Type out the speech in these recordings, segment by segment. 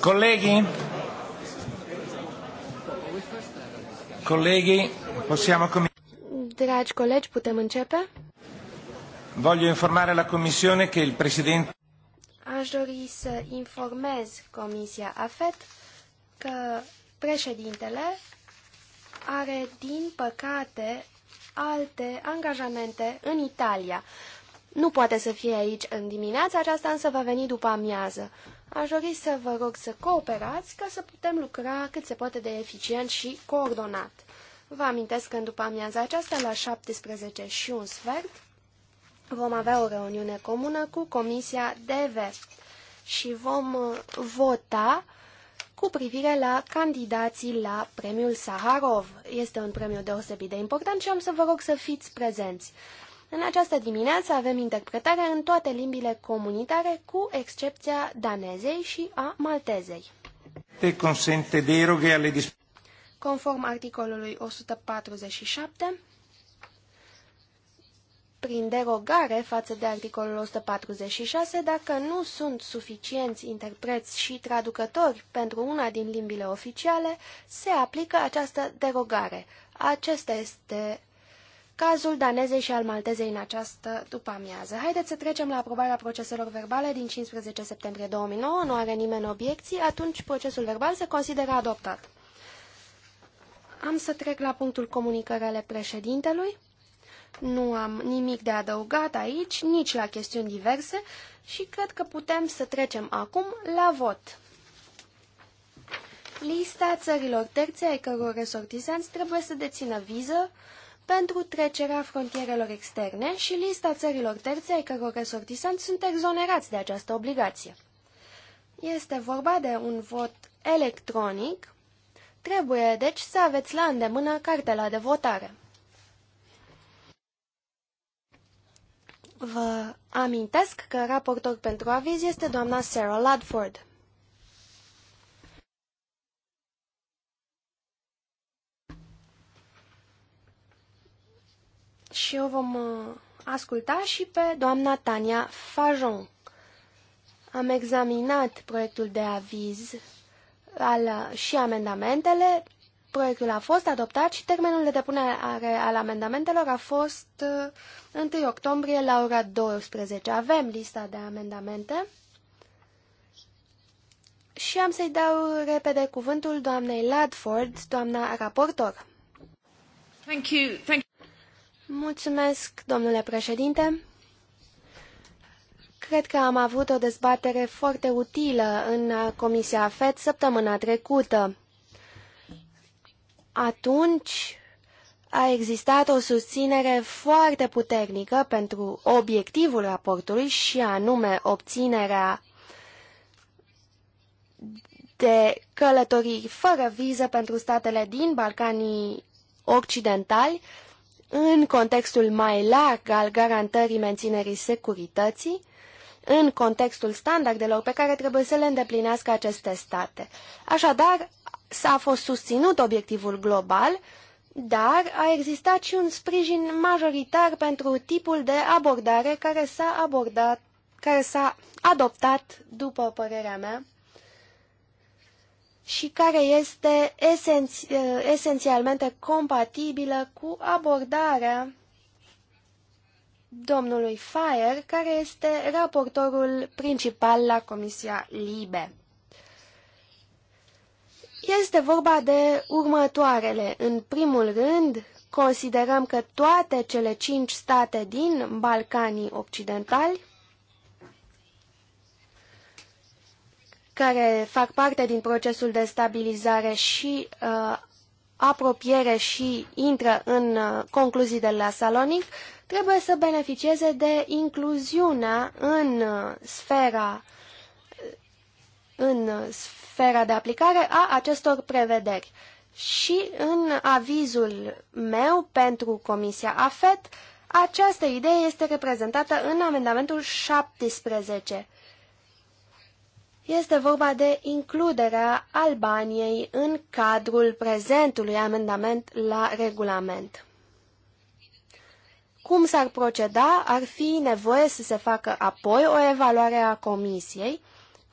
Colleghi, colleghi, possiamo Dragi colegi, putem începe? Voglio informare la Commissione che il Presidente... Aș dori să informez Comisia AFET că președintele are, din păcate, alte angajamente în Italia. Nu poate să fie aici în dimineața aceasta, însă va veni după amiază. Aș dori să vă rog să cooperați ca să putem lucra cât se poate de eficient și coordonat. Vă amintesc că în după amiaza aceasta, la 17 și un sfert, vom avea o reuniune comună cu Comisia DV și vom uh, vota cu privire la candidații la premiul Saharov. Este un premiu deosebit de important și am să vă rog să fiți prezenți. În această dimineață avem interpretarea în toate limbile comunitare, cu excepția danezei și a maltezei. Te consente deroghe ale Conform articolului 147, prin derogare față de articolul 146, dacă nu sunt suficienți interpreți și traducători pentru una din limbile oficiale, se aplică această derogare. Acesta este cazul danezei și al maltezei în această după-amiază. Haideți să trecem la aprobarea proceselor verbale din 15 septembrie 2009. Nu are nimeni obiecții, atunci procesul verbal se consideră adoptat. Am să trec la punctul comunicării ale președintelui. Nu am nimic de adăugat aici, nici la chestiuni diverse și cred că putem să trecem acum la vot. Lista țărilor terțe ai căror resortizanți trebuie să dețină viză pentru trecerea frontierelor externe și lista țărilor terțe ai căror resortisanți sunt exonerați de această obligație. Este vorba de un vot electronic. Trebuie, deci, să aveți la îndemână cartela de votare. Vă amintesc că raportor pentru aviz este doamna Sarah Ludford. și o vom uh, asculta și pe doamna Tania Fajon. Am examinat proiectul de aviz al, uh, și amendamentele. Proiectul a fost adoptat și termenul de depunere al amendamentelor a fost 1 uh, octombrie la ora 12. Avem lista de amendamente și am să-i dau repede cuvântul doamnei Ladford, doamna raportor. Thank you. Thank Mulțumesc, domnule președinte. Cred că am avut o dezbatere foarte utilă în Comisia FED săptămâna trecută. Atunci a existat o susținere foarte puternică pentru obiectivul raportului și anume obținerea de călătorii fără viză pentru statele din Balcanii Occidentali, în contextul mai larg al garantării menținerii securității, în contextul standardelor pe care trebuie să le îndeplinească aceste state. Așadar, s-a fost susținut obiectivul global, dar a existat și un sprijin majoritar pentru tipul de abordare care s-a abordat, care s-a adoptat, după părerea mea, și care este esenț, eh, esențialmente compatibilă cu abordarea domnului Fire, care este raportorul principal la Comisia Libe. Este vorba de următoarele. În primul rând, considerăm că toate cele cinci state din Balcanii Occidentali care fac parte din procesul de stabilizare și uh, apropiere și intră în uh, concluzii de la Salonic, trebuie să beneficieze de incluziunea în uh, sfera în uh, sfera de aplicare a acestor prevederi. Și în avizul meu pentru Comisia AFET, această idee este reprezentată în amendamentul 17 este vorba de includerea Albaniei în cadrul prezentului amendament la regulament. Cum s-ar proceda? Ar fi nevoie să se facă apoi o evaluare a Comisiei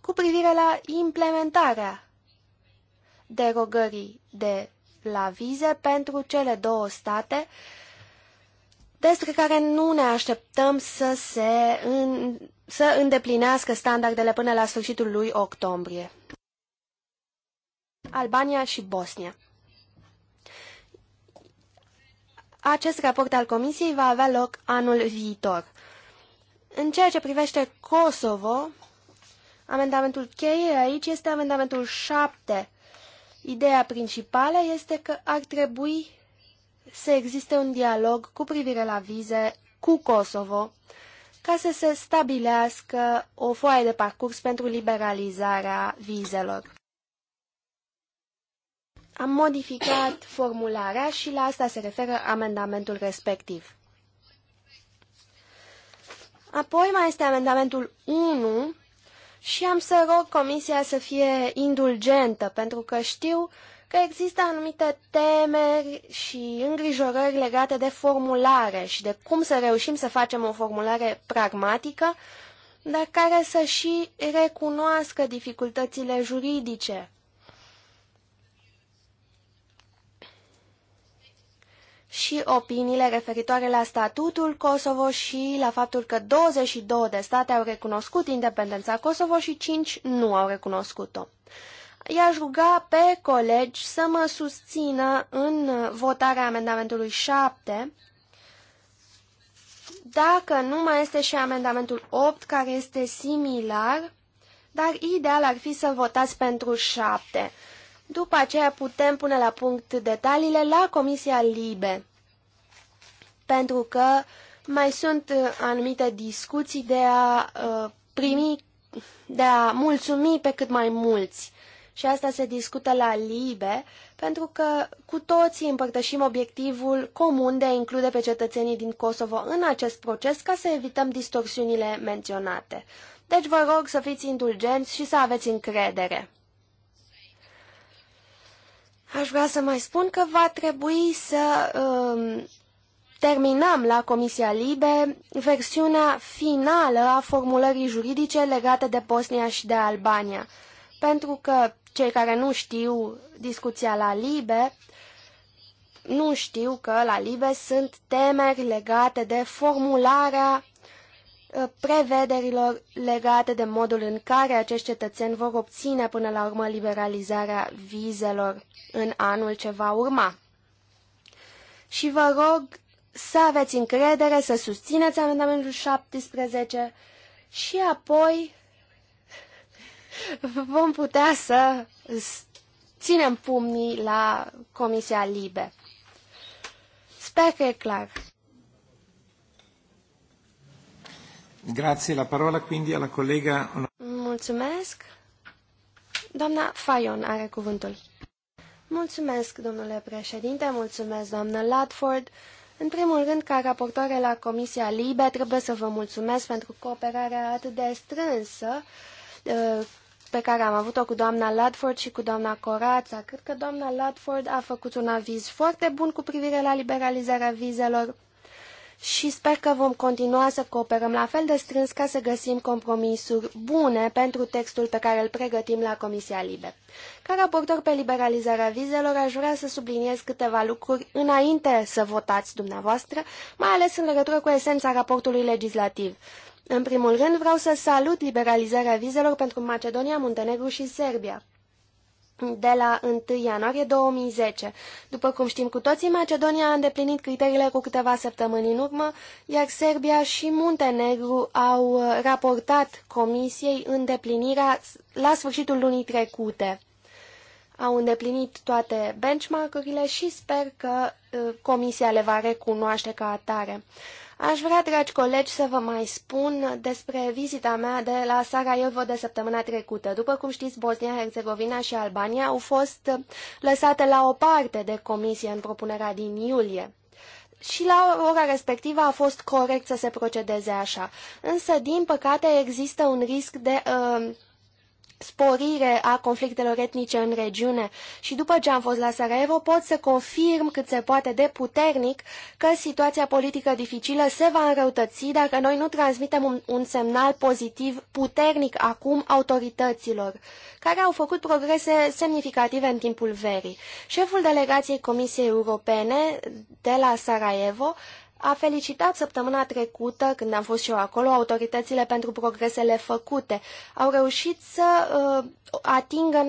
cu privire la implementarea derogării de la vize pentru cele două state despre care nu ne așteptăm să se în, să îndeplinească standardele până la sfârșitul lui octombrie. Albania și Bosnia Acest raport al Comisiei va avea loc anul viitor. În ceea ce privește Kosovo, amendamentul cheie aici este amendamentul 7. Ideea principală este că ar trebui să existe un dialog cu privire la vize cu Kosovo ca să se stabilească o foaie de parcurs pentru liberalizarea vizelor. Am modificat formularea și la asta se referă amendamentul respectiv. Apoi mai este amendamentul 1 și am să rog Comisia să fie indulgentă, pentru că știu că există anumite temeri și îngrijorări legate de formulare și de cum să reușim să facem o formulare pragmatică, dar care să și recunoască dificultățile juridice. și opiniile referitoare la statutul Kosovo și la faptul că 22 de state au recunoscut independența Kosovo și 5 nu au recunoscut-o i-aș ruga pe colegi să mă susțină în votarea amendamentului 7, dacă nu mai este și amendamentul 8, care este similar, dar ideal ar fi să votați pentru 7. După aceea putem pune la punct detaliile la Comisia Libe, pentru că mai sunt uh, anumite discuții de a uh, primi, de a mulțumi pe cât mai mulți și asta se discută la LIBE, pentru că cu toții împărtășim obiectivul comun de a include pe cetățenii din Kosovo în acest proces ca să evităm distorsiunile menționate. Deci vă rog să fiți indulgenți și să aveți încredere. Aș vrea să mai spun că va trebui să um, terminăm la Comisia Libe versiunea finală a formulării juridice legate de Bosnia și de Albania pentru că cei care nu știu discuția la LIBE, nu știu că la LIBE sunt temeri legate de formularea uh, prevederilor legate de modul în care acești cetățeni vor obține până la urmă liberalizarea vizelor în anul ce va urma. Și vă rog să aveți încredere, să susțineți amendamentul 17 și apoi vom putea să ținem pumnii la Comisia Libe. Sper că e clar. Grazie, la parola quindi alla collega... Mulțumesc. Doamna Fayon are cuvântul. Mulțumesc, domnule președinte, mulțumesc, doamnă Latford. În primul rând, ca raportoare la Comisia Libe, trebuie să vă mulțumesc pentru cooperarea atât de strânsă uh, pe care am avut-o cu doamna Ladford și cu doamna Corața. Cred că doamna Ladford a făcut un aviz foarte bun cu privire la liberalizarea vizelor și sper că vom continua să cooperăm la fel de strâns ca să găsim compromisuri bune pentru textul pe care îl pregătim la Comisia Libe. Ca raportor pe liberalizarea vizelor, aș vrea să subliniez câteva lucruri înainte să votați dumneavoastră, mai ales în legătură cu esența raportului legislativ. În primul rând, vreau să salut liberalizarea vizelor pentru Macedonia, Muntenegru și Serbia de la 1 ianuarie 2010. După cum știm cu toții, Macedonia a îndeplinit criteriile cu câteva săptămâni în urmă, iar Serbia și Muntenegru au uh, raportat Comisiei îndeplinirea la sfârșitul lunii trecute. Au îndeplinit toate benchmark-urile și sper că uh, Comisia le va recunoaște ca atare. Aș vrea, dragi colegi, să vă mai spun despre vizita mea de la Sarajevo de săptămâna trecută. După cum știți, Bosnia-Herzegovina și Albania au fost lăsate la o parte de comisie în propunerea din iulie. Și la ora respectivă a fost corect să se procedeze așa. Însă, din păcate, există un risc de uh, sporire a conflictelor etnice în regiune și după ce am fost la Sarajevo pot să confirm cât se poate de puternic că situația politică dificilă se va înrăutăți dacă noi nu transmitem un, un semnal pozitiv puternic acum autorităților, care au făcut progrese semnificative în timpul verii. Șeful delegației Comisiei Europene de la Sarajevo a felicitat săptămâna trecută, când am fost și eu acolo, autoritățile pentru progresele făcute. Au reușit să uh, atingă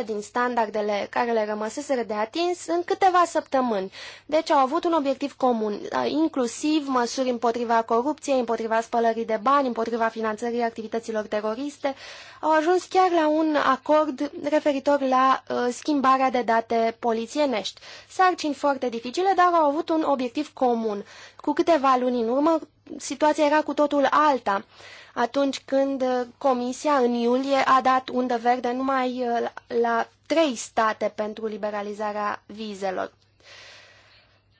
90% din standardele care le rămăseseră de atins în câteva săptămâni. Deci au avut un obiectiv comun, uh, inclusiv măsuri împotriva corupției, împotriva spălării de bani, împotriva finanțării activităților teroriste. Au ajuns chiar la un acord referitor la uh, schimbarea de date polițienești. Sarcini foarte dificile, dar au avut un obiectiv comun comun. Cu câteva luni în urmă, situația era cu totul alta, atunci când uh, Comisia în iulie a dat undă verde numai uh, la trei state pentru liberalizarea vizelor.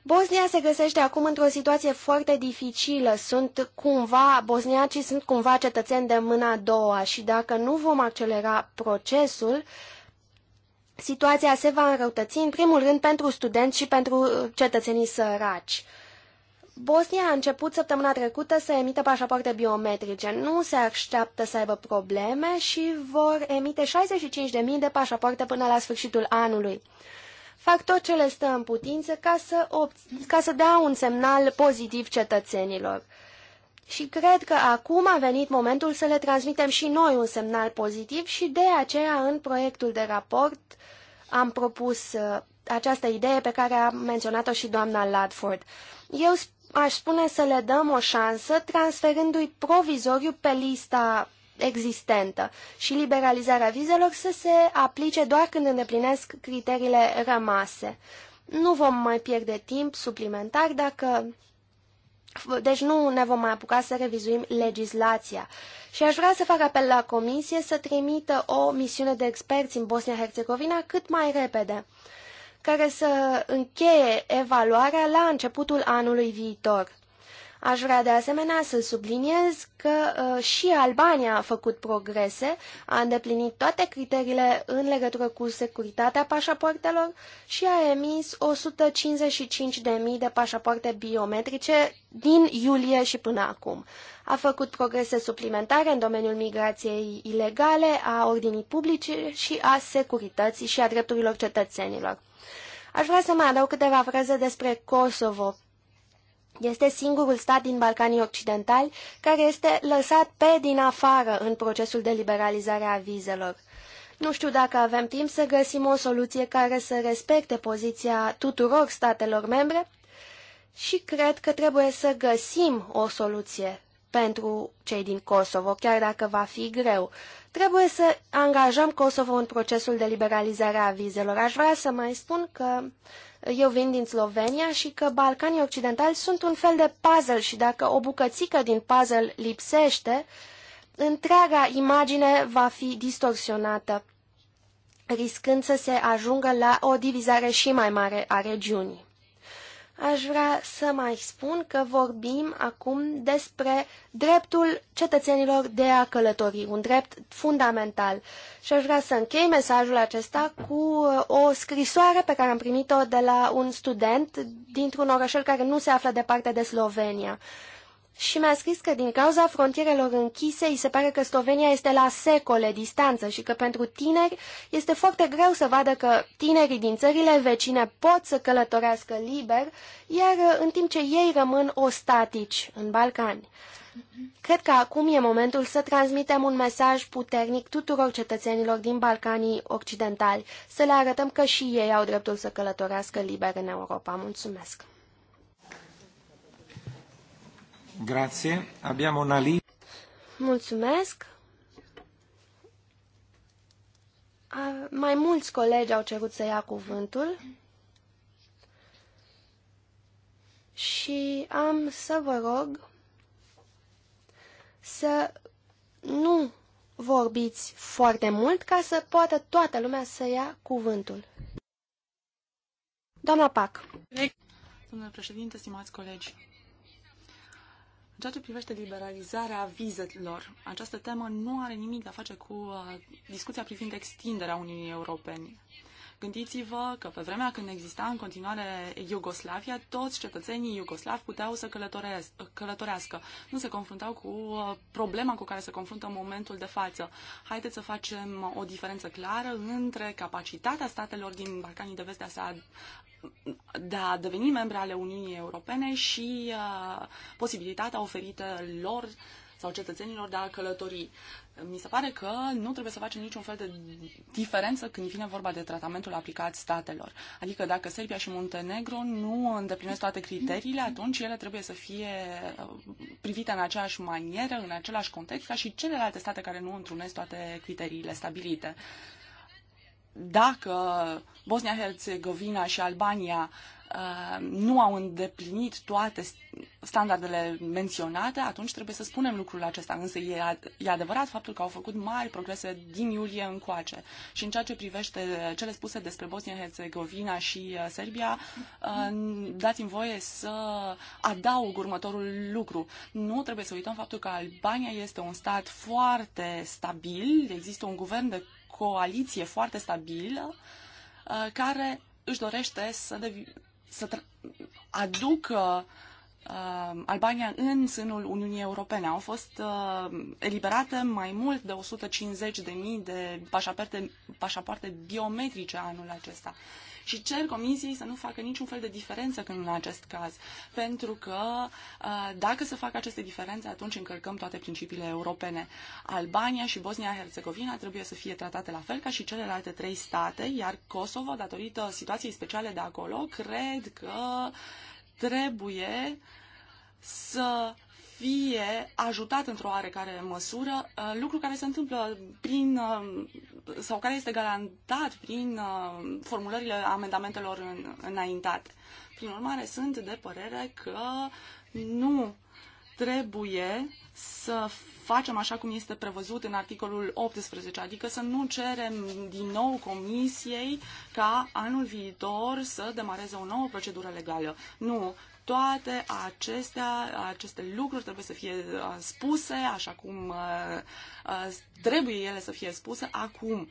Bosnia se găsește acum într-o situație foarte dificilă. Sunt cumva, bosniacii sunt cumva cetățeni de mâna a doua și dacă nu vom accelera procesul, situația se va înrăutăți, în primul rând, pentru studenți și pentru uh, cetățenii săraci. Bosnia a început săptămâna trecută să emită pașapoarte biometrice. Nu se așteaptă să aibă probleme și vor emite 65.000 de pașapoarte până la sfârșitul anului. Fac tot ce le stă în putință ca să, ca să dea un semnal pozitiv cetățenilor. Și cred că acum a venit momentul să le transmitem și noi un semnal pozitiv și de aceea în proiectul de raport am propus uh, această idee pe care a menționat-o și doamna Ladford. Eu aș spune să le dăm o șansă transferându-i provizoriu pe lista existentă și liberalizarea vizelor să se aplice doar când îndeplinesc criteriile rămase. Nu vom mai pierde timp suplimentar dacă... Deci nu ne vom mai apuca să revizuim legislația. Și aș vrea să fac apel la Comisie să trimită o misiune de experți în Bosnia-Herzegovina cât mai repede care să încheie evaluarea la începutul anului viitor. Aș vrea de asemenea să subliniez că uh, și Albania a făcut progrese, a îndeplinit toate criteriile în legătură cu securitatea pașapoartelor și a emis 155.000 de pașapoarte biometrice din iulie și până acum. A făcut progrese suplimentare în domeniul migrației ilegale, a ordinii publice și a securității și a drepturilor cetățenilor. Aș vrea să mai adaug câteva fraze despre Kosovo este singurul stat din Balcanii Occidentali care este lăsat pe din afară în procesul de liberalizare a vizelor. Nu știu dacă avem timp să găsim o soluție care să respecte poziția tuturor statelor membre și cred că trebuie să găsim o soluție pentru cei din Kosovo, chiar dacă va fi greu. Trebuie să angajăm Kosovo în procesul de liberalizare a vizelor. Aș vrea să mai spun că eu vin din Slovenia și că Balcanii Occidentali sunt un fel de puzzle și dacă o bucățică din puzzle lipsește, întreaga imagine va fi distorsionată, riscând să se ajungă la o divizare și mai mare a regiunii. Aș vrea să mai spun că vorbim acum despre dreptul cetățenilor de a călători, un drept fundamental. Și aș vrea să închei mesajul acesta cu uh, o scrisoare pe care am primit-o de la un student dintr-un orășel care nu se află departe de Slovenia și mi-a scris că din cauza frontierelor închise, îi se pare că Slovenia este la secole distanță și că pentru tineri este foarte greu să vadă că tinerii din țările vecine pot să călătorească liber, iar în timp ce ei rămân ostatici în Balcani. Cred că acum e momentul să transmitem un mesaj puternic tuturor cetățenilor din Balcanii Occidentali, să le arătăm că și ei au dreptul să călătorească liber în Europa. Mulțumesc! Grazie. Abbiamo una Mulțumesc. mai mulți colegi au cerut să ia cuvântul și am să vă rog să nu vorbiți foarte mult ca să poată toată lumea să ia cuvântul. Doamna Pac. Domnule președinte, stimați colegi, ceea ce privește liberalizarea vizelor, această temă nu are nimic de a face cu uh, discuția privind extinderea Uniunii Europene. Gândiți-vă că pe vremea când exista în continuare Iugoslavia, toți cetățenii iugoslavi puteau să călătorească. Nu se confruntau cu uh, problema cu care se confruntă în momentul de față. Haideți să facem o diferență clară între capacitatea statelor din Balcanii de Vest de a se de a deveni membre ale Uniunii Europene și uh, posibilitatea oferită lor sau cetățenilor de a călători mi se pare că nu trebuie să facem niciun fel de diferență când vine vorba de tratamentul aplicat statelor. Adică dacă Serbia și Muntenegro nu îndeplinesc toate criteriile, atunci ele trebuie să fie uh, privite în aceeași manieră, în același context, ca și celelalte state care nu întrunesc toate criteriile stabilite. Dacă Bosnia-Herzegovina și Albania uh, Uh, nu au îndeplinit toate standardele menționate, atunci trebuie să spunem lucrul acesta. Însă e, ad- e adevărat faptul că au făcut mari progrese din iulie încoace. Și în ceea ce privește cele spuse despre Bosnia-Herzegovina și uh, Serbia, uh, dați-mi voie să adaug următorul lucru. Nu trebuie să uităm faptul că Albania este un stat foarte stabil, există un guvern de coaliție foarte stabilă care își dorește să, devi- să aducă uh, Albania în sânul Uniunii Europene. Au fost uh, eliberate mai mult de 150.000 de pașapoarte biometrice anul acesta. Uh, și cer comisiei să nu facă niciun fel de diferență în acest caz, pentru că uh, dacă se fac aceste diferențe, atunci încălcăm toate principiile europene. Albania și Bosnia-Herzegovina trebuie să fie tratate la fel ca și celelalte trei state, iar Kosovo, datorită situației speciale de acolo, cred că trebuie să fie ajutat într-o oarecare măsură, uh, lucru care se întâmplă prin uh, sau care este garantat prin uh, formulările amendamentelor înaintate. Prin urmare, sunt de părere că nu trebuie să facem așa cum este prevăzut în articolul 18, adică să nu cerem din nou comisiei ca anul viitor să demareze o nouă procedură legală. Nu, toate acestea, aceste lucruri trebuie să fie uh, spuse așa cum uh, uh, trebuie ele să fie spuse acum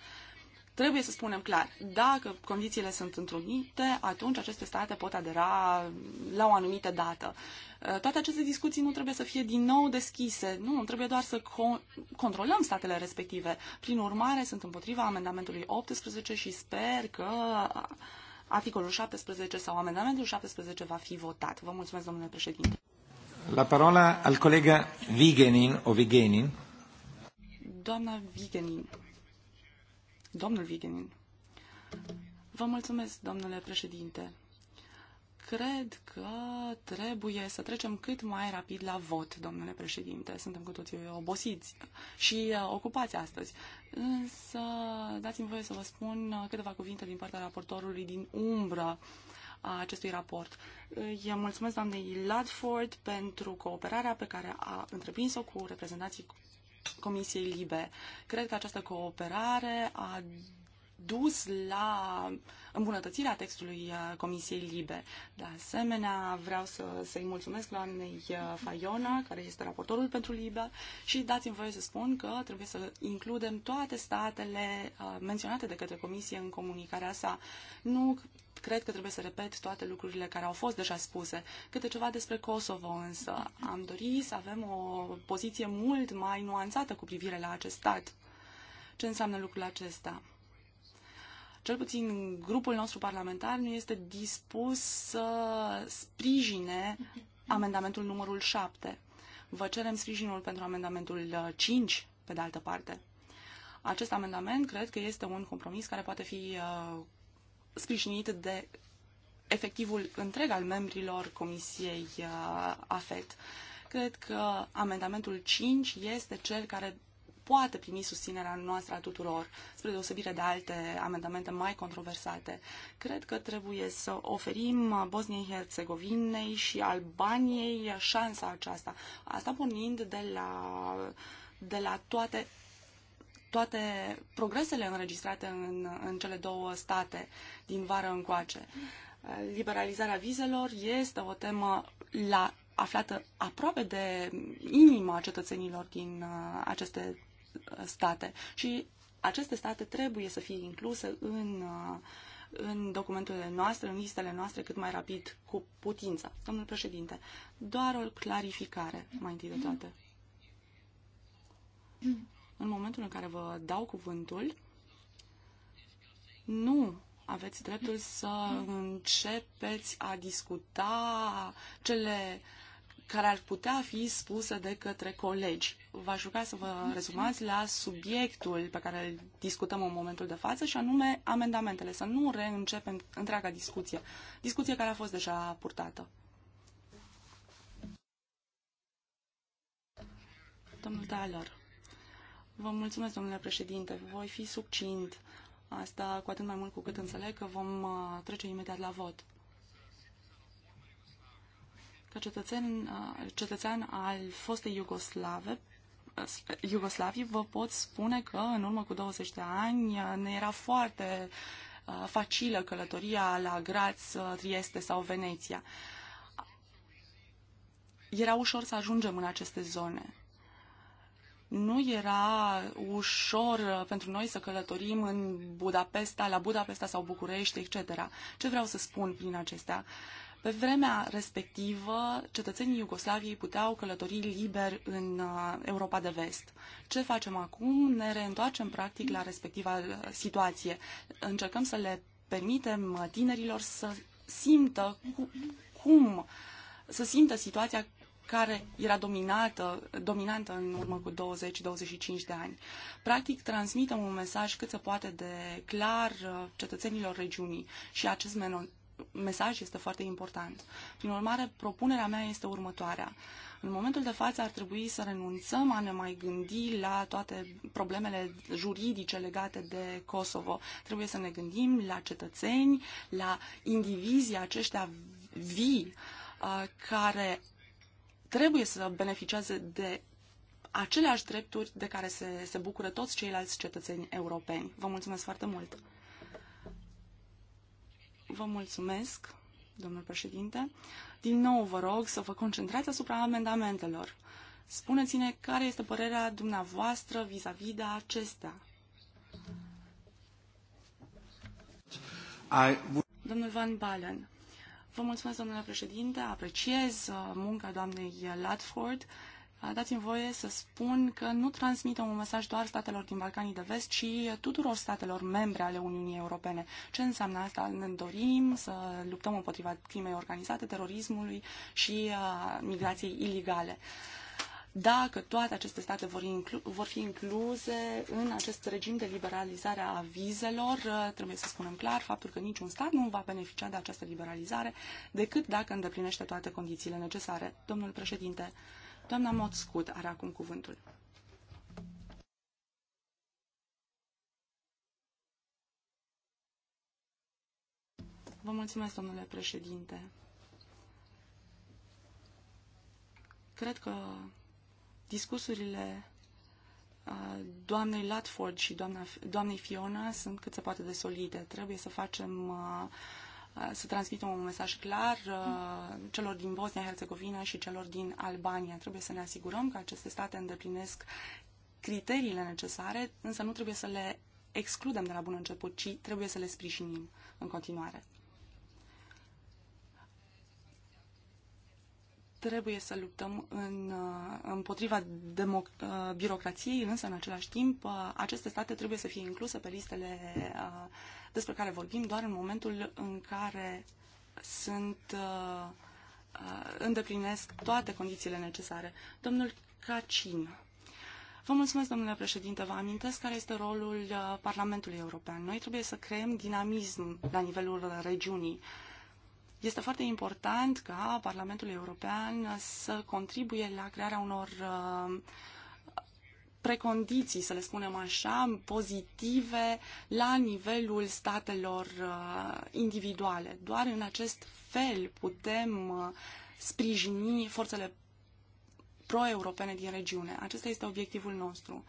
trebuie să spunem clar, dacă condițiile sunt întrunite, atunci aceste state pot adera la o anumită dată. Toate aceste discuții nu trebuie să fie din nou deschise, nu, trebuie doar să con- controlăm statele respective. Prin urmare, sunt împotriva amendamentului 18 și sper că Articolul 17 sau amendamentul 17 va fi votat. Vă mulțumesc, domnule președinte. La parola al colega Vigenin o Vigenin. Doamna Vigenin. Domnul Vigenin. Vă mulțumesc, domnule președinte cred că trebuie să trecem cât mai rapid la vot, domnule președinte. Suntem cu toții obosiți și uh, ocupați astăzi. Însă, dați-mi voie să vă spun uh, câteva cuvinte din partea raportorului din umbră a acestui raport. Îi mulțumesc doamnei Ladford pentru cooperarea pe care a întreprins-o cu reprezentanții Comisiei Libe. Cred că această cooperare a dus la uh, îmbunătățirea textului uh, Comisiei Libe. De asemenea, vreau să, să-i mulțumesc doamnei uh, Faiona, care este raportorul pentru Libe, și dați-mi voie să spun că trebuie să includem toate statele uh, menționate de către Comisie în comunicarea sa. Nu cred că trebuie să repet toate lucrurile care au fost deja spuse. Câte ceva despre Kosovo însă. Am dorit să avem o poziție mult mai nuanțată cu privire la acest stat. Ce înseamnă lucrul acesta? Cel puțin grupul nostru parlamentar nu este dispus să sprijine amendamentul numărul 7. Vă cerem sprijinul pentru amendamentul 5, uh, pe de altă parte. Acest amendament cred că este un compromis care poate fi uh, sprijinit de efectivul întreg al membrilor Comisiei uh, AFET. Cred că amendamentul 5 este cel care poate primi susținerea noastră a tuturor, spre deosebire de alte amendamente mai controversate. Cred că trebuie să oferim Bosniei Herțegovinei și Albaniei șansa aceasta. Asta pornind de la, de la toate toate progresele înregistrate în, în cele două state din vară încoace. Liberalizarea vizelor este o temă la aflată aproape de inima cetățenilor din uh, aceste state. Și aceste state trebuie să fie incluse în, uh, în documentele noastre, în listele noastre, cât mai rapid cu putință. Domnul președinte, doar o clarificare mai întâi de toate. În momentul în care vă dau cuvântul, nu aveți dreptul să începeți a discuta cele uh, care ar putea fi spusă de către colegi. V-aș ruga să vă rezumați la subiectul pe care îl discutăm în momentul de față și anume amendamentele, să nu reîncepem întreaga discuție, discuție care a fost deja purtată. Domnul Taylor, vă mulțumesc, domnule președinte, voi fi succint. Asta cu atât mai mult cu cât înțeleg că vom uh, trece imediat la vot ca cetățen, cetățean al fostei Iugoslave, Iugoslavii, vă pot spune că în urmă cu 20 de ani ne era foarte facilă călătoria la Graz, Trieste sau Veneția. Era ușor să ajungem în aceste zone. Nu era ușor pentru noi să călătorim în Budapesta, la Budapesta sau București, etc. Ce vreau să spun prin acestea? Pe vremea respectivă, cetățenii Iugoslaviei puteau călători liber în uh, Europa de Vest. Ce facem acum? Ne reîntoarcem practic la respectiva uh, situație. Încercăm să le permitem uh, tinerilor să simtă cum, să simtă situația care era dominată, dominantă în urmă cu 20-25 de ani. Practic, transmitem un mesaj cât se poate de clar cetățenilor regiunii și acest mesaj este foarte important. Prin urmare, propunerea mea este următoarea. În momentul de față ar trebui să renunțăm a ne mai gândi la toate problemele juridice legate de Kosovo. Trebuie să ne gândim la cetățeni, la indivizii aceștia vii uh, care trebuie să beneficieze de aceleași drepturi de care se, se bucură toți ceilalți cetățeni europeni. Vă mulțumesc foarte mult! Vă mulțumesc, domnul președinte. Din nou vă rog să vă concentrați asupra amendamentelor. Spuneți-ne care este părerea dumneavoastră vis-a-vis -vis de acestea. I... Domnul Van Balen, vă mulțumesc, domnule președinte, apreciez uh, munca doamnei Latford dați-mi voie să spun că nu transmitem un mesaj doar statelor din Balcanii de Vest, ci tuturor statelor membre ale Uniunii Europene. Ce înseamnă asta? Ne dorim să luptăm împotriva crimei organizate, terorismului și uh, migrației ilegale dacă toate aceste state vor, inclu- vor fi incluse în acest regim de liberalizare a vizelor, uh, trebuie să spunem clar faptul că niciun stat nu va beneficia de această liberalizare decât dacă îndeplinește toate condițiile necesare. Domnul președinte, Doamna Moțcut are acum cuvântul. Vă mulțumesc, domnule președinte. Cred că discursurile doamnei Latford și doamna, doamnei Fiona sunt cât se poate de solide. Trebuie să facem uh, Uh, să transmitem un mesaj clar uh, celor din Bosnia-Herzegovina și celor din Albania. Trebuie să ne asigurăm că aceste state îndeplinesc criteriile necesare, însă nu trebuie să le excludem de la bun început, ci trebuie să le sprijinim în continuare. Trebuie să luptăm în, uh, împotriva democ- birocrației, însă în același timp aceste state trebuie să fie incluse pe listele uh, despre care vorbim doar în momentul în care sunt uh, uh, îndeplinesc toate condițiile necesare. Domnul Cacin. Vă mulțumesc, domnule președinte. Vă amintesc care este rolul uh, Parlamentului European. Noi trebuie să creăm dinamism la nivelul regiunii. Este foarte important ca Parlamentul European să contribuie la crearea unor uh, precondiții, să le spunem așa, pozitive la nivelul statelor uh, individuale. Doar în acest fel putem uh, sprijini forțele pro-europene din regiune. Acesta este obiectivul nostru.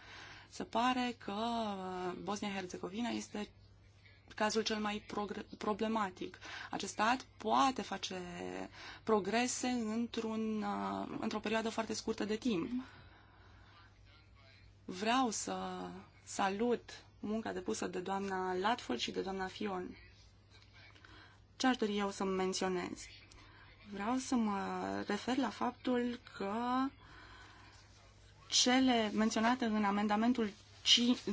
Se pare că uh, Bosnia-Herzegovina este cazul cel mai problematic. Acest stat poate face progrese într-un, într-o perioadă foarte scurtă de timp. Vreau să salut munca depusă de doamna Latford și de doamna Fion. Ce aș dori eu să menționez? Vreau să mă refer la faptul că cele menționate în amendamentul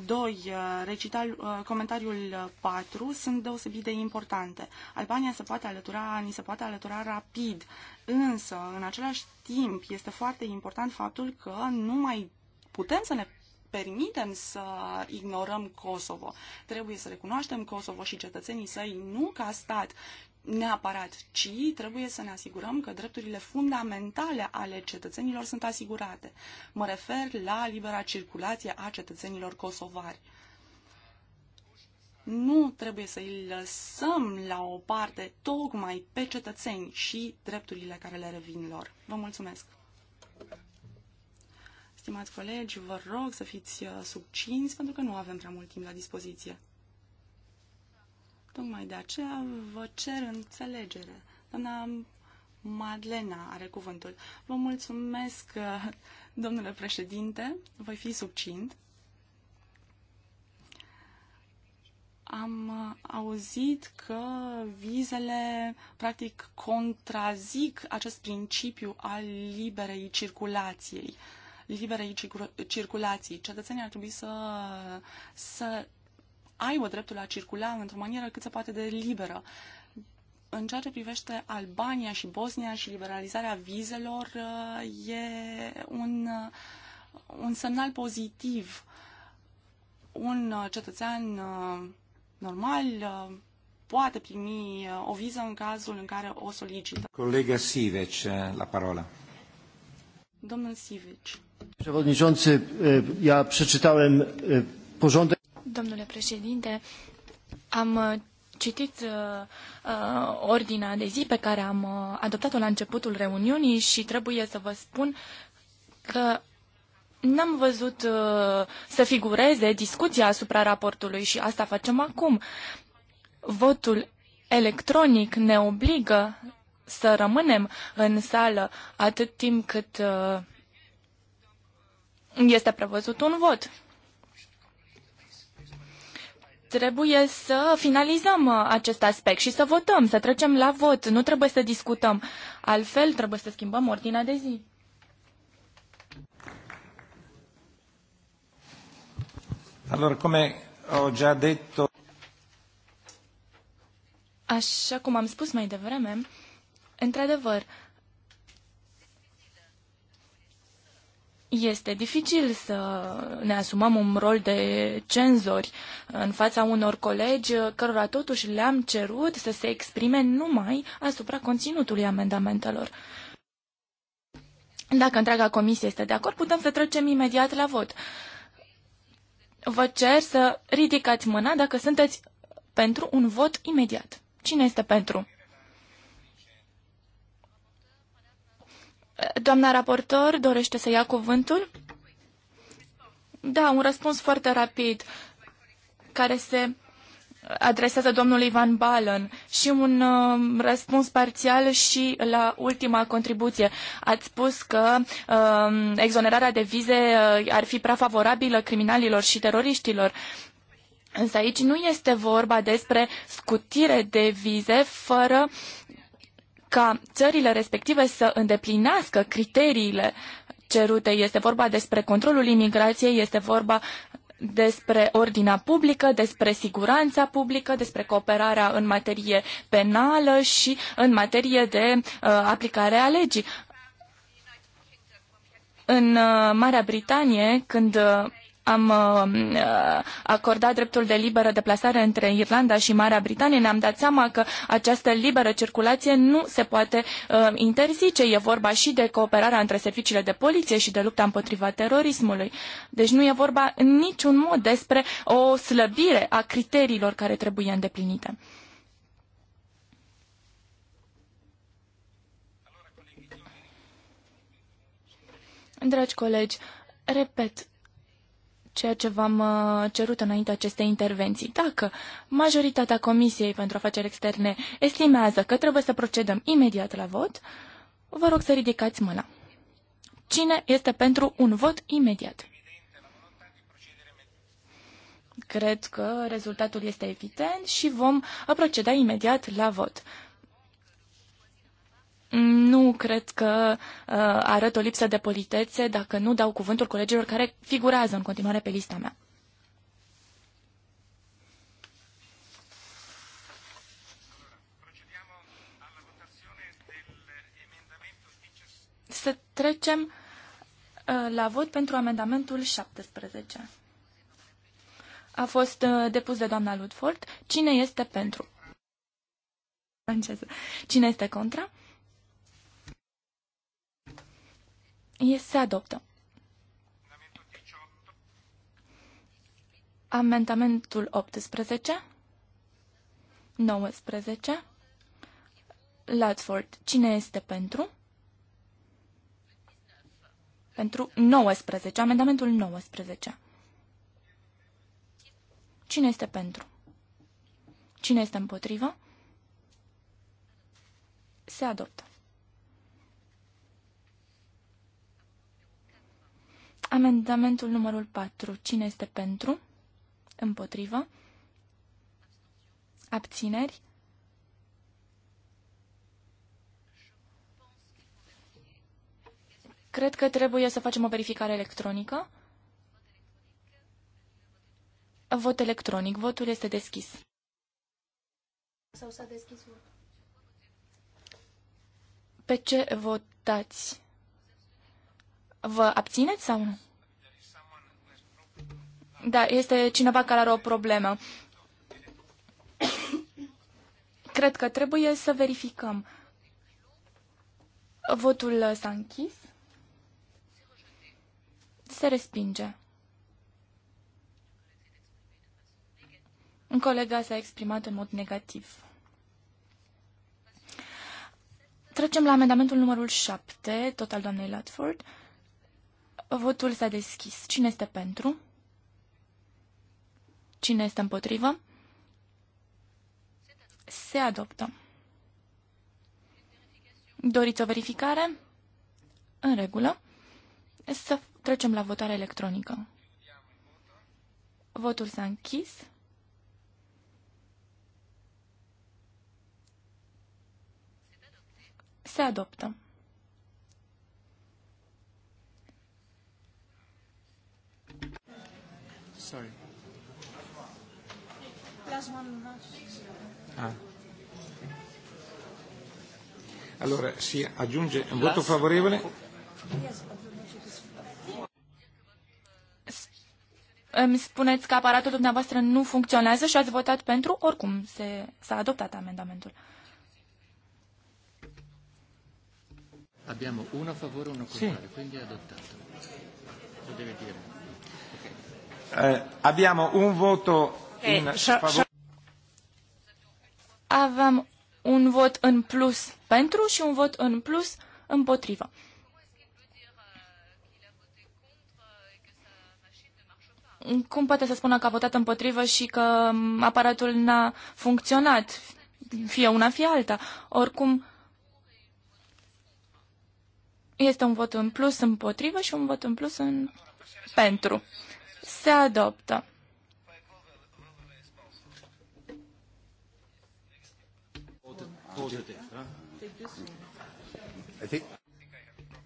2, uh, recital, uh, comentariul 4, sunt deosebit de importante. Albania se poate alătura, ni se poate alătura rapid, însă, în același timp, este foarte important faptul că nu mai putem să ne permitem să ignorăm Kosovo. Trebuie să recunoaștem Kosovo și cetățenii săi nu ca stat neapărat, ci trebuie să ne asigurăm că drepturile fundamentale ale cetățenilor sunt asigurate. Mă refer la libera circulație a cetățenilor kosovari nu trebuie să îi lăsăm la o parte tocmai pe cetățeni și drepturile care le revin lor. Vă mulțumesc! Stimați colegi, vă rog să fiți uh, subcinți pentru că nu avem prea mult timp la dispoziție. Tocmai de aceea vă cer înțelegere. Doamna Madlena are cuvântul. Vă mulțumesc, uh, domnule președinte, voi fi subcint. Am uh, auzit că vizele practic contrazic acest principiu al liberei circulației. Uh, liberei circulații. Cetățenii ar trebui să, să aibă dreptul la circula într-o manieră cât se poate de liberă. În ceea ce privește Albania și Bosnia și liberalizarea vizelor, e un, un semnal pozitiv. Un cetățean uh, normal uh, poate primi uh, o viză în cazul în care o solicită. Colega Sivec, la parola. Domnul Sivec. Domnule președinte, am citit uh, ordinea de zi pe care am adoptat-o la începutul reuniunii și trebuie să vă spun că N-am văzut uh, să figureze discuția asupra raportului și asta facem acum. Votul electronic ne obligă să rămânem în sală atât timp cât uh, este prevăzut un vot. Trebuie să finalizăm uh, acest aspect și să votăm, să trecem la vot. Nu trebuie să discutăm. Altfel, trebuie să schimbăm ordinea de zi. Alor, come detto... Așa cum am spus mai devreme, într-adevăr, Este dificil să ne asumăm un rol de cenzori în fața unor colegi cărora totuși le-am cerut să se exprime numai asupra conținutului amendamentelor. Dacă întreaga comisie este de acord, putem să trecem imediat la vot. Vă cer să ridicați mâna dacă sunteți pentru un vot imediat. Cine este pentru? Doamna raportor dorește să ia cuvântul? Da, un răspuns foarte rapid care se adresează domnului Van Balen și un uh, răspuns parțial și la ultima contribuție. Ați spus că uh, exonerarea de vize uh, ar fi prea favorabilă criminalilor și teroriștilor. Însă aici nu este vorba despre scutire de vize fără ca țările respective să îndeplinească criteriile cerute. Este vorba despre controlul imigrației, este vorba despre ordinea publică, despre siguranța publică, despre cooperarea în materie penală și în materie de uh, aplicare a legii. În uh, Marea Britanie, când uh, am uh, uh, acordat dreptul de liberă deplasare între Irlanda și Marea Britanie, ne-am dat seama că această liberă circulație nu se poate uh, interzice. E vorba și de cooperarea între serviciile de poliție și de lupta împotriva terorismului. Deci nu e vorba în niciun mod despre o slăbire a criteriilor care trebuie îndeplinite. Dragi colegi, repet, ceea ce v-am uh, cerut înainte acestei intervenții. Dacă majoritatea Comisiei pentru Afaceri Externe estimează că trebuie să procedăm imediat la vot, vă rog să ridicați mâna. Cine este pentru un vot imediat? Cred că rezultatul este evident și vom proceda imediat la vot. Nu cred că uh, arăt o lipsă de politețe dacă nu dau cuvântul colegilor care figurează în continuare pe lista mea. Să trecem uh, la vot pentru amendamentul 17. A fost uh, depus de doamna Ludford. Cine este pentru? Cine este contra? se adoptă. Amendamentul 18, 19, Ladford, cine este pentru? Pentru 19, amendamentul 19. Cine este pentru? Cine este împotrivă? Se adoptă. Amendamentul numărul 4. Cine este pentru? Împotrivă? Abțineri? Cred că trebuie să facem o verificare electronică. Vot electronic. Votul este deschis. Sau s-a deschis votul? Pe ce votați? Vă abțineți sau nu? Da, este cineva care are o problemă. Cred că trebuie să verificăm. Votul s-a închis. Se respinge. Un colega s-a exprimat în mod negativ. Trecem la amendamentul numărul 7, tot al doamnei Latford. Votul s-a deschis. Cine este pentru? Cine este împotrivă? Se adoptă. Doriți o verificare? În regulă. Să trecem la votare electronică. Votul s-a închis. Se adoptă. Sorry. Last one. Ah. Allora si aggiunge un voto favorevole. Îmi spuneți că aparatul dumneavoastră nu funcționează și ați votat pentru, oricum se, s-a adoptat amendamentul. Abbiamo una favore una contrario, sì. quindi è adottato. Lo deve dire. Eh, abbiamo un voto in Avem un vot în plus pentru și un vot în plus împotrivă. Cum poate să spună că a votat împotrivă și că aparatul n-a funcționat, fie una, fie alta? Oricum, este un vot în plus împotrivă și un vot în plus în pentru se adoptă.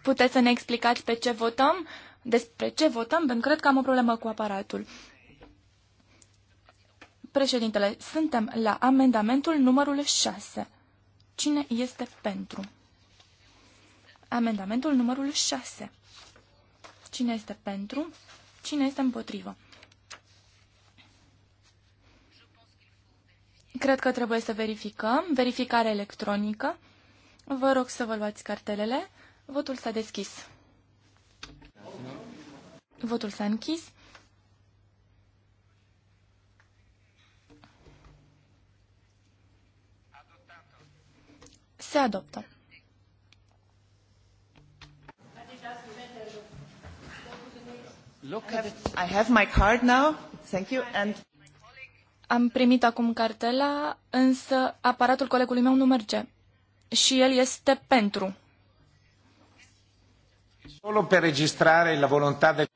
Puteți să ne explicați pe ce votăm? Despre ce votăm? Pentru că cred că am o problemă cu aparatul. Președintele, suntem la amendamentul numărul 6. Cine este pentru? Amendamentul numărul 6. Cine este pentru? Cine este împotrivă? Cred că trebuie să verificăm. Verificare electronică. Vă rog să vă luați cartelele. Votul s-a deschis. Votul s-a închis. Se adoptă. Look at I have my card now. Thank you. And am primit acum cartela, însă aparatul colegului meu nu merge. Și el este pentru. Solo per registrare la volontà del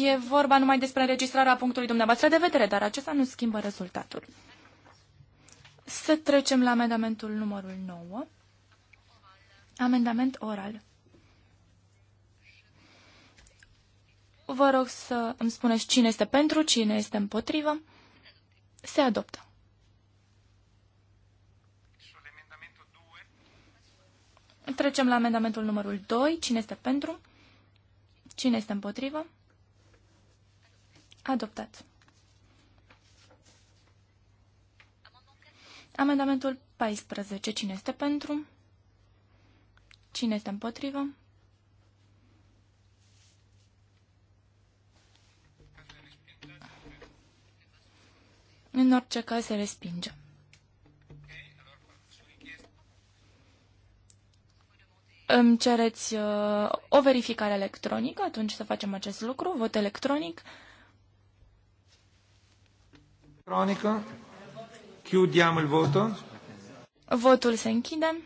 E vorba numai despre înregistrarea punctului dumneavoastră de vedere, dar acesta nu schimbă rezultatul. Să trecem la amendamentul numărul 9. Amendament oral. Vă rog să îmi spuneți cine este pentru, cine este împotrivă. Se adoptă. Trecem la amendamentul numărul 2. Cine este pentru? Cine este împotrivă? Adoptat. Amendamentul 14. Cine este pentru? Cine este împotrivă? În orice caz se respinge. Îmi cereți uh, o verificare electronică, atunci să facem acest lucru, vot electronic. Electronică. Chiudiam il voto. Votul se închide.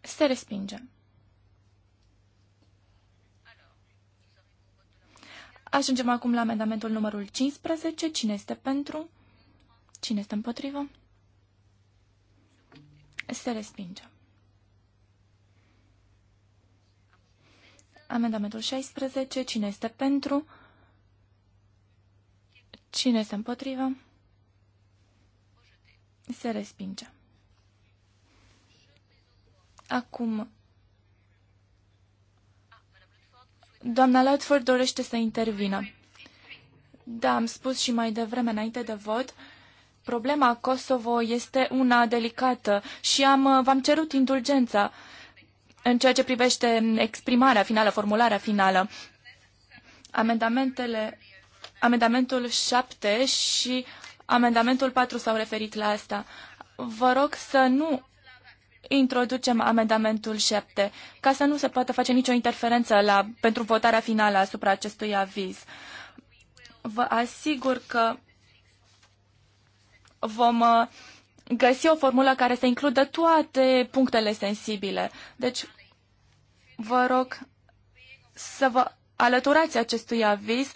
Se respinge. Ajungem acum la amendamentul numărul 15. Cine este pentru? Cine este împotrivă? Se respinge. Amendamentul 16. Cine este pentru? Cine este împotrivă? Se respinge. Acum Doamna Ledford dorește să intervină. Da, am spus și mai devreme, înainte de vot, problema Kosovo este una delicată și am, uh, v-am cerut indulgența în ceea ce privește exprimarea finală, formularea finală. Amendamentele, amendamentul 7 și amendamentul 4 s-au referit la asta. Vă rog să nu introducem amendamentul 7, ca să nu se poată face nicio interferență la, pentru votarea finală asupra acestui aviz. Vă asigur că vom uh, găsi o formulă care să includă toate punctele sensibile. Deci, vă rog să vă alăturați acestui aviz.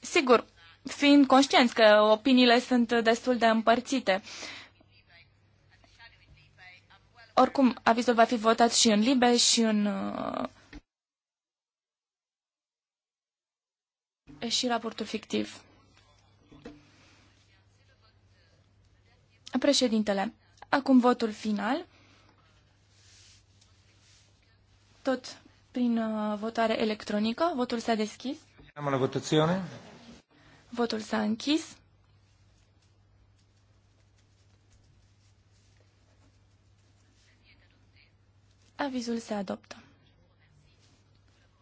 Sigur, fiind conștienți că opiniile sunt destul de împărțite. Uh, oricum, avizul va fi votat și în Libe și în... Uh, și raportul fictiv. Președintele, acum votul final. Tot prin uh, votare electronică. Votul s-a deschis. Am la Votul s-a închis. Avizul se adoptă.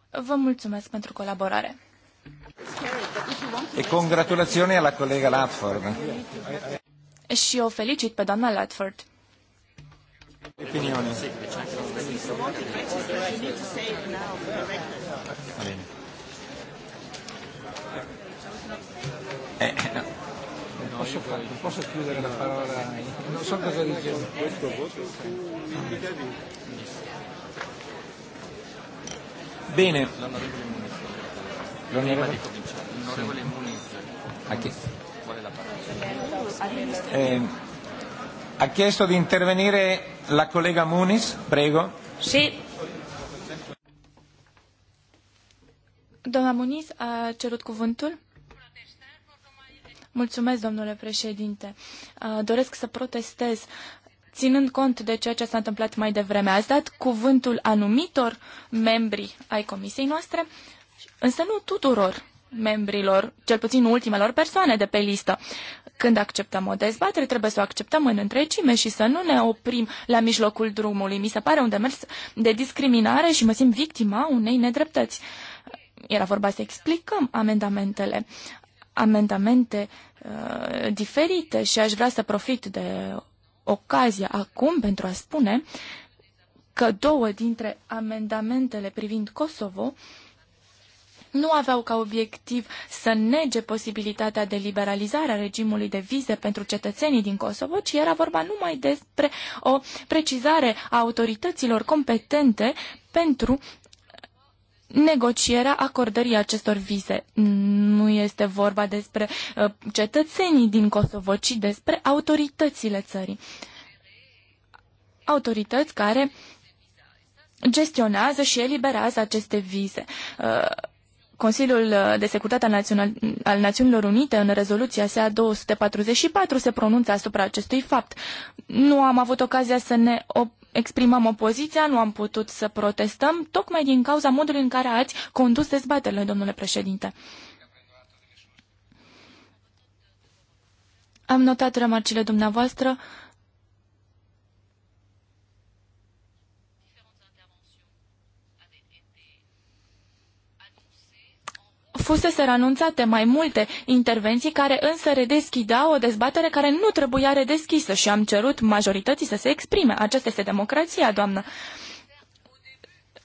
Vă mulțumesc pentru colaborare. E congratulațiune la colega Latford. Și o felicit pe doamna Latford. Opinione. Eh, no. non posso, fare, posso chiudere la parola, non so cosa dicevo. Questo voto Bene. L'onorevole Muniz. Ha chiesto. Eh, ha chiesto di intervenire la collega Muniz, prego. Sì. Doamna Muniz a cerut cuvântul. Mulțumesc, domnule președinte. Doresc să protestez ținând cont de ceea ce s-a întâmplat mai devreme. Ați dat cuvântul anumitor membri ai comisiei noastre, însă nu tuturor membrilor, cel puțin ultimelor persoane de pe listă. Când acceptăm o dezbatere, trebuie să o acceptăm în întregime și să nu ne oprim la mijlocul drumului. Mi se pare un demers de discriminare și mă simt victima unei nedreptăți. Era vorba să explicăm amendamentele, amendamente uh, diferite și aș vrea să profit de ocazia acum pentru a spune că două dintre amendamentele privind Kosovo nu aveau ca obiectiv să nege posibilitatea de liberalizare a regimului de vize pentru cetățenii din Kosovo, ci era vorba numai despre o precizare a autorităților competente pentru negocierea acordării acestor vize. Nu este vorba despre uh, cetățenii din Kosovo, ci despre autoritățile țării. Autorități care gestionează și eliberează aceste vize. Uh, Consiliul de Securitate al, Național, al Națiunilor Unite, în rezoluția SEA 244, se pronunță asupra acestui fapt. Nu am avut ocazia să ne op exprimăm opoziția, nu am putut să protestăm, tocmai din cauza modului în care ați condus dezbaterile, domnule președinte. Am notat remarcile dumneavoastră fusese anunțate mai multe intervenții care însă redeschideau o dezbatere care nu trebuia redeschisă și am cerut majorității să se exprime. Aceasta este democrația, doamnă.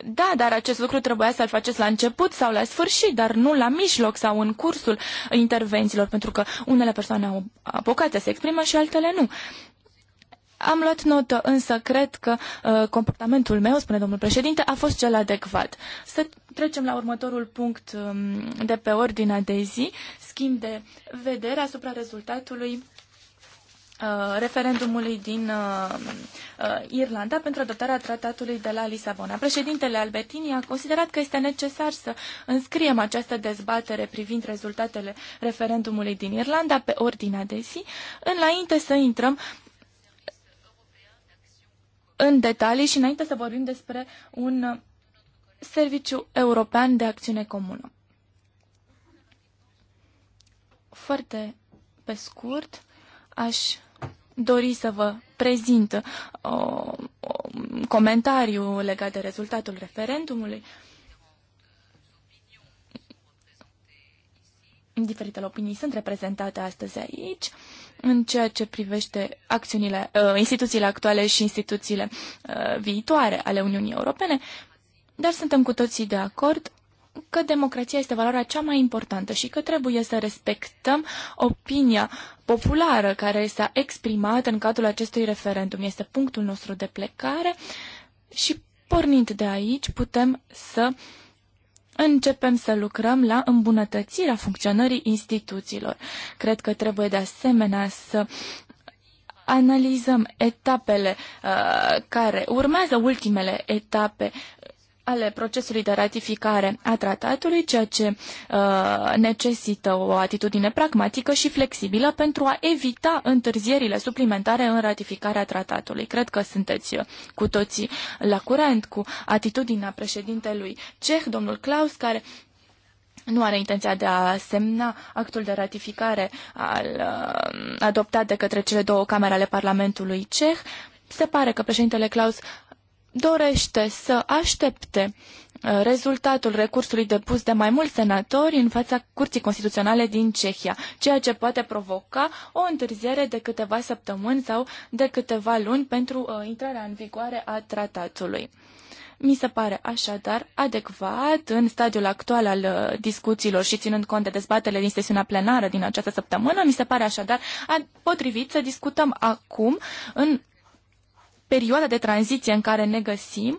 Da, dar acest lucru trebuia să-l faceți la început sau la sfârșit, dar nu la mijloc sau în cursul intervențiilor, pentru că unele persoane au apucat să se exprime și altele nu. Am luat notă, însă cred că uh, comportamentul meu, spune domnul președinte, a fost cel adecvat. Să trecem la următorul punct um, de pe ordinea de zi, schimb de vedere asupra rezultatului uh, referendumului din uh, uh, Irlanda pentru adoptarea tratatului de la Lisabona. Președintele Albertini a considerat că este necesar să înscriem această dezbatere privind rezultatele referendumului din Irlanda pe ordinea de zi, înainte să intrăm în detalii și înainte să vorbim despre un serviciu european de acțiune comună. Foarte pe scurt, aș dori să vă prezint o, uh, o, un um, comentariu legat de rezultatul referendumului. Uh, diferitele opinii sunt reprezentate astăzi aici în ceea ce privește acțiunile, uh, instituțiile actuale și instituțiile uh, viitoare ale Uniunii Europene, dar suntem cu toții de acord că democrația este valoarea cea mai importantă și că trebuie să respectăm opinia populară care s-a exprimat în cadrul acestui referendum. Este punctul nostru de plecare și pornind de aici putem să uh, începem să lucrăm la îmbunătățirea funcționării instituțiilor. Cred că trebuie de asemenea să analizăm etapele uh, care urmează ultimele etape ale procesului de ratificare a tratatului, ceea ce uh, necesită o atitudine pragmatică și flexibilă pentru a evita întârzierile suplimentare în ratificarea tratatului. Cred că sunteți uh, cu toții la curent cu atitudinea președintelui ceh, domnul Klaus, care nu are intenția de a semna actul de ratificare al, uh, adoptat de către cele două camere ale Parlamentului ceh. Se pare că președintele Klaus dorește să aștepte uh, rezultatul recursului depus de mai mulți senatori în fața Curții Constituționale din Cehia, ceea ce poate provoca o întârziere de câteva săptămâni sau de câteva luni pentru uh, intrarea în vigoare a tratatului. Mi se pare așadar adecvat în stadiul actual al uh, discuțiilor și ținând cont de dezbatele din sesiunea plenară din această săptămână, mi se pare așadar potrivit să discutăm acum în perioada de tranziție în care ne găsim,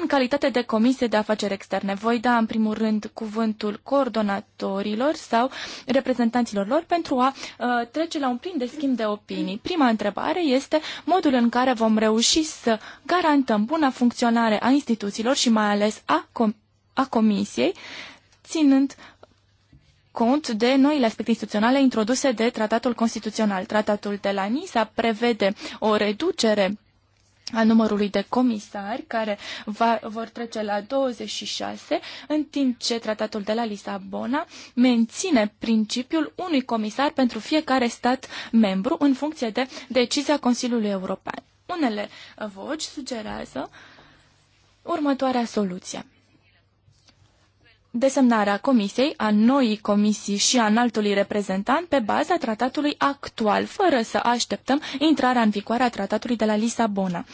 în calitate de comisie de afaceri externe. Voi da, în primul rând, cuvântul coordonatorilor sau reprezentanților lor pentru a uh, trece la un plin de schimb de opinii. Prima întrebare este modul în care vom reuși să garantăm buna funcționare a instituțiilor și mai ales a, com a comisiei, ținând cont de noile aspecte instituționale introduse de Tratatul Constituțional. Tratatul de la Nisa prevede o reducere a numărului de comisari care va, vor trece la 26, în timp ce tratatul de la Lisabona menține principiul unui comisar pentru fiecare stat membru în funcție de decizia Consiliului European. Unele voci sugerează următoarea soluție desemnarea comisiei, a noii comisii și a înaltului reprezentant pe baza tratatului actual, fără să așteptăm intrarea în vigoare a tratatului de la Lisabona.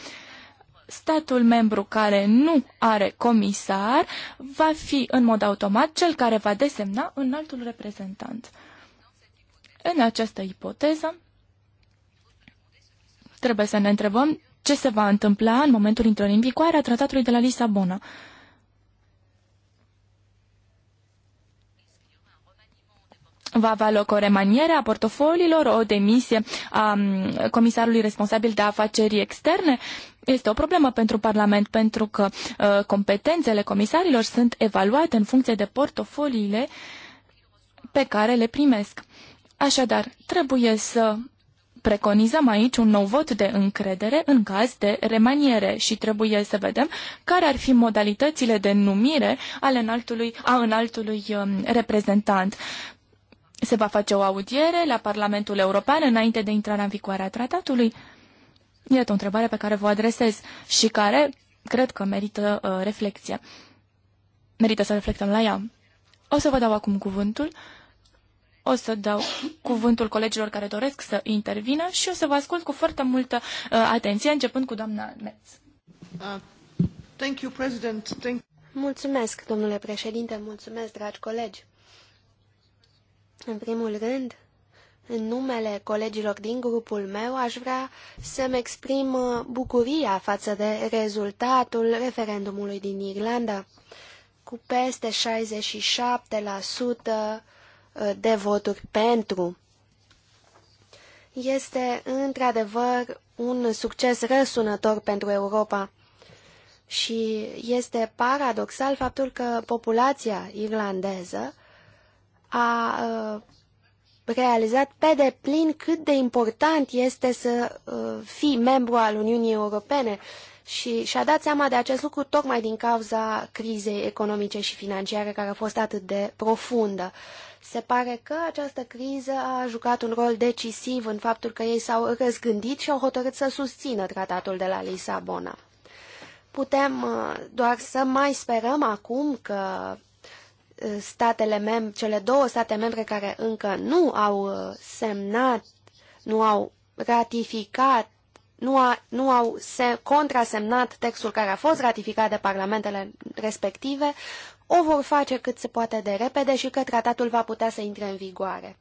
Statul membru care nu are comisar va fi în mod automat cel care va desemna înaltul reprezentant. În această ipoteză, trebuie să ne întrebăm ce se va întâmpla în momentul intrării în vigoare a tratatului de la Lisabona. va avea loc o remaniere a portofoliilor, o demisie a mm, comisarului responsabil de afaceri externe. Este o problemă pentru Parlament pentru că ă, competențele comisarilor sunt evaluate în funcție de portofoliile pe care le primesc. Așadar, trebuie să preconizăm aici un nou vot de încredere în caz de remaniere și trebuie să vedem care ar fi modalitățile de numire ale înaltului, a înaltului ă, reprezentant se va face o audiere la Parlamentul European înainte de intrarea în vigoare a tratatului? Iată o întrebare pe care vă adresez și care cred că merită uh, reflexie. Merită să reflectăm la ea. O să vă dau acum cuvântul. O să dau cuvântul colegilor care doresc să intervină și o să vă ascult cu foarte multă uh, atenție, începând cu doamna Metz. Uh, thank you, President. Thank... Mulțumesc, domnule președinte, mulțumesc, dragi colegi. În primul rând, în numele colegilor din grupul meu, aș vrea să-mi exprim uh, bucuria față de rezultatul referendumului din Irlanda, cu peste 67% uh, de voturi pentru. Este într-adevăr un succes răsunător pentru Europa și este paradoxal faptul că populația irlandeză a realizat pe deplin cât de important este să fii membru al Uniunii Europene și și-a dat seama de acest lucru tocmai din cauza crizei economice și financiare care a fost atât de profundă. Se pare că această criză a jucat un rol decisiv în faptul că ei s-au răzgândit și au hotărât să susțină tratatul de la Lisabona. Putem doar să mai sperăm acum că statele mem cele două state membre care încă nu au uh, semnat, nu au ratificat, nu, a, nu au se contrasemnat textul care a fost ratificat de parlamentele respective, o vor face cât se poate de repede și că tratatul va putea să intre în vigoare.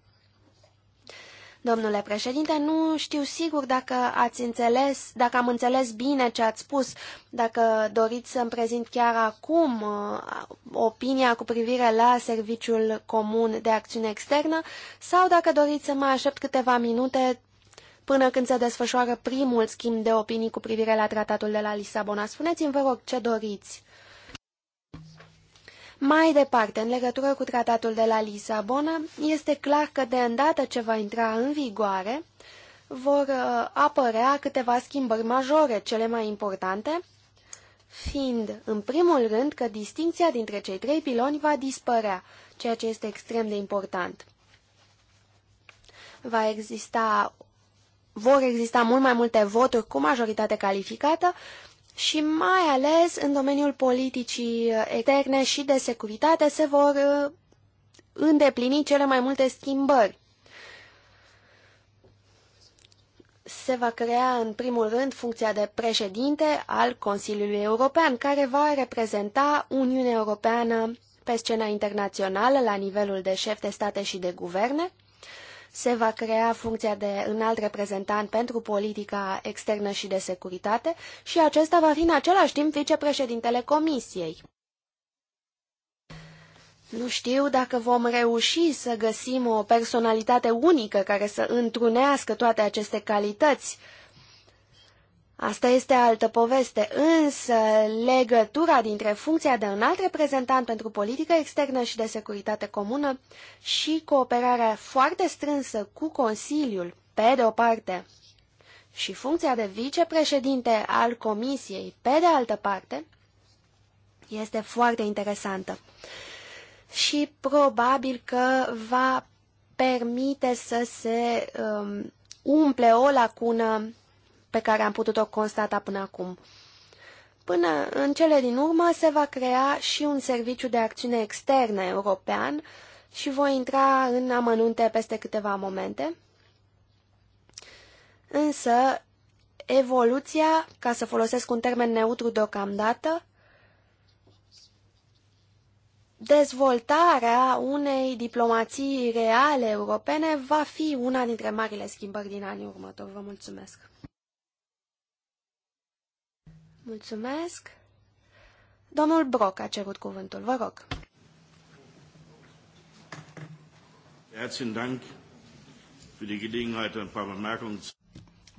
Domnule președinte, nu știu sigur dacă ați înțeles, dacă am înțeles bine ce ați spus, dacă doriți să-mi prezint chiar acum uh, opinia cu privire la Serviciul Comun de Acțiune Externă sau dacă doriți să mai aștept câteva minute până când se desfășoară primul schimb de opinii cu privire la tratatul de la Lisabona. Spuneți-mi, vă rog, ce doriți. Mai departe, în legătură cu tratatul de la Lisabona, este clar că de îndată ce va intra în vigoare, vor uh, apărea câteva schimbări majore, cele mai importante, fiind, în primul rând, că distinția dintre cei trei piloni va dispărea, ceea ce este extrem de important. Va exista, vor exista mult mai multe voturi cu majoritate calificată și mai ales în domeniul politicii uh, externe și de securitate se vor uh, îndeplini cele mai multe schimbări. Se va crea în primul rând funcția de președinte al Consiliului European, care va reprezenta Uniunea Europeană pe scena internațională la nivelul de șef de state și de guverne se va crea funcția de înalt reprezentant pentru politica externă și de securitate și acesta va fi în același timp vicepreședintele Comisiei. Nu știu dacă vom reuși să găsim o personalitate unică care să întrunească toate aceste calități, Asta este altă poveste, însă legătura dintre funcția de înalt reprezentant pentru politică externă și de securitate comună și cooperarea foarte strânsă cu Consiliul, pe de o parte, și funcția de vicepreședinte al Comisiei, pe de altă parte, este foarte interesantă. Și probabil că va permite să se um, umple o lacună pe care am putut-o constata până acum. Până în cele din urmă se va crea și un serviciu de acțiune externă european și voi intra în amănunte peste câteva momente. Însă, evoluția, ca să folosesc un termen neutru deocamdată, dezvoltarea unei diplomații reale europene va fi una dintre marile schimbări din anii următori. Vă mulțumesc! Mulțumesc. Domnul Broc a cerut cuvântul. Vă rog.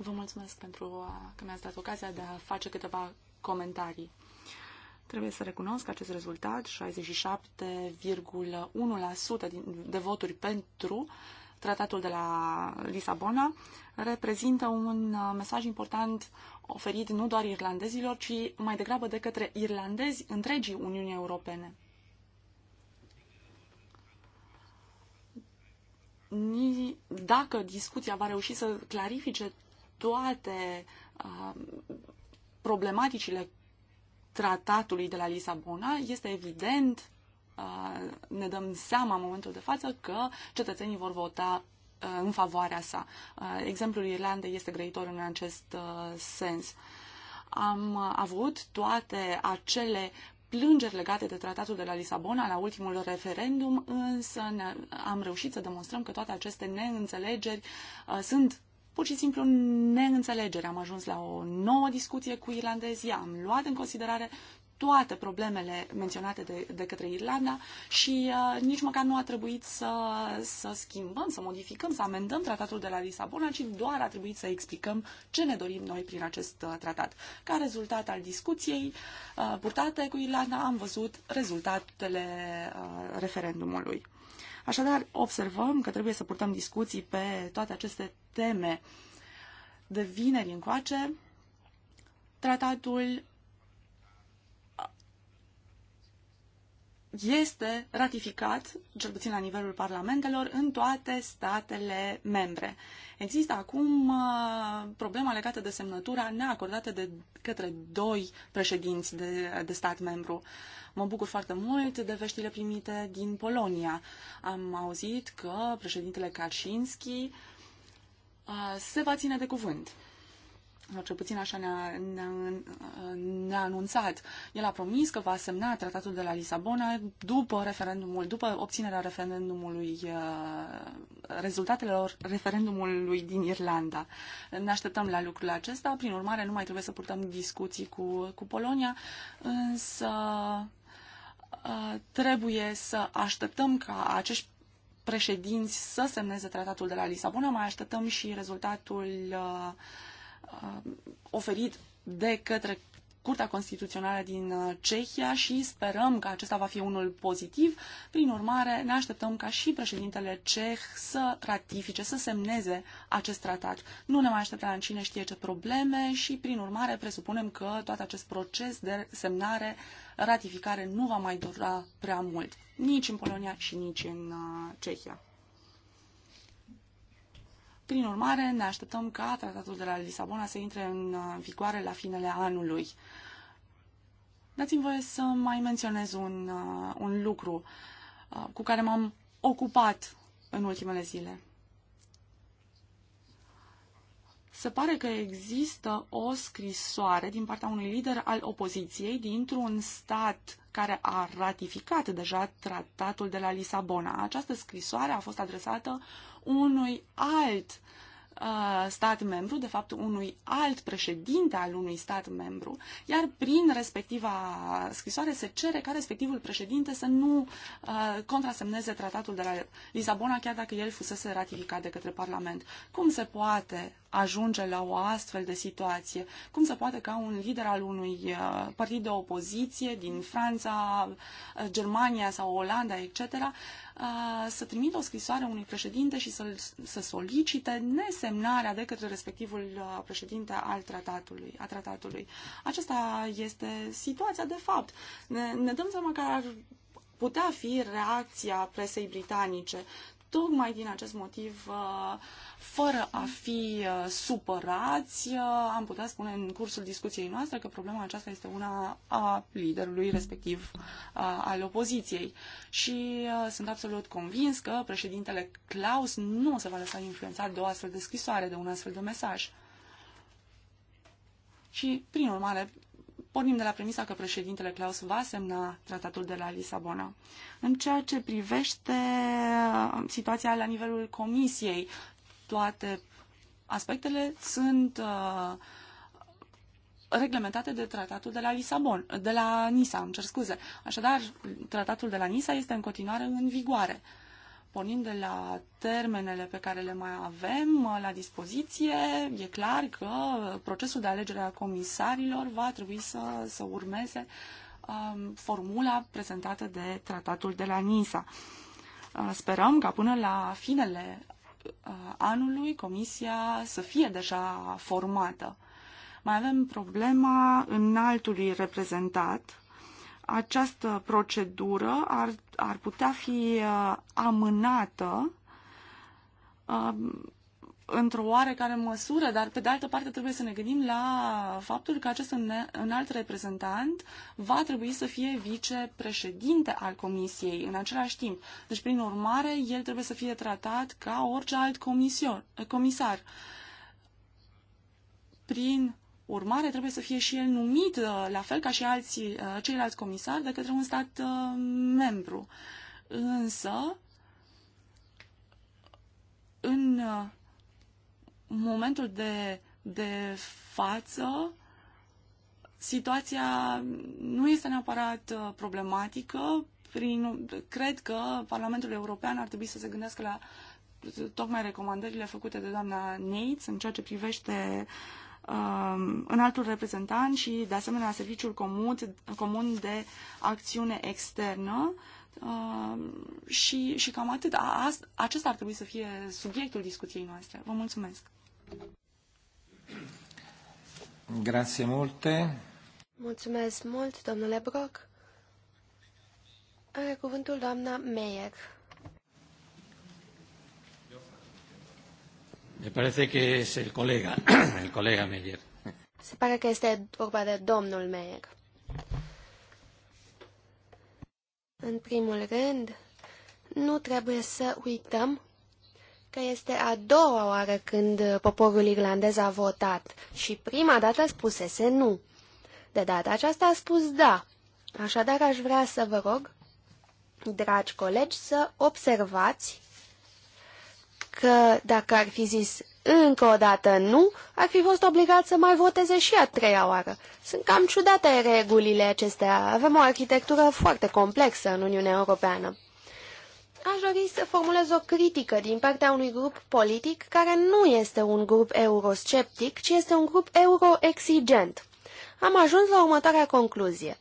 Vă mulțumesc pentru că mi-ați dat ocazia de a face câteva comentarii. Trebuie să recunosc că acest rezultat, 67,1% de voturi pentru tratatul de la Lisabona, reprezintă un uh, mesaj important oferit nu doar irlandezilor, ci mai degrabă de către irlandezi întregii Uniunii Europene. Dacă discuția va reuși să clarifice toate uh, problematicile tratatului de la Lisabona, este evident, uh, ne dăm seama în momentul de față că cetățenii vor vota în favoarea sa. Uh, exemplul Irlandei este grăitor în acest uh, sens. Am uh, avut toate acele plângeri legate de tratatul de la Lisabona la ultimul referendum, însă am reușit să demonstrăm că toate aceste neînțelegeri sunt pur și simplu neînțelegeri. Am ajuns la o nouă discuție cu irlandezii, am luat în considerare toate problemele menționate de, de către Irlanda și uh, nici măcar nu a trebuit să, să schimbăm, să modificăm, să amendăm tratatul de la Lisabona, ci doar a trebuit să explicăm ce ne dorim noi prin acest uh, tratat. Ca rezultat al discuției uh, purtate cu Irlanda am văzut rezultatele uh, referendumului. Așadar, observăm că trebuie să purtăm discuții pe toate aceste teme de vineri încoace. Tratatul este ratificat, cel puțin la nivelul parlamentelor, în toate statele membre. Există acum uh, problema legată de semnătura neacordată de către doi președinți de, de stat membru. Mă bucur foarte mult de veștile primite din Polonia. Am auzit că președintele Kaczynski uh, se va ține de cuvânt cel puțin așa ne-a, ne-a, ne anunțat. El a promis că va semna tratatul de la Lisabona după referendumul, după obținerea referendumului, uh, rezultatelor referendumului din Irlanda. Ne așteptăm la lucrul acesta, prin urmare nu mai trebuie să purtăm discuții cu, cu Polonia, însă uh, trebuie să așteptăm ca acești președinți să semneze tratatul de la Lisabona, mai așteptăm și rezultatul uh, Uh, oferit de către Curtea Constituțională din uh, Cehia și sperăm că acesta va fi unul pozitiv. Prin urmare, ne așteptăm ca și președintele ceh să ratifice, să semneze acest tratat. Nu ne mai așteptăm la cine știe ce probleme și, prin urmare, presupunem că tot acest proces de semnare, ratificare nu va mai dura prea mult, nici în Polonia și nici în uh, Cehia. Prin urmare, ne așteptăm ca tratatul de la Lisabona să intre în uh, vigoare la finele anului. Dați-mi voie să mai menționez un, uh, un lucru uh, cu care m-am ocupat în ultimele zile. Se pare că există o scrisoare din partea unui lider al opoziției dintr-un stat care a ratificat deja tratatul de la Lisabona. Această scrisoare a fost adresată unui alt uh, Uh, stat membru, de fapt unui alt președinte al unui stat membru, iar prin respectiva scrisoare se cere ca respectivul președinte să nu uh, contrasemneze tratatul de la Lisabona, chiar dacă el fusese ratificat de către Parlament. Cum se poate ajunge la o astfel de situație? Cum se poate ca un lider al unui uh, partid de opoziție din Franța, uh, Germania sau Olanda, etc., uh, să trimită o scrisoare unui președinte și să, să solicite nesemnarea de către respectivul președinte al tratatului, a tratatului. Aceasta este situația de fapt. Ne, ne dăm seama că ar putea fi reacția presei britanice. Tocmai din acest motiv, uh, fără a fi uh, supărați, uh, am putea spune în cursul discuției noastre că problema aceasta este una a liderului respectiv al opoziției. Și sunt absolut convins că președintele Klaus nu se va lăsa influențat de o astfel de scrisoare, de un astfel de mesaj. Și, prin urmare, pornim de la premisa că președintele Klaus va semna tratatul de la Lisabona. În ceea ce privește uh, situația la nivelul comisiei, toate aspectele sunt uh, reglementate de tratatul de la Lisabon, de la Nisa, îmi cer scuze. Așadar, tratatul de la Nisa este în continuare în vigoare. Uh, pornind de la termenele pe care le mai avem uh, la dispoziție, e clar că procesul de alegere a comisarilor va trebui să, să urmeze um, formula prezentată de tratatul de la Nisa. Uh, sperăm ca până la finele uh, anului comisia să fie deja formată. Mai avem problema înaltului reprezentat, această procedură ar, ar putea fi uh, amânată uh, într-o oarecare măsură, dar pe de altă parte trebuie să ne gândim la faptul că acest înalt reprezentant va trebui să fie vicepreședinte al comisiei în același timp. Deci, prin urmare, el trebuie să fie tratat ca orice alt comisior, comisar. Prin urmare, trebuie să fie și el numit, uh, la fel ca și alții, uh, ceilalți comisari, de către un stat uh, membru. Însă, în momentul de, de față, situația nu este neapărat problematică. Prin, cred că Parlamentul European ar trebui să se gândească la tocmai recomandările făcute de doamna Neitz în ceea ce privește uh, Um, în altul reprezentant și, de asemenea, Serviciul Comun, Comun de Acțiune Externă. Um, și, și cam atât. Acesta ar trebui să fie subiectul discuției noastre. Vă mulțumesc. Grazie multe. Mulțumesc mult, domnule Brock. Are cuvântul doamna Meyer. Me parece que es el colega, el colega Meyer. Se pare că este vorba de domnul Meyer. În primul rând, nu trebuie să uităm că este a doua oară când poporul irlandez a votat și prima dată spusese nu. De data aceasta a spus da. Așadar aș vrea să vă rog, dragi colegi, să observați că dacă ar fi zis încă o dată nu, ar fi fost obligat să mai voteze și a treia oară. Sunt cam ciudate regulile acestea. Avem o arhitectură foarte complexă în Uniunea Europeană. Aș dori să formulez o critică din partea unui grup politic care nu este un grup eurosceptic, ci este un grup euroexigent. Am ajuns la următoarea concluzie.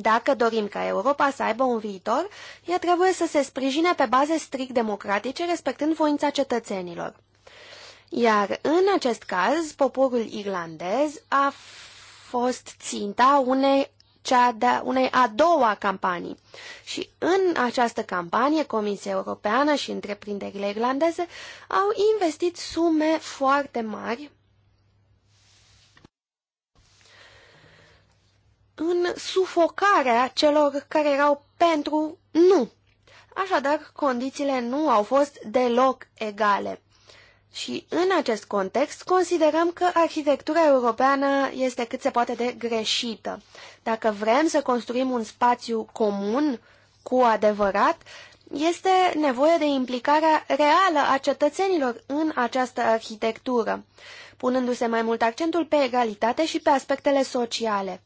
Dacă dorim ca Europa să aibă un viitor, ea trebuie să se sprijine pe baze strict democratice, respectând voința cetățenilor. Iar în acest caz, poporul irlandez a fost ținta unei cea de, unei a doua campanii. Și în această campanie, Comisia Europeană și întreprinderile irlandeze au investit sume foarte mari în sufocarea celor care erau pentru nu. Așadar, condițiile nu au fost deloc egale. Și în acest context considerăm că arhitectura europeană este cât se poate de greșită. Dacă vrem să construim un spațiu comun cu adevărat, este nevoie de implicarea reală a cetățenilor în această arhitectură, punându-se mai mult accentul pe egalitate și pe aspectele sociale.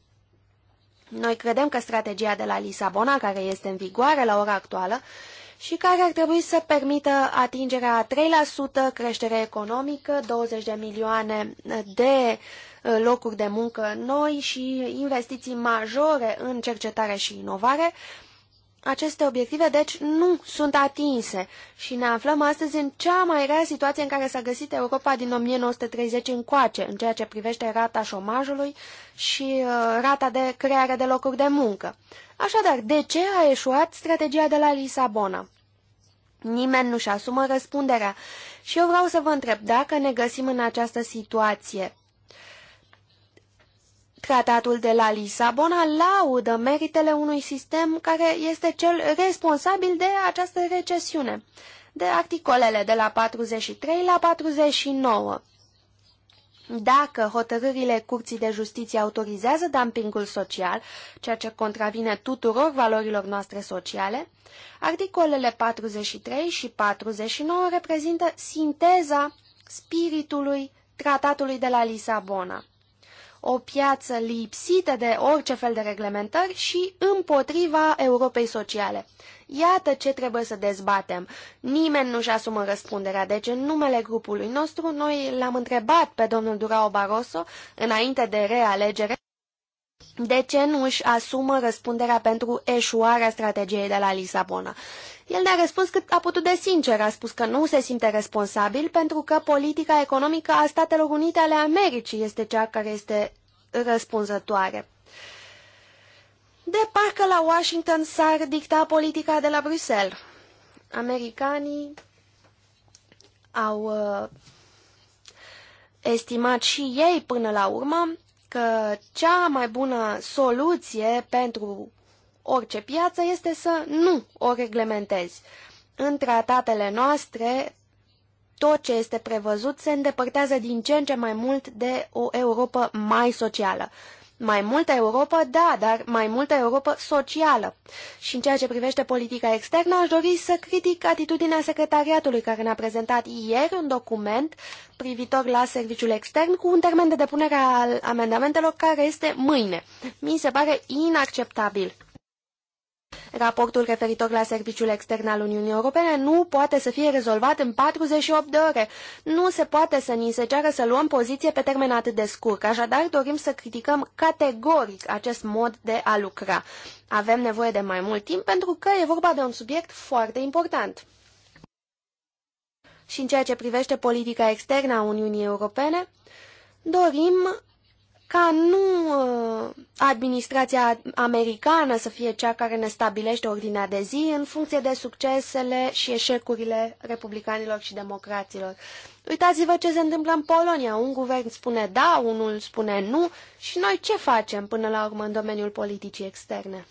Noi credem că strategia de la Lisabona, care este în vigoare la ora actuală și care ar trebui să permită atingerea a 3% creștere economică, 20 de milioane de uh, locuri de muncă noi și investiții majore în cercetare și inovare, aceste obiective, deci, nu sunt atinse și ne aflăm astăzi în cea mai rea situație în care s-a găsit Europa din 1930 încoace, în ceea ce privește rata șomajului și uh, rata de creare de locuri de muncă. Așadar, de ce a eșuat strategia de la Lisabona? Nimeni nu-și asumă răspunderea și eu vreau să vă întreb dacă ne găsim în această situație Tratatul de la Lisabona laudă meritele unui sistem care este cel responsabil de această recesiune, de articolele de la 43 la 49. Dacă hotărârile Curții de Justiție autorizează dumpingul social, ceea ce contravine tuturor valorilor noastre sociale, articolele 43 și 49 reprezintă sinteza spiritului Tratatului de la Lisabona o piață lipsită de orice fel de reglementări și împotriva Europei sociale. Iată ce trebuie să dezbatem. Nimeni nu-și asumă răspunderea, deci în numele grupului nostru noi l-am întrebat pe domnul Durao Barroso, înainte de realegere, de ce nu își asumă răspunderea pentru eșuarea strategiei de la Lisabona? El ne-a răspuns cât a putut de sincer, a spus că nu se simte responsabil pentru că politica economică a Statelor Unite ale Americii este cea care este răspunzătoare. De parcă la Washington s-ar dicta politica de la Bruxelles. Americanii au uh, estimat și ei până la urmă că cea mai bună soluție pentru orice piață este să nu o reglementezi. În tratatele noastre, tot ce este prevăzut se îndepărtează din ce în ce mai mult de o Europa mai socială. Mai multă Europa, da, dar mai multă Europa socială. Și în ceea ce privește politica externă, aș dori să critic atitudinea secretariatului care ne-a prezentat ieri un document privitor la serviciul extern cu un termen de depunere al amendamentelor care este mâine. Mi se pare inacceptabil. Raportul referitor la serviciul extern al Uniunii Europene nu poate să fie rezolvat în 48 de ore. Nu se poate să ni se ceară să luăm poziție pe termen atât de scurt. Așadar, dorim să criticăm categoric acest mod de a lucra. Avem nevoie de mai mult timp pentru că e vorba de un subiect foarte important. Și în ceea ce privește politica externă a Uniunii Europene, dorim ca nu uh, administrația americană să fie cea care ne stabilește ordinea de zi în funcție de succesele și eșecurile republicanilor și democraților. Uitați-vă ce se întâmplă în Polonia. Un guvern spune da, unul spune nu și noi ce facem până la urmă în domeniul politicii externe?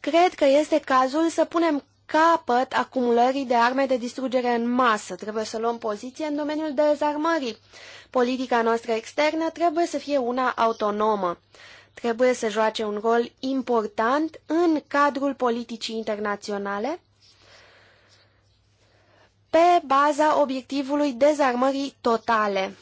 Cred că este cazul să punem capăt acumulării de arme de distrugere în masă. Trebuie să luăm poziție în domeniul dezarmării. Politica noastră externă trebuie să fie una autonomă. Trebuie să joace un rol important în cadrul politicii internaționale pe baza obiectivului dezarmării totale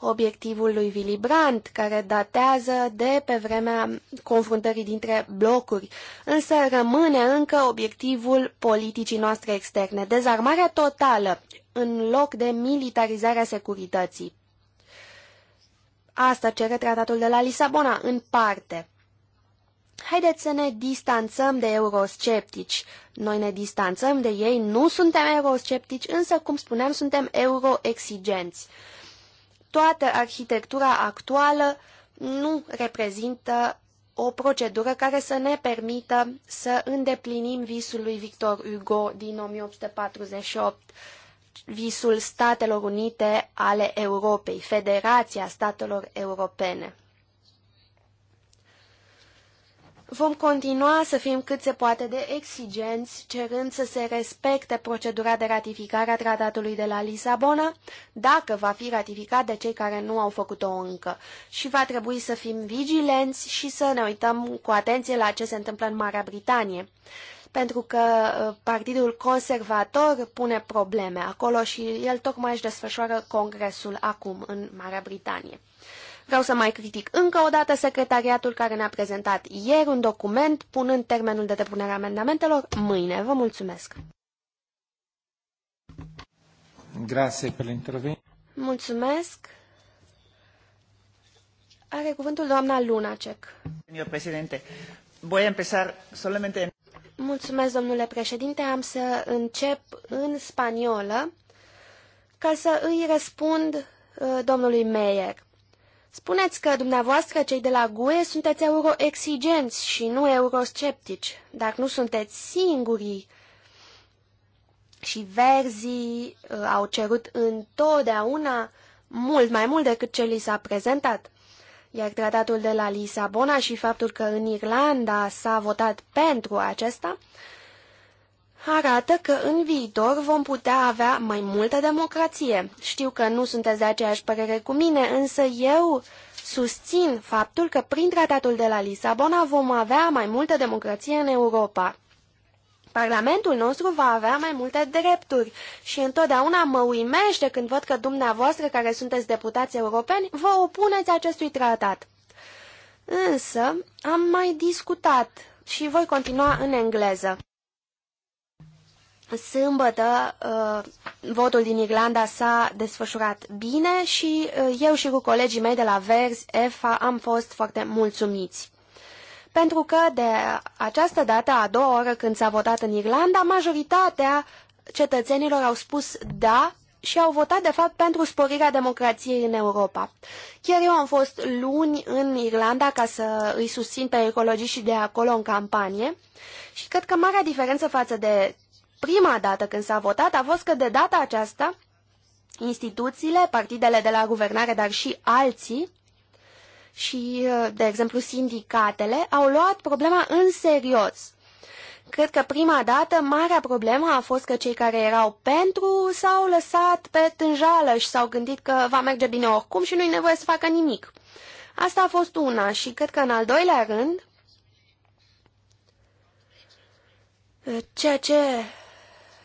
obiectivul lui Willy Brandt, care datează de pe vremea confruntării dintre blocuri, însă rămâne încă obiectivul politicii noastre externe, dezarmarea totală în loc de militarizarea securității. Asta cere tratatul de la Lisabona, în parte. Haideți să ne distanțăm de eurosceptici. Noi ne distanțăm de ei, nu suntem eurosceptici, însă, cum spuneam, suntem euroexigenți. exigenți toată arhitectura actuală nu reprezintă o procedură care să ne permită să îndeplinim visul lui Victor Hugo din 1848, visul Statelor Unite ale Europei, Federația Statelor Europene. Vom continua să fim cât se poate de exigenți, cerând să se respecte procedura de ratificare a tratatului de la Lisabona, dacă va fi ratificat de cei care nu au făcut-o încă. Și va trebui să fim vigilenți și să ne uităm cu atenție la ce se întâmplă în Marea Britanie. Pentru că uh, Partidul Conservator pune probleme acolo și el tocmai își desfășoară congresul acum în Marea Britanie. Vreau să mai critic încă o dată secretariatul care ne-a prezentat ieri un document punând termenul de depunere a amendamentelor mâine. Vă mulțumesc! Grazie per l'intervento. Mulțumesc. Are cuvântul doamna Lunacek. Domnul președinte, voi empezar solamente... Mulțumesc, domnule președinte. Am să încep în spaniolă ca să îi răspund uh, domnului Meyer. Spuneți că dumneavoastră, cei de la GUE, sunteți euroexigenți și nu eurosceptici, dar nu sunteți singurii. Și verzii uh, au cerut întotdeauna mult mai mult decât ce li s-a prezentat. Iar tratatul de la Lisabona și faptul că în Irlanda s-a votat pentru acesta arată că în viitor vom putea avea mai multă democrație. Știu că nu sunteți de aceeași părere cu mine, însă eu susțin faptul că prin tratatul de la Lisabona vom avea mai multă democrație în Europa. Parlamentul nostru va avea mai multe drepturi și întotdeauna mă uimește când văd că dumneavoastră, care sunteți deputați europeni, vă opuneți acestui tratat. Însă am mai discutat și voi continua în engleză. Sâmbătă uh, votul din Irlanda s-a desfășurat bine și uh, eu și cu colegii mei de la Verzi, EFA, am fost foarte mulțumiți. Pentru că de această dată, a doua oră când s-a votat în Irlanda, majoritatea cetățenilor au spus da și au votat, de fapt, pentru sporirea democrației în Europa. Chiar eu am fost luni în Irlanda ca să îi susțin pe și de acolo în campanie și cred că marea diferență față de prima dată când s-a votat a fost că de data aceasta instituțiile, partidele de la guvernare, dar și alții, și, de exemplu, sindicatele, au luat problema în serios. Cred că prima dată marea problemă a fost că cei care erau pentru s-au lăsat pe tânjală și s-au gândit că va merge bine oricum și nu-i nevoie să facă nimic. Asta a fost una și cred că în al doilea rând, ceea ce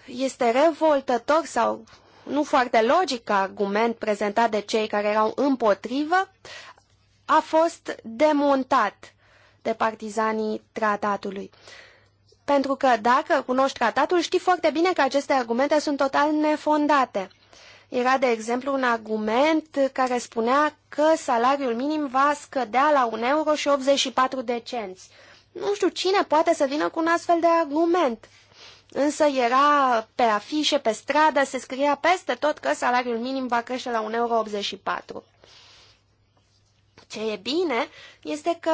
este revoltător sau nu foarte logic argument prezentat de cei care erau împotrivă a fost demontat de partizanii tratatului. Pentru că dacă cunoști tratatul, știi foarte bine că aceste argumente sunt total nefondate. Era, de exemplu, un argument care spunea că salariul minim va scădea la 1 euro și 84 de cenți. Nu știu cine poate să vină cu un astfel de argument însă era pe afișe, pe stradă, se scria peste tot că salariul minim va crește la 1,84 euro. Ce e bine este că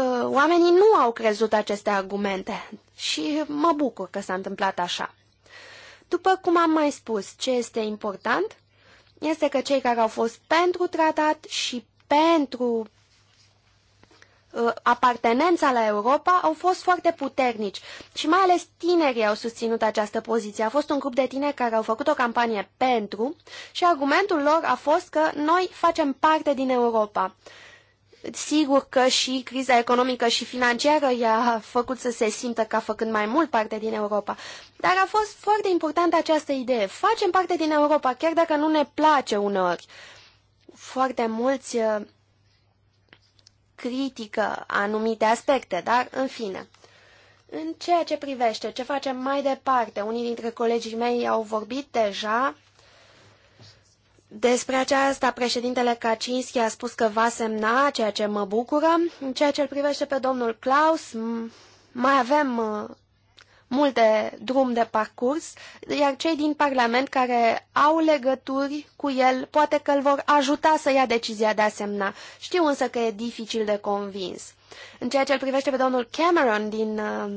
uh, oamenii nu au crezut aceste argumente și mă bucur că s-a întâmplat așa. După cum am mai spus, ce este important este că cei care au fost pentru tratat și pentru Uh, apartenența la Europa au fost foarte puternici și mai ales tinerii au susținut această poziție. A fost un grup de tineri care au făcut o campanie pentru și argumentul lor a fost că noi facem parte din Europa. Sigur că și criza economică și financiară i-a făcut să se simtă ca făcând mai mult parte din Europa. Dar a fost foarte importantă această idee. Facem parte din Europa, chiar dacă nu ne place uneori. Foarte mulți uh, critică anumite aspecte, dar în fine. În ceea ce privește ce facem mai departe, unii dintre colegii mei au vorbit deja despre aceasta. Președintele Kaczynski a spus că va semna, ceea ce mă bucură. În ceea ce îl privește pe domnul Klaus, mai avem uh, mult de drum de parcurs, iar cei din Parlament care au legături cu el, poate că îl vor ajuta să ia decizia de a semna. Știu însă că e dificil de convins. În ceea ce îl privește pe domnul Cameron din uh,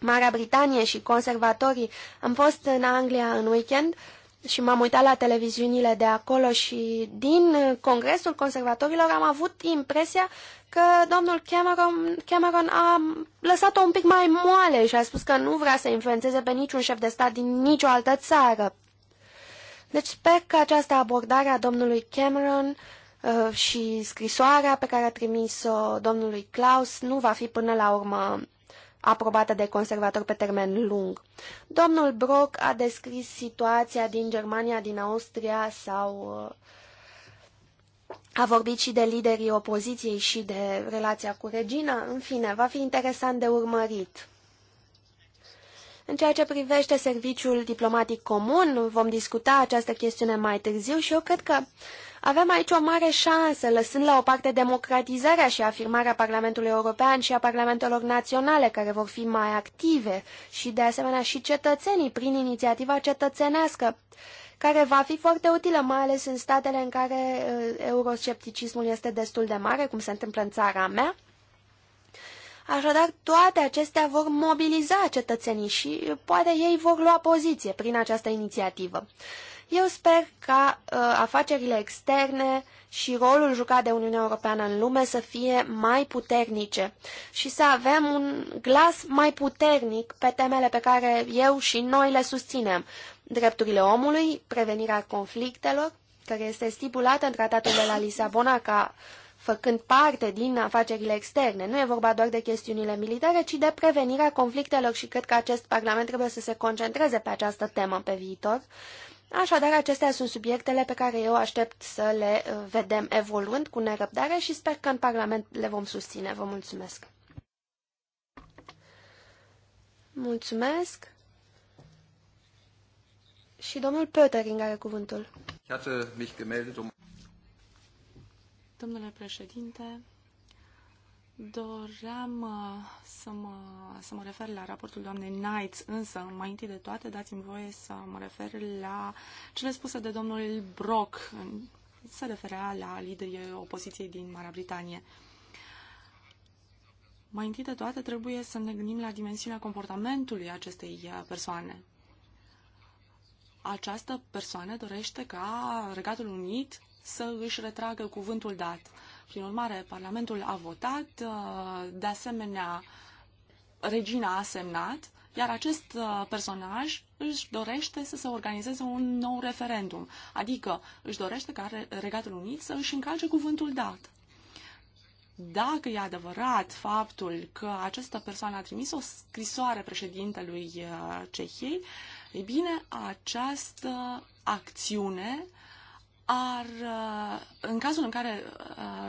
Marea Britanie și conservatorii, am fost în Anglia în weekend și m-am uitat la televiziunile de acolo și din Congresul Conservatorilor am avut impresia că domnul Cameron, Cameron a lăsat-o un pic mai moale și a spus că nu vrea să influențeze pe niciun șef de stat din nicio altă țară. Deci sper că această abordare a domnului Cameron uh, și scrisoarea pe care a trimis-o domnului Klaus nu va fi până la urmă aprobată de conservatori pe termen lung. Domnul Brock a descris situația din Germania, din Austria sau uh, a vorbit și de liderii opoziției și de relația cu regina. În fine, va fi interesant de urmărit. În ceea ce privește serviciul diplomatic comun, vom discuta această chestiune mai târziu și eu cred că avem aici o mare șansă, lăsând la o parte democratizarea și afirmarea Parlamentului European și a Parlamentelor Naționale, care vor fi mai active, și de asemenea și cetățenii prin inițiativa cetățenească, care va fi foarte utilă, mai ales în statele în care uh, euroscepticismul este destul de mare, cum se întâmplă în țara mea. Așadar, toate acestea vor mobiliza cetățenii și uh, poate ei vor lua poziție prin această inițiativă. Eu sper ca uh, afacerile externe și rolul jucat de Uniunea Europeană în lume să fie mai puternice și să avem un glas mai puternic pe temele pe care eu și noi le susținem. Drepturile omului, prevenirea conflictelor, care este stipulată în tratatul de la Lisabona ca făcând parte din afacerile externe. Nu e vorba doar de chestiunile militare, ci de prevenirea conflictelor și cred că acest Parlament trebuie să se concentreze pe această temă pe viitor. Așadar, acestea sunt subiectele pe care eu aștept să le uh, vedem evoluând cu nerăbdare și sper că în Parlament le vom susține. Vă mulțumesc! Mulțumesc! Și domnul Pötering are cuvântul. Um- Domnule președinte, Doream uh, să mă, să mă refer la raportul doamnei Knights, însă, mai întâi de toate, dați-mi voie să mă refer la cele spuse de domnul Brock. Se referea la liderii opoziției din Marea Britanie. Mai întâi de toate, trebuie să ne gândim la dimensiunea comportamentului acestei uh, persoane. Această persoană dorește ca Regatul Unit să își retragă cuvântul dat prin urmare, Parlamentul a votat, uh, de asemenea, regina a semnat, iar acest uh, personaj își dorește să se organizeze un nou referendum, adică își dorește ca Regatul Unit să își încalce cuvântul dat. Dacă e adevărat faptul că această persoană a trimis o scrisoare președintelui uh, Cehiei, e bine, această acțiune uh, ar, uh, în cazul în care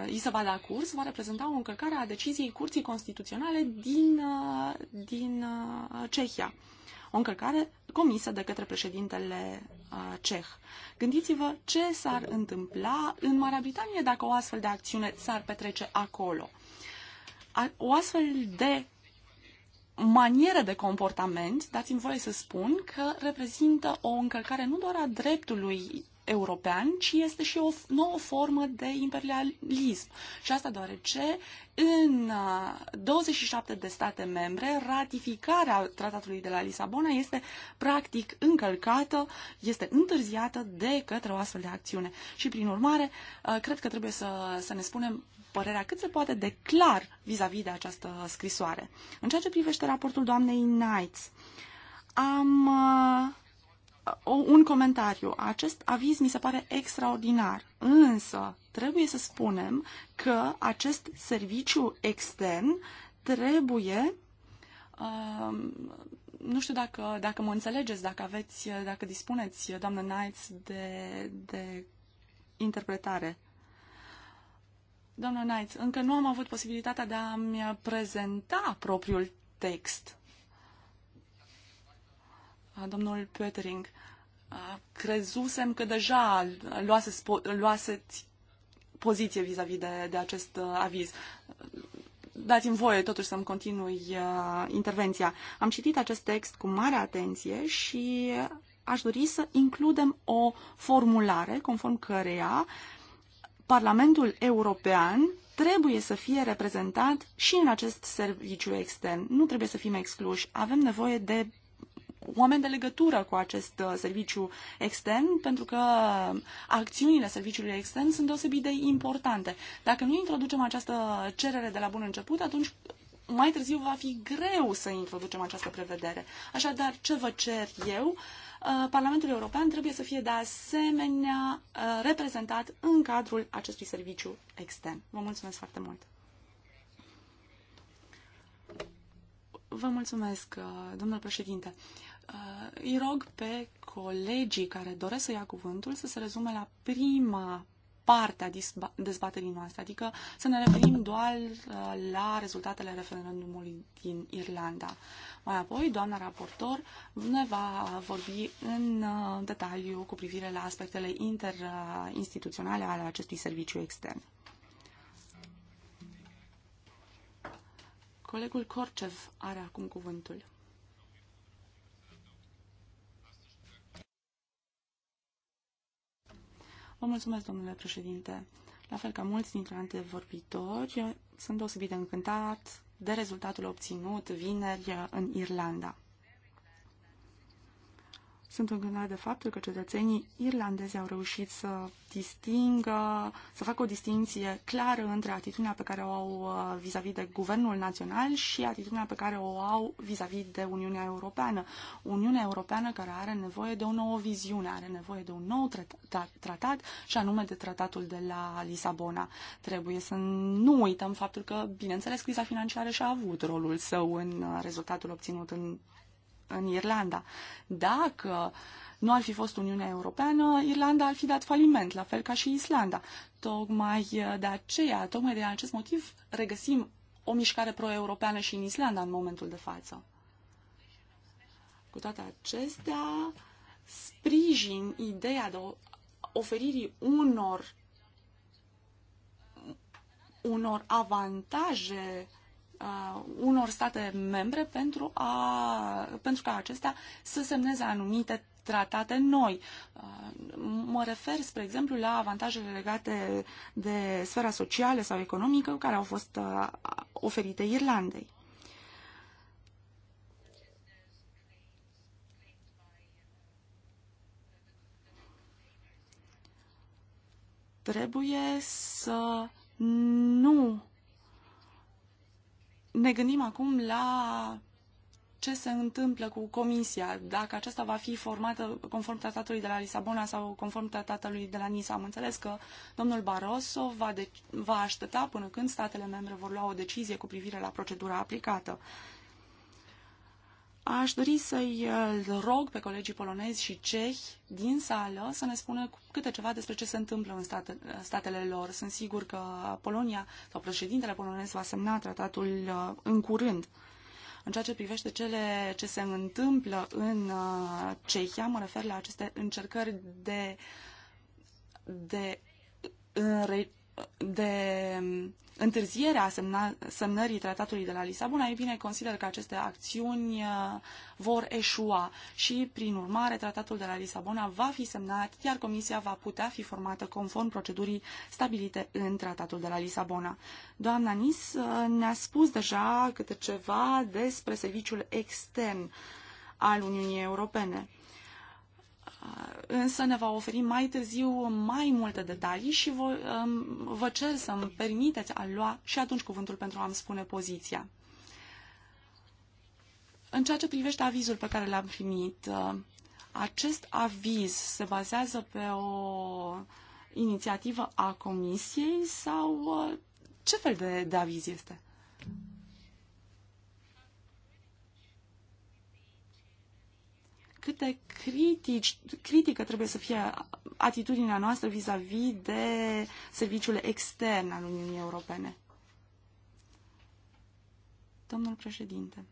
uh, i se va da curs, va reprezenta o încălcare a deciziei Curții Constituționale din, uh, din uh, Cehia. O încălcare comisă de către președintele uh, ceh. Gândiți-vă ce s-ar întâmpla în Marea Britanie dacă o astfel de acțiune s-ar petrece acolo. A, o astfel de manieră de comportament, dați-mi voie să spun, că reprezintă o încălcare nu doar a dreptului european, ci este și o nouă formă de imperialism. Și asta deoarece în 27 uh, de state membre ratificarea tratatului de la Lisabona este practic încălcată, este întârziată de către o astfel de acțiune. Și prin urmare, uh, cred că trebuie să, să ne spunem părerea cât se poate de clar vis-a-vis -vis de această scrisoare. În ceea ce privește raportul doamnei Knights, am uh, un comentariu. Acest aviz mi se pare extraordinar, însă trebuie să spunem că acest serviciu extern trebuie uh, nu știu dacă, dacă mă înțelegeți, dacă aveți, dacă dispuneți, doamnă Knights, de, de interpretare. Doamnă Knights, încă nu am avut posibilitatea de a-mi prezenta propriul text domnul Pötering, crezusem că deja luase, luase poziție vis-a-vis -vis de, de acest aviz. Dați-mi voie totuși să-mi continui intervenția. Am citit acest text cu mare atenție și aș dori să includem o formulare conform căreia Parlamentul European trebuie să fie reprezentat și în acest serviciu extern. Nu trebuie să fim excluși. Avem nevoie de oameni de legătură cu acest uh, serviciu extern, pentru că acțiunile serviciului extern sunt deosebit de importante. Dacă nu introducem această cerere de la bun început, atunci mai târziu va fi greu să introducem această prevedere. Așadar, ce vă cer eu? Uh, Parlamentul European trebuie să fie de asemenea uh, reprezentat în cadrul acestui serviciu extern. Vă mulțumesc foarte mult! Vă mulțumesc, domnul președinte uh, îi rog pe colegii care doresc să ia cuvântul să se rezume la prima parte a dezbaterii noastre, adică să ne referim doar uh, la rezultatele referendumului din Irlanda. Mai apoi, doamna raportor ne va vorbi în uh, detaliu cu privire la aspectele interinstituționale ale acestui serviciu extern. Colegul Corcev are acum cuvântul. Vă mulțumesc, domnule președinte. La fel ca mulți dintre antevorbitori, sunt deosebit de încântat de rezultatul obținut vineri în Irlanda. Sunt îngândat de faptul că cetățenii irlandezi au reușit să distingă, să facă o distinție clară între atitudinea pe care o au uh, vis-a-vis -vis de guvernul național și atitudinea pe care o au vis-a-vis -vis de Uniunea Europeană. Uniunea Europeană care are nevoie de o nouă viziune, are nevoie de un nou tratat, tratat și anume de tratatul de la Lisabona. Trebuie să nu uităm faptul că, bineînțeles, criza financiară și-a avut rolul său în uh, rezultatul obținut în în Irlanda. Dacă nu ar fi fost Uniunea Europeană, Irlanda ar fi dat faliment, la fel ca și Islanda. Tocmai eh, de aceea, tocmai de acest motiv, regăsim o mișcare pro-europeană și în Islanda în momentul de față. Cu toate acestea, sprijin ideea de oferirii unor unor avantaje uh, unor state membre pentru, a, pentru ca acestea să semneze anumite tratate noi. Mă refer, spre exemplu, la avantajele legate de sfera socială sau economică care au fost oferite Irlandei. Trebuie să nu ne gândim acum la ce se întâmplă cu comisia, dacă aceasta va fi formată conform tratatului de la Lisabona sau conform tratatului de la Nisa. Am înțeles că domnul Barroso va, de- va aștepta până când statele membre vor lua o decizie cu privire la procedura aplicată. Aș dori să-i uh, rog pe colegii polonezi și cehi din sală să ne spună câte ceva despre ce se întâmplă în state, uh, statele lor. Sunt sigur că Polonia sau președintele polonez va semna tratatul uh, în curând. În ceea ce privește cele ce se întâmplă în Cehia, mă refer la aceste încercări de, de de um, întârzierea semna, semnării tratatului de la Lisabona, e bine, consider că aceste acțiuni uh, vor eșua și, prin urmare, tratatul de la Lisabona va fi semnat, iar Comisia va putea fi formată conform procedurii stabilite în tratatul de la Lisabona. Doamna Nis uh, ne-a spus deja câte ceva despre serviciul extern al Uniunii Europene însă ne va oferi mai târziu mai multe detalii și vă, um, vă cer să-mi permiteți a lua și atunci cuvântul pentru a-mi spune poziția. În ceea ce privește avizul pe care l-am primit, uh, acest aviz se bazează pe o inițiativă a Comisiei sau uh, ce fel de, de aviz este? cât de critici, critică trebuie să fie atitudinea noastră vis-a-vis -vis de serviciul extern al Uniunii Europene. Domnul președinte,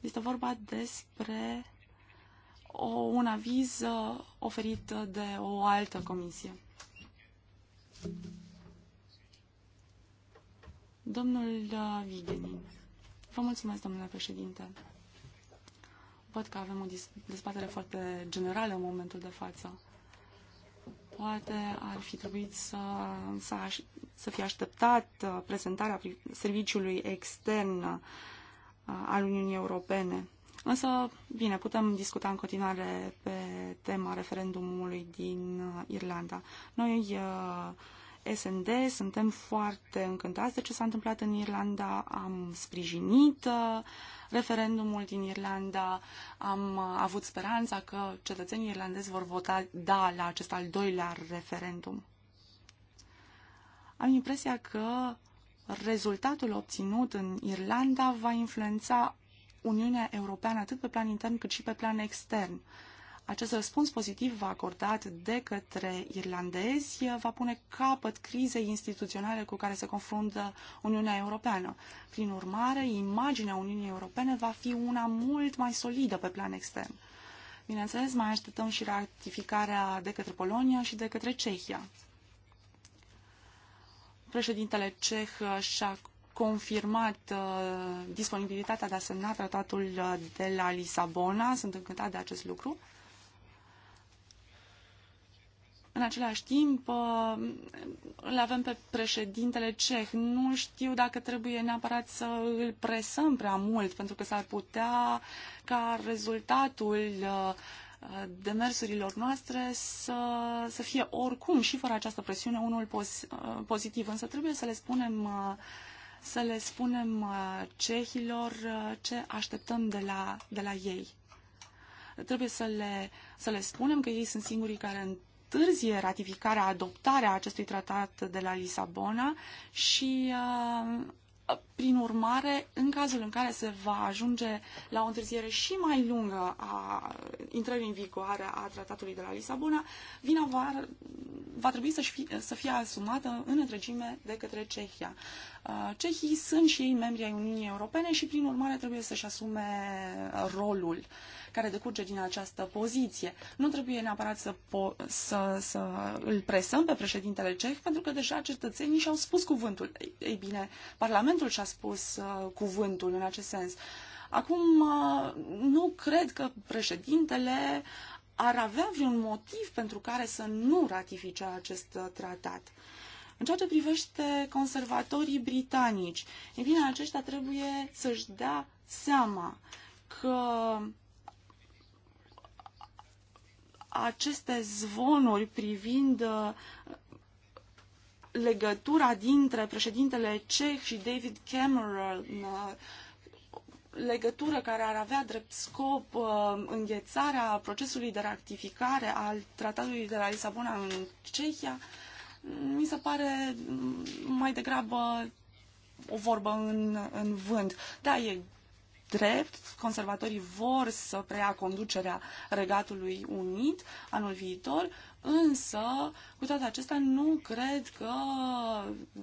este vorba despre o, un aviz uh, oferit de o altă comisie. Domnul uh, Vigenin. Vă mulțumesc, domnule președinte. Văd că avem o dezbatere foarte generală în momentul de față. Poate ar fi trebuit să, să, aș, să fie așteptat uh, prezentarea serviciului extern uh, al Uniunii Europene. Însă, bine, putem discuta în continuare pe tema referendumului din uh, Irlanda. Noi uh, SND, suntem foarte încântați de ce s-a întâmplat în Irlanda, am sprijinit uh, referendumul din Irlanda, am uh, avut speranța că cetățenii irlandezi vor vota da la acest al doilea referendum. Am impresia că rezultatul obținut în Irlanda va influența Uniunea Europeană atât pe plan intern cât și pe plan extern. Uh, acest răspuns pozitiv va acordat de către irlandezi va pune capăt crizei instituționale cu care se confruntă Uniunea Europeană. Prin urmare, imaginea Uniunii Europene va fi una mult mai solidă pe plan extern. Bineînțeles, mai așteptăm și ratificarea de către Polonia și de către Cehia. Președintele ceh și-a confirmat uh, disponibilitatea de a semna tratatul uh, de la Lisabona. Sunt încântat de acest lucru. În același timp, uh, îl avem pe președintele ceh. Nu știu dacă trebuie neapărat să îl presăm prea mult, pentru că s-ar putea ca rezultatul uh, demersurilor noastre să, să fie oricum și fără această presiune unul poz, uh, pozitiv. Însă trebuie să le spunem să le spunem cehilor ce așteptăm de la, de la ei. Trebuie să le, să le spunem că ei sunt singurii care întârzie ratificarea, adoptarea acestui tratat de la Lisabona și uh, prin urmare, în cazul în care se va ajunge la o întârziere și mai lungă a intrării în vigoare a tratatului de la Lisabona, vina va, va trebui să fie, să fie asumată în întregime de către Cehia. Uh, Cehii sunt și ei membri ai Uniunii Europene și, prin urmare, trebuie să-și asume rolul care decurge din această poziție. Nu trebuie neapărat să, po- să, să îl presăm pe președintele ceh, pentru că deja cetățenii și-au spus cuvântul. Ei bine, Parlamentul și-a spus uh, cuvântul în acest sens. Acum, uh, nu cred că președintele ar avea vreun motiv pentru care să nu ratifice acest uh, tratat. În ceea ce privește conservatorii britanici, e bine, aceștia trebuie să-și dea seama că aceste zvonuri privind uh, legătura dintre președintele ceh și David Cameron, uh, legătură care ar avea drept scop uh, înghețarea procesului de ratificare al tratatului de la Lisabona în Cehia, mi se pare mm, mai degrabă o vorbă în, în vânt. Da, e drept, conservatorii vor să preia conducerea Regatului Unit anul viitor, însă, cu toate acestea, nu cred că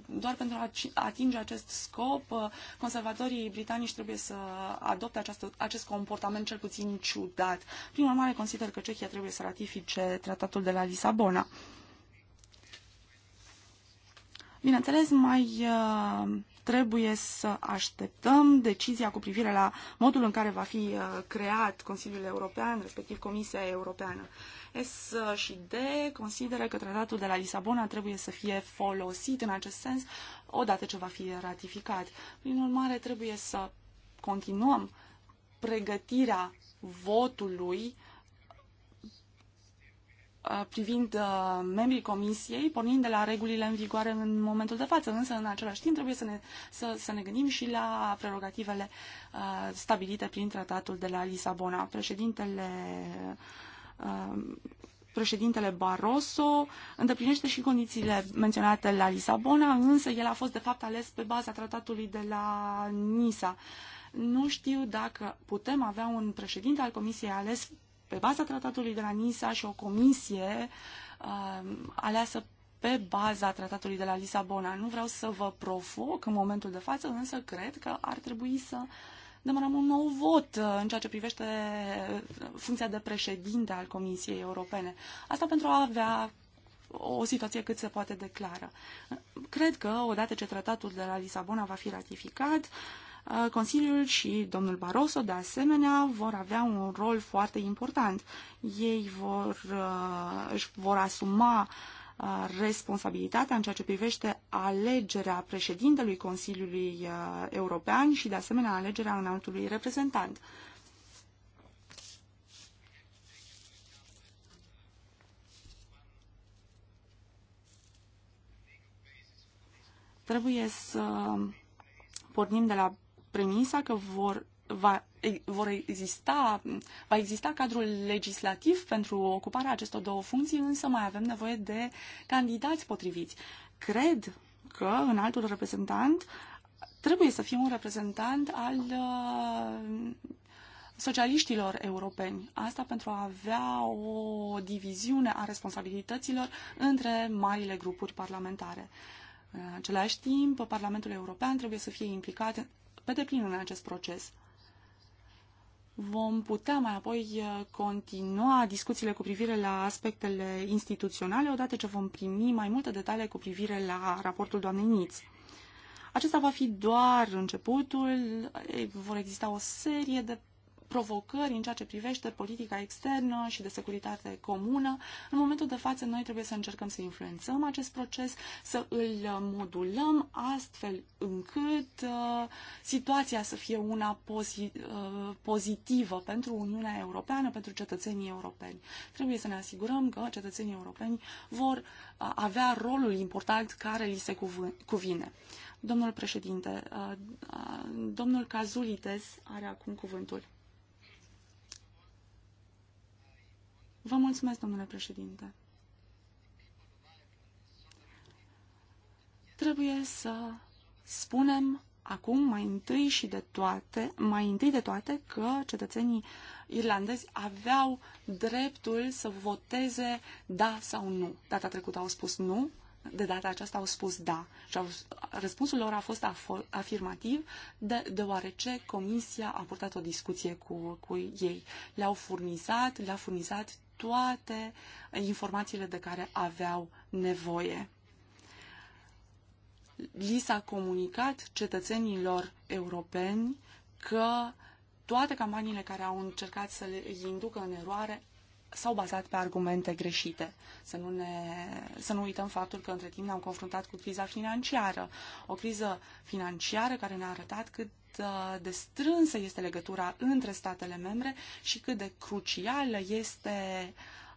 doar pentru a atinge acest scop, conservatorii britanici trebuie să adopte această, acest comportament cel puțin ciudat. Prin urmare, consider că Cehia trebuie să ratifice tratatul de la Lisabona. Bineînțeles, mai uh, trebuie să așteptăm decizia cu privire la modul în care va fi uh, creat Consiliul European, respectiv Comisia Europeană. S uh, și D consideră că tratatul de la Lisabona trebuie să fie folosit în acest sens odată ce va fi ratificat. Prin urmare, trebuie să continuăm pregătirea votului Uh, privind uh, membrii comisiei, pornind de la regulile în vigoare în momentul de față, însă în același timp trebuie să ne, să, să ne gândim și la prerogativele uh, stabilite prin tratatul de la Lisabona. Președintele președintele Barroso îndeplinește și condițiile menționate la Lisabona, însă el a fost de fapt ales pe baza tratatului de la Nisa. Nu știu dacă putem avea un președinte al Comisiei ales pe baza tratatului de la Nisa și o comisie uh, aleasă pe baza tratatului de la Lisabona. Nu vreau să vă provoc în momentul de față, însă cred că ar trebui să demarăm un nou vot uh, în ceea ce privește uh, funcția de președinte al Comisiei Europene. Asta pentru a avea o situație cât se poate de clară. Cred că, odată ce tratatul de la Lisabona va fi ratificat, uh, Uh, Consiliul și domnul Barroso, de asemenea, vor avea un rol foarte important. Ei vor, uh, își vor asuma uh, responsabilitatea în ceea ce privește alegerea președintelui Consiliului European și, de asemenea, alegerea înaltului reprezentant. Trebuie să pornim de la premisa că vor, va, vor exista, va exista cadrul legislativ pentru ocuparea acestor două funcții, însă mai avem nevoie de candidați potriviți. Cred că în altul reprezentant trebuie să fie un reprezentant al uh, socialiștilor europeni. Asta pentru a avea o diviziune a responsabilităților între marile grupuri parlamentare. În același timp, Parlamentul European trebuie să fie implicat pe deplin în acest proces. Vom putea mai apoi uh, continua discuțiile cu privire la aspectele instituționale odată ce vom primi mai multe detalii cu privire la raportul doamnei Niț. Acesta va fi doar începutul, vor exista o serie de provocări în ceea ce privește politica externă și de securitate comună. În momentul de față, noi trebuie să încercăm să influențăm acest proces, să îl modulăm astfel încât uh, situația să fie una pozi- uh, pozitivă pentru Uniunea Europeană, pentru cetățenii europeni. Trebuie să ne asigurăm că cetățenii europeni vor uh, avea rolul important care li se cuvine. Domnul președinte, uh, uh, domnul Cazulites are acum cuvântul. Vă mulțumesc, domnule președinte. Trebuie să spunem acum mai întâi și de toate, mai întâi de toate că cetățenii irlandezi aveau dreptul să voteze da sau nu. Data trecută au spus nu, de data aceasta au spus da. Și au, răspunsul lor a fost afirmativ, de, deoarece comisia a purtat o discuție cu, cu ei. Le-au furnizat, le-a furnizat toate informațiile de care aveau nevoie. Li s-a comunicat cetățenilor europeni că toate campaniile care au încercat să le inducă în eroare s-au bazat pe argumente greșite. Să nu, ne, să nu uităm faptul că între timp ne-am confruntat cu criza financiară. O criză financiară care ne-a arătat cât Uh, de strânsă este legătura între statele membre și cât de crucială este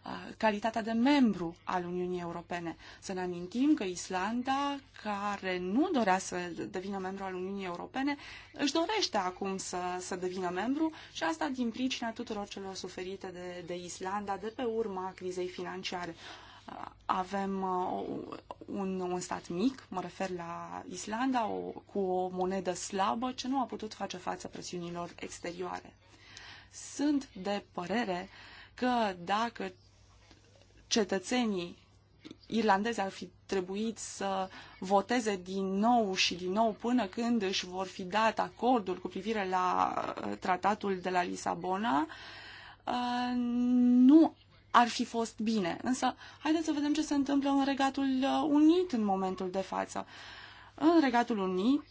uh, calitatea de membru al Uniunii Europene. Să ne amintim că Islanda, care nu dorea să devină membru al Uniunii Europene, își dorește acum să, să devină membru și asta din pricina tuturor celor suferite de, de Islanda de pe urma crizei financiare avem uh, un, un stat mic, mă refer la Islanda, o, cu o monedă slabă ce nu a putut face față presiunilor exterioare. Sunt de părere că dacă cetățenii irlandezi ar fi trebuit să voteze din nou și din nou până când își vor fi dat acordul cu privire la uh, tratatul de la Lisabona, uh, nu ar fi fost bine. Însă, haideți să vedem ce se întâmplă în Regatul uh, Unit în momentul de față. În Regatul Unit,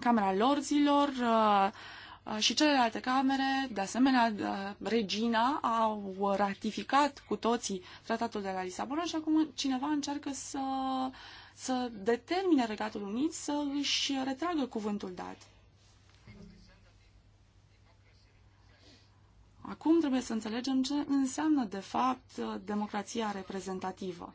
Camera Lorzilor uh, uh, și celelalte camere, de asemenea, Regina, au ratificat cu toții tratatul de la Lisabona și acum cineva încearcă să, să determine Regatul Unit să își retragă cuvântul dat. Acum trebuie să înțelegem ce înseamnă, de fapt, democrația reprezentativă.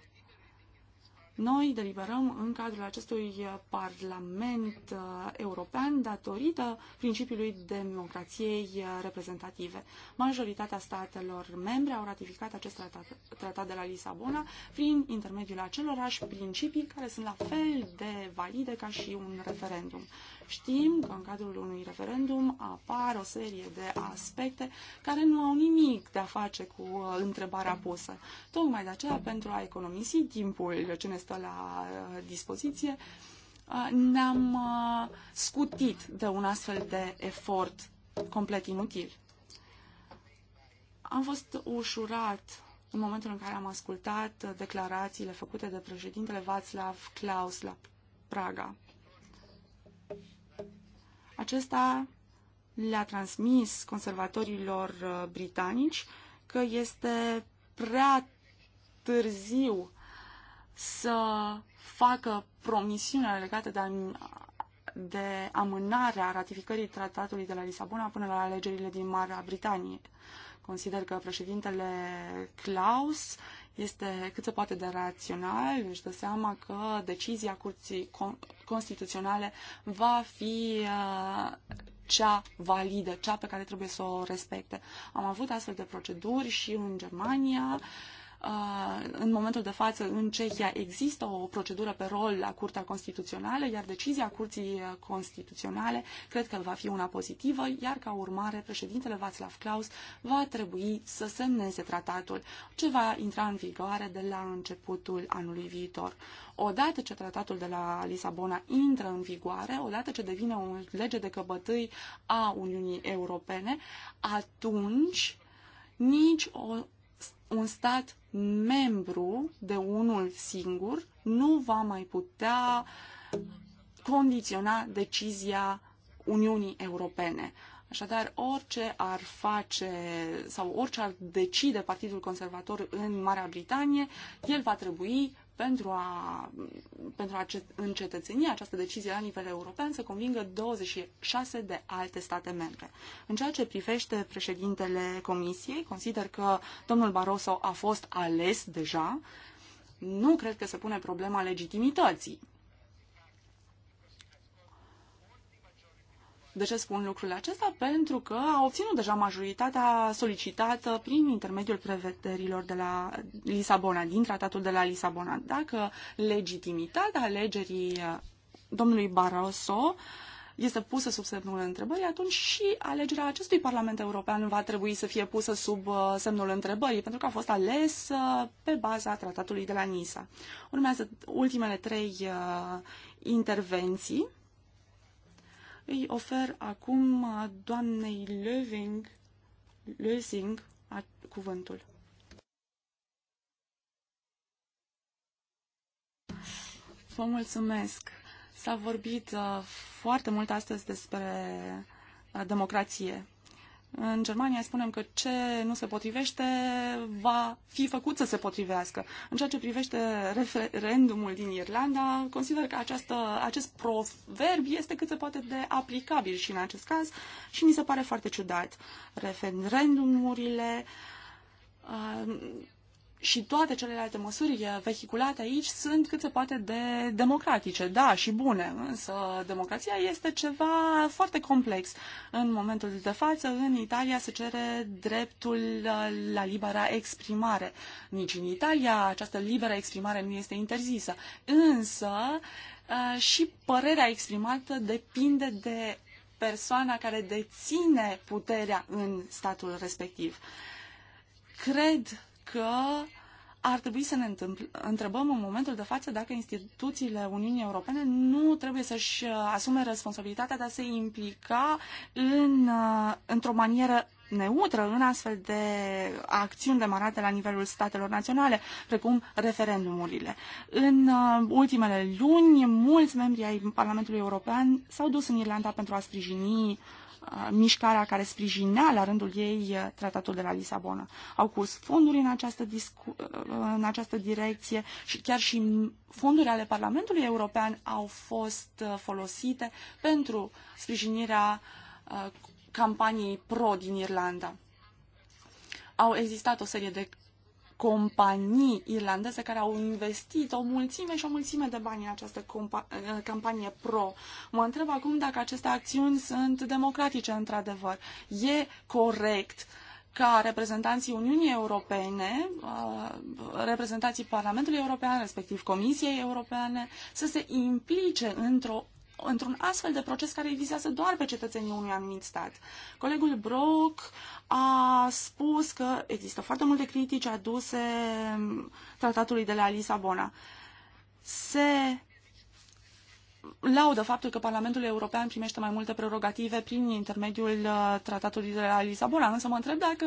Noi deliberăm în cadrul acestui Parlament uh, European datorită principiului democrației uh, reprezentative. Majoritatea statelor membre au ratificat acest tratat, tratat de la Lisabona prin intermediul acelorași principii care sunt la fel de valide ca și un referendum. Știm că în cadrul unui referendum apar o serie de aspecte care nu au nimic de a face cu uh, întrebarea pusă. Tocmai de aceea, pentru a economisi timpul ce ne stă la uh, dispoziție, uh, ne-am scutit de un astfel de efort complet inutil. Am fost ușurat în momentul în care am ascultat declarațiile făcute de președintele Václav Klaus la Praga. Acesta le-a transmis conservatorilor uh, britanici că este prea târziu să facă promisiunea legată de, de amânarea ratificării tratatului de la Lisabona până la alegerile din Marea Britanie. Consider că președintele Klaus este cât se poate de rațional, își dă seama că decizia Curții Constituționale va fi uh, cea validă, cea pe care trebuie să o respecte. Am avut astfel de proceduri și în Germania, uh, Uh, în momentul de față, în Cehia există o procedură pe rol la Curtea Constituțională, iar decizia Curții Constituționale cred că va fi una pozitivă, iar ca urmare președintele Václav Klaus va trebui să semneze tratatul, ce va intra în vigoare de la începutul anului viitor. Odată ce tratatul de la Lisabona intră în vigoare, odată ce devine o lege de căbătâi a Uniunii Europene, atunci nici o, un stat membru de unul singur nu va mai putea condiționa decizia Uniunii Europene. Așadar, orice ar face sau orice ar decide Partidul Conservator în Marea Britanie, el va trebui pentru a, pentru a încetățeni această decizie la nivel european să convingă 26 de alte state membre. În ceea ce privește președintele Comisiei, consider că domnul Barroso a fost ales deja. Nu cred că se pune problema legitimității. De ce spun lucrul acesta? Pentru că a obținut deja majoritatea solicitată prin intermediul prevederilor de la Lisabona, din tratatul de la Lisabona. Dacă legitimitatea alegerii uh, domnului Barroso este pusă sub semnul întrebării, atunci și alegerea acestui Parlament European va trebui să fie pusă sub uh, semnul întrebării, pentru că a fost ales uh, pe baza tratatului de la Nisa. Urmează ultimele trei intervenții îi ofer acum uh, doamnei Löving, Lösing cuvântul. Vă mulțumesc. S-a vorbit uh, foarte mult astăzi despre uh, democrație. În Germania spunem că ce nu se potrivește va fi făcut să se potrivească. În ceea ce privește referendumul din Irlanda, consider că această, acest proverb este cât se poate de aplicabil și în acest caz și mi se pare foarte ciudat. Referendumurile uh, și toate celelalte măsuri vehiculate aici sunt cât se poate de democratice, da, și bune, însă democrația este ceva foarte complex. În momentul de față, în Italia se cere dreptul uh, la libera exprimare. Nici în Italia această liberă exprimare nu este interzisă, însă uh, și părerea exprimată depinde de persoana care deține puterea în statul respectiv. Cred că ar trebui să ne întrebăm în momentul de față dacă instituțiile Uniunii Europene nu trebuie să-și uh, asume responsabilitatea de a se implica în, uh, într-o manieră neutră în astfel de acțiuni demarate la nivelul statelor naționale, precum referendumurile. În uh, ultimele luni, mulți membri ai Parlamentului European s-au dus în Irlanda pentru a sprijini Uh, mișcarea care sprijinea la rândul ei uh, tratatul de la Lisabona. Au curs fonduri în această, discu- uh, în această direcție și chiar și fonduri ale Parlamentului European au fost folosite pentru sprijinirea campaniei pro din Irlanda. Au existat o serie de companii irlandeze care au investit o mulțime și o mulțime de bani în această campanie pro. Mă întreb acum dacă aceste acțiuni sunt democratice într-adevăr. E corect ca reprezentanții Uniunii Europene, uh, reprezentanții Parlamentului European, respectiv Comisiei Europene, să se implice într-o într-un astfel de proces care îi vizează doar pe cetățenii unui anumit stat. Colegul Brock a spus că există foarte multe critici aduse um, tratatului de la Lisabona. Se laudă faptul că Parlamentul European primește mai multe prerogative prin intermediul uh, tratatului de la Lisabona, însă mă întreb dacă,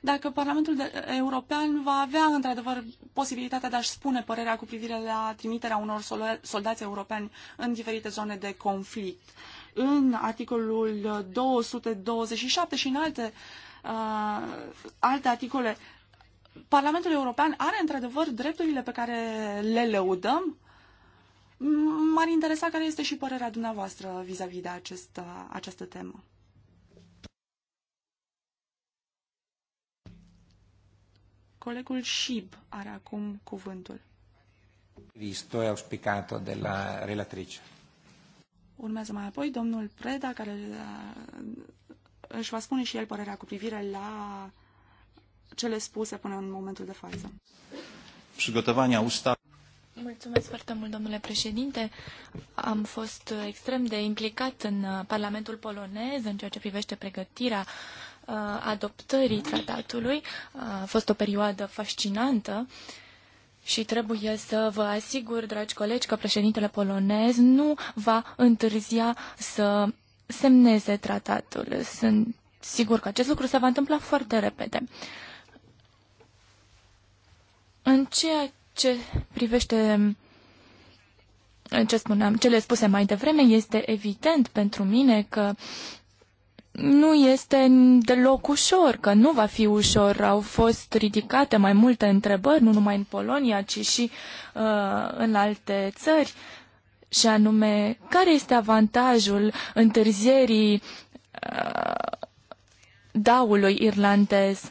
dacă Parlamentul European va avea într-adevăr posibilitatea de a-și spune părerea cu privire la trimiterea unor soldați europeni în diferite zone de conflict. În articolul 227 și în alte, uh, alte articole, Parlamentul European are într-adevăr drepturile pe care le lăudăm, uh, M-ar interesa care este și părerea dumneavoastră vis-a-vis -vis de acest, această temă. Colegul Șib are acum cuvântul. Visto e auspicato de la relatrice. Urmează mai apoi domnul Preda, care uh, își va spune și el părerea cu privire la cele spuse până în momentul de față. Przygotowania ustaw Mulțumesc foarte mult, domnule președinte. Am fost extrem de implicat în uh, Parlamentul polonez în ceea ce privește pregătirea uh, adoptării tratatului. A fost o perioadă fascinantă și trebuie să vă asigur, dragi colegi, că președintele polonez nu va întârzia să semneze tratatul. Sunt sigur că acest lucru se va întâmpla foarte repede. În ceea ce privește ce spuneam, cele spuse mai devreme, este evident pentru mine că nu este deloc ușor, că nu va fi ușor. Au fost ridicate mai multe întrebări, nu numai în Polonia, ci și uh, în alte țări, și anume, care este avantajul întârzierii uh, daului irlandez?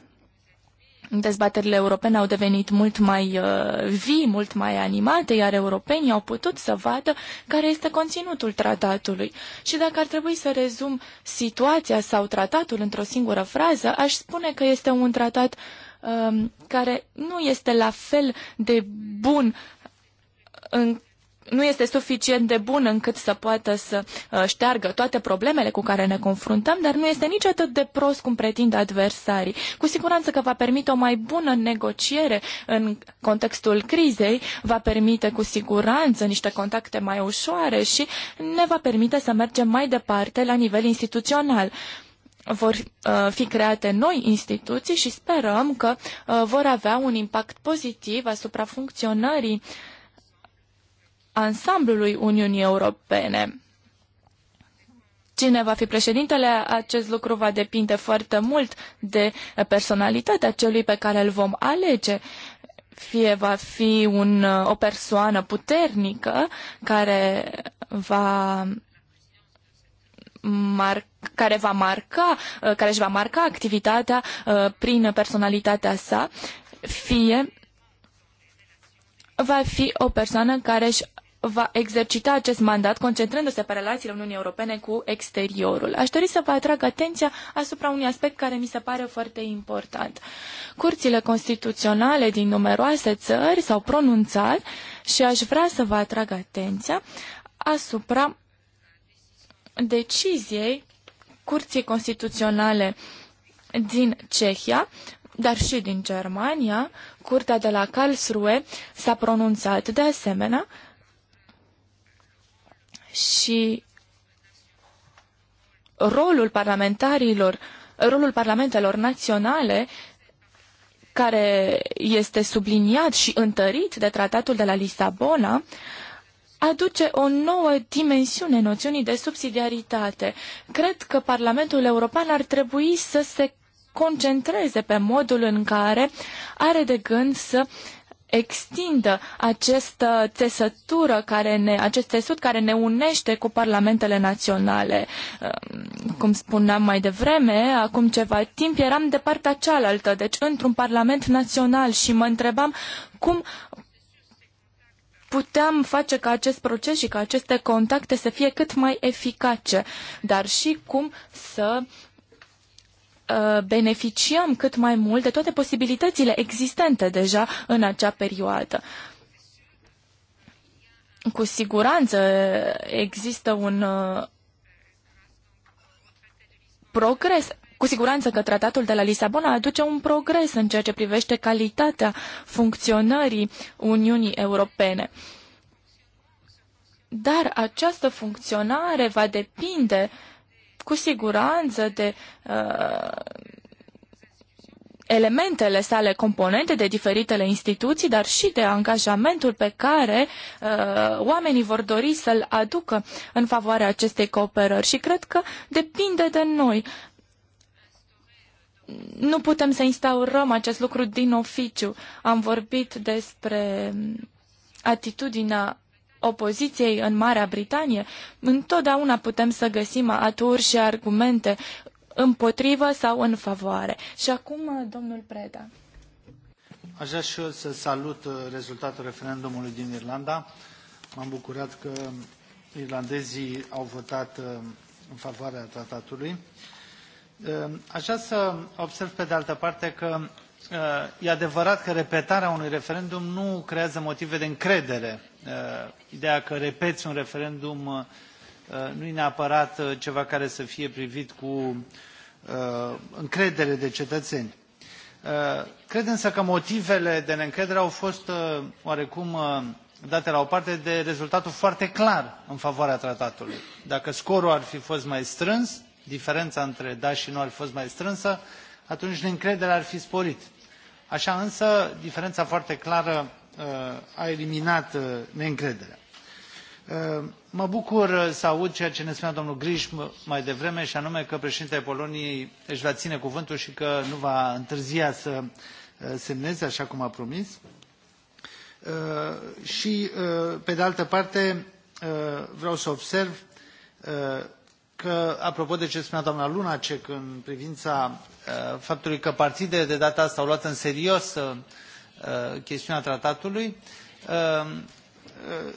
dezbaterile europene au devenit mult mai uh, vii, mult mai animate, iar europenii au putut să vadă care este conținutul tratatului. Și dacă ar trebui să rezum situația sau tratatul într-o singură frază, aș spune că este un tratat um, care nu este la fel de bun în nu este suficient de bun încât să poată să uh, șteargă toate problemele cu care ne confruntăm, dar nu este nici atât de prost cum pretind adversarii. Cu siguranță că va permite o mai bună negociere în contextul crizei, va permite cu siguranță niște contacte mai ușoare și ne va permite să mergem mai departe la nivel instituțional vor uh, fi create noi instituții și sperăm că uh, vor avea un impact pozitiv asupra funcționării uh, ansamblului Uniunii Europene. Cine va fi președintele, acest lucru va depinde foarte mult de personalitatea celui pe care îl vom alege. Fie va fi un, o persoană puternică care va mar- care va marca, care își va marca activitatea uh, prin personalitatea sa, fie va fi o persoană care își va exercita acest mandat concentrându-se pe relațiile Uniunii Europene cu exteriorul. Aș dori să vă atrag atenția asupra unui aspect care mi se pare foarte important. Curțile constituționale din numeroase țări s-au pronunțat și aș vrea să vă atrag atenția asupra deciziei Curții Constituționale din Cehia, dar și din Germania, Curtea de la Karlsruhe s-a pronunțat de asemenea și rolul parlamentarilor, rolul parlamentelor naționale care este subliniat și întărit de tratatul de la Lisabona, aduce o nouă dimensiune noțiunii de subsidiaritate. Cred că Parlamentul European ar trebui să se concentreze pe modul în care are de gând să extindă această țesătură care ne, acest țesut care ne unește cu parlamentele naționale. Ehm, cum spuneam mai devreme, acum ceva timp eram de partea cealaltă, deci într-un parlament național și mă întrebam cum puteam face ca acest proces și ca aceste contacte să fie cât mai eficace, dar și cum să uh, Uh, beneficiem cât mai mult de toate posibilitățile existente deja în acea perioadă. Cu siguranță există un uh, progres. Cu siguranță că tratatul de la Lisabona aduce un progres în ceea ce privește calitatea funcționării Uniunii Europene. Dar această funcționare va depinde uh, cu siguranță de uh, elementele sale, componente de diferitele instituții, dar și de angajamentul pe care uh, oamenii vor dori să-l aducă în favoarea acestei cooperări. Și cred că depinde de noi. Nu putem să instaurăm acest lucru din oficiu. Am vorbit despre atitudinea opoziției în Marea Britanie, întotdeauna putem să găsim aturi și argumente împotrivă sau în favoare. Și acum, uh, domnul Preda. Aș vrea și eu să salut uh, rezultatul referendumului din Irlanda. M-am bucurat că irlandezii au votat uh, în favoarea tratatului. Aș vrea să observ pe de altă parte că e adevărat că repetarea unui referendum nu creează motive de încredere Uh, ideea că repeți un referendum uh, nu e neapărat uh, ceva care să fie privit cu încredere de cetățeni. Cred însă că motivele de neîncredere au fost oarecum date la o parte de rezultatul foarte clar în favoarea tratatului. Dacă scorul ar fi fost mai strâns, diferența între da și nu ar fi fost mai strânsă, atunci neîncrederea ar fi sporit. Așa însă, diferența foarte clară Uh, a eliminat uh, neîncrederea. Uh, mă bucur să aud ceea ce ne spunea domnul Grișm mai devreme și anume că președintele Poloniei își va ține cuvântul și că nu va întârzia să semneze așa cum a promis. Și pe de altă parte vreau să observ că apropo de ce spunea doamna Lunacek în privința faptului că partidele de data asta au luat în serios Uh, chestiunea tratatului. Uh, uh,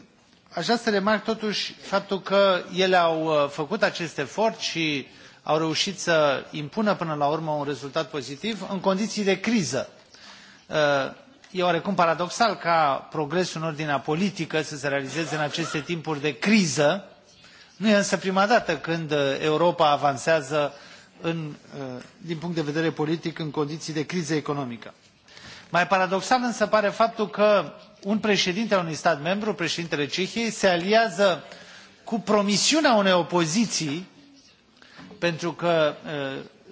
aș vrea să remarc totuși faptul că ele au făcut acest efort și au reușit să impună până la urmă un rezultat pozitiv în condiții de criză. E oarecum paradoxal ca progresul în ordinea politică să se realizeze în aceste timpuri de criză. Nu e însă prima dată când Europa avansează în, din punct de vedere politic în condiții de criză economică. Mai paradoxal însă pare faptul că un președinte al unui stat membru, președintele Cehiei, se aliază cu promisiunea unei opoziții, pentru că uh,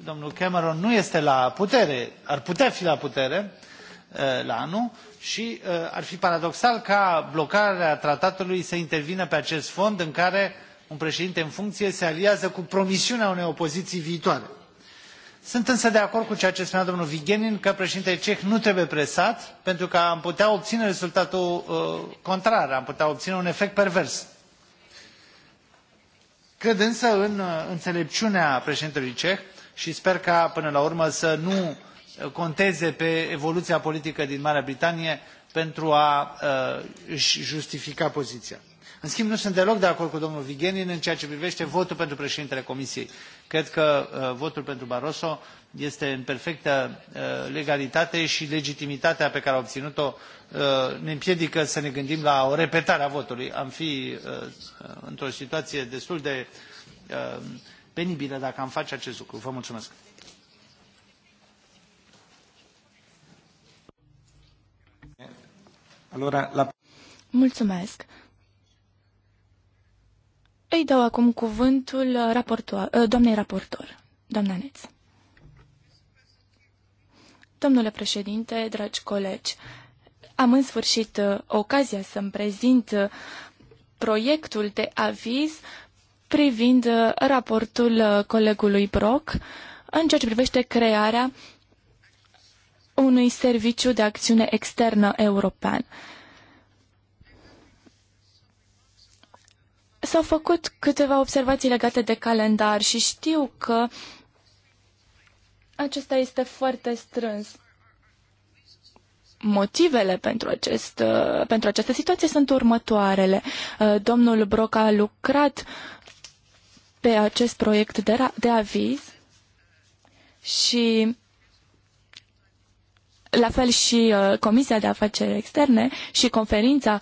domnul Cameron nu este la putere, ar putea fi la putere uh, la anul, și uh, ar fi paradoxal ca blocarea tratatului să intervină pe acest fond în care un președinte în funcție se aliază cu promisiunea unei opoziții viitoare. Sunt însă de acord cu ceea ce spunea domnul Vigenin că președintele ceh nu trebuie presat pentru că am putea obține rezultatul uh, contrar, am putea obține un efect pervers. Cred însă în uh, înțelepciunea președintelui ceh și sper ca până la urmă să nu uh, conteze pe evoluția politică din Marea Britanie pentru a uh, își justifica poziția. În schimb, nu sunt deloc de acord cu domnul Vigenin în ceea ce privește votul pentru președintele Comisiei. Cred că uh, votul pentru Barroso este în perfectă uh, legalitate și legitimitatea pe care a obținut-o uh, ne împiedică să ne gândim la o repetare a votului. Am fi uh, uh, într-o situație destul de uh, penibilă dacă am face acest lucru. Vă mulțumesc. Mulțumesc. Îi dau acum cuvântul uh, raportor, uh, doamnei raportor, doamna Neț. Domnule președinte, dragi colegi, am în sfârșit uh, ocazia să-mi prezint proiectul de aviz privind raportul colegului Brock în ceea ce privește crearea unui serviciu de acțiune externă european. S-au făcut câteva observații legate de calendar și știu că acesta este foarte strâns. Motivele pentru, acest, uh, pentru această situație sunt următoarele. Uh, domnul Broca a lucrat pe acest proiect de, de aviz și la fel și uh, Comisia de Afaceri Externe și conferința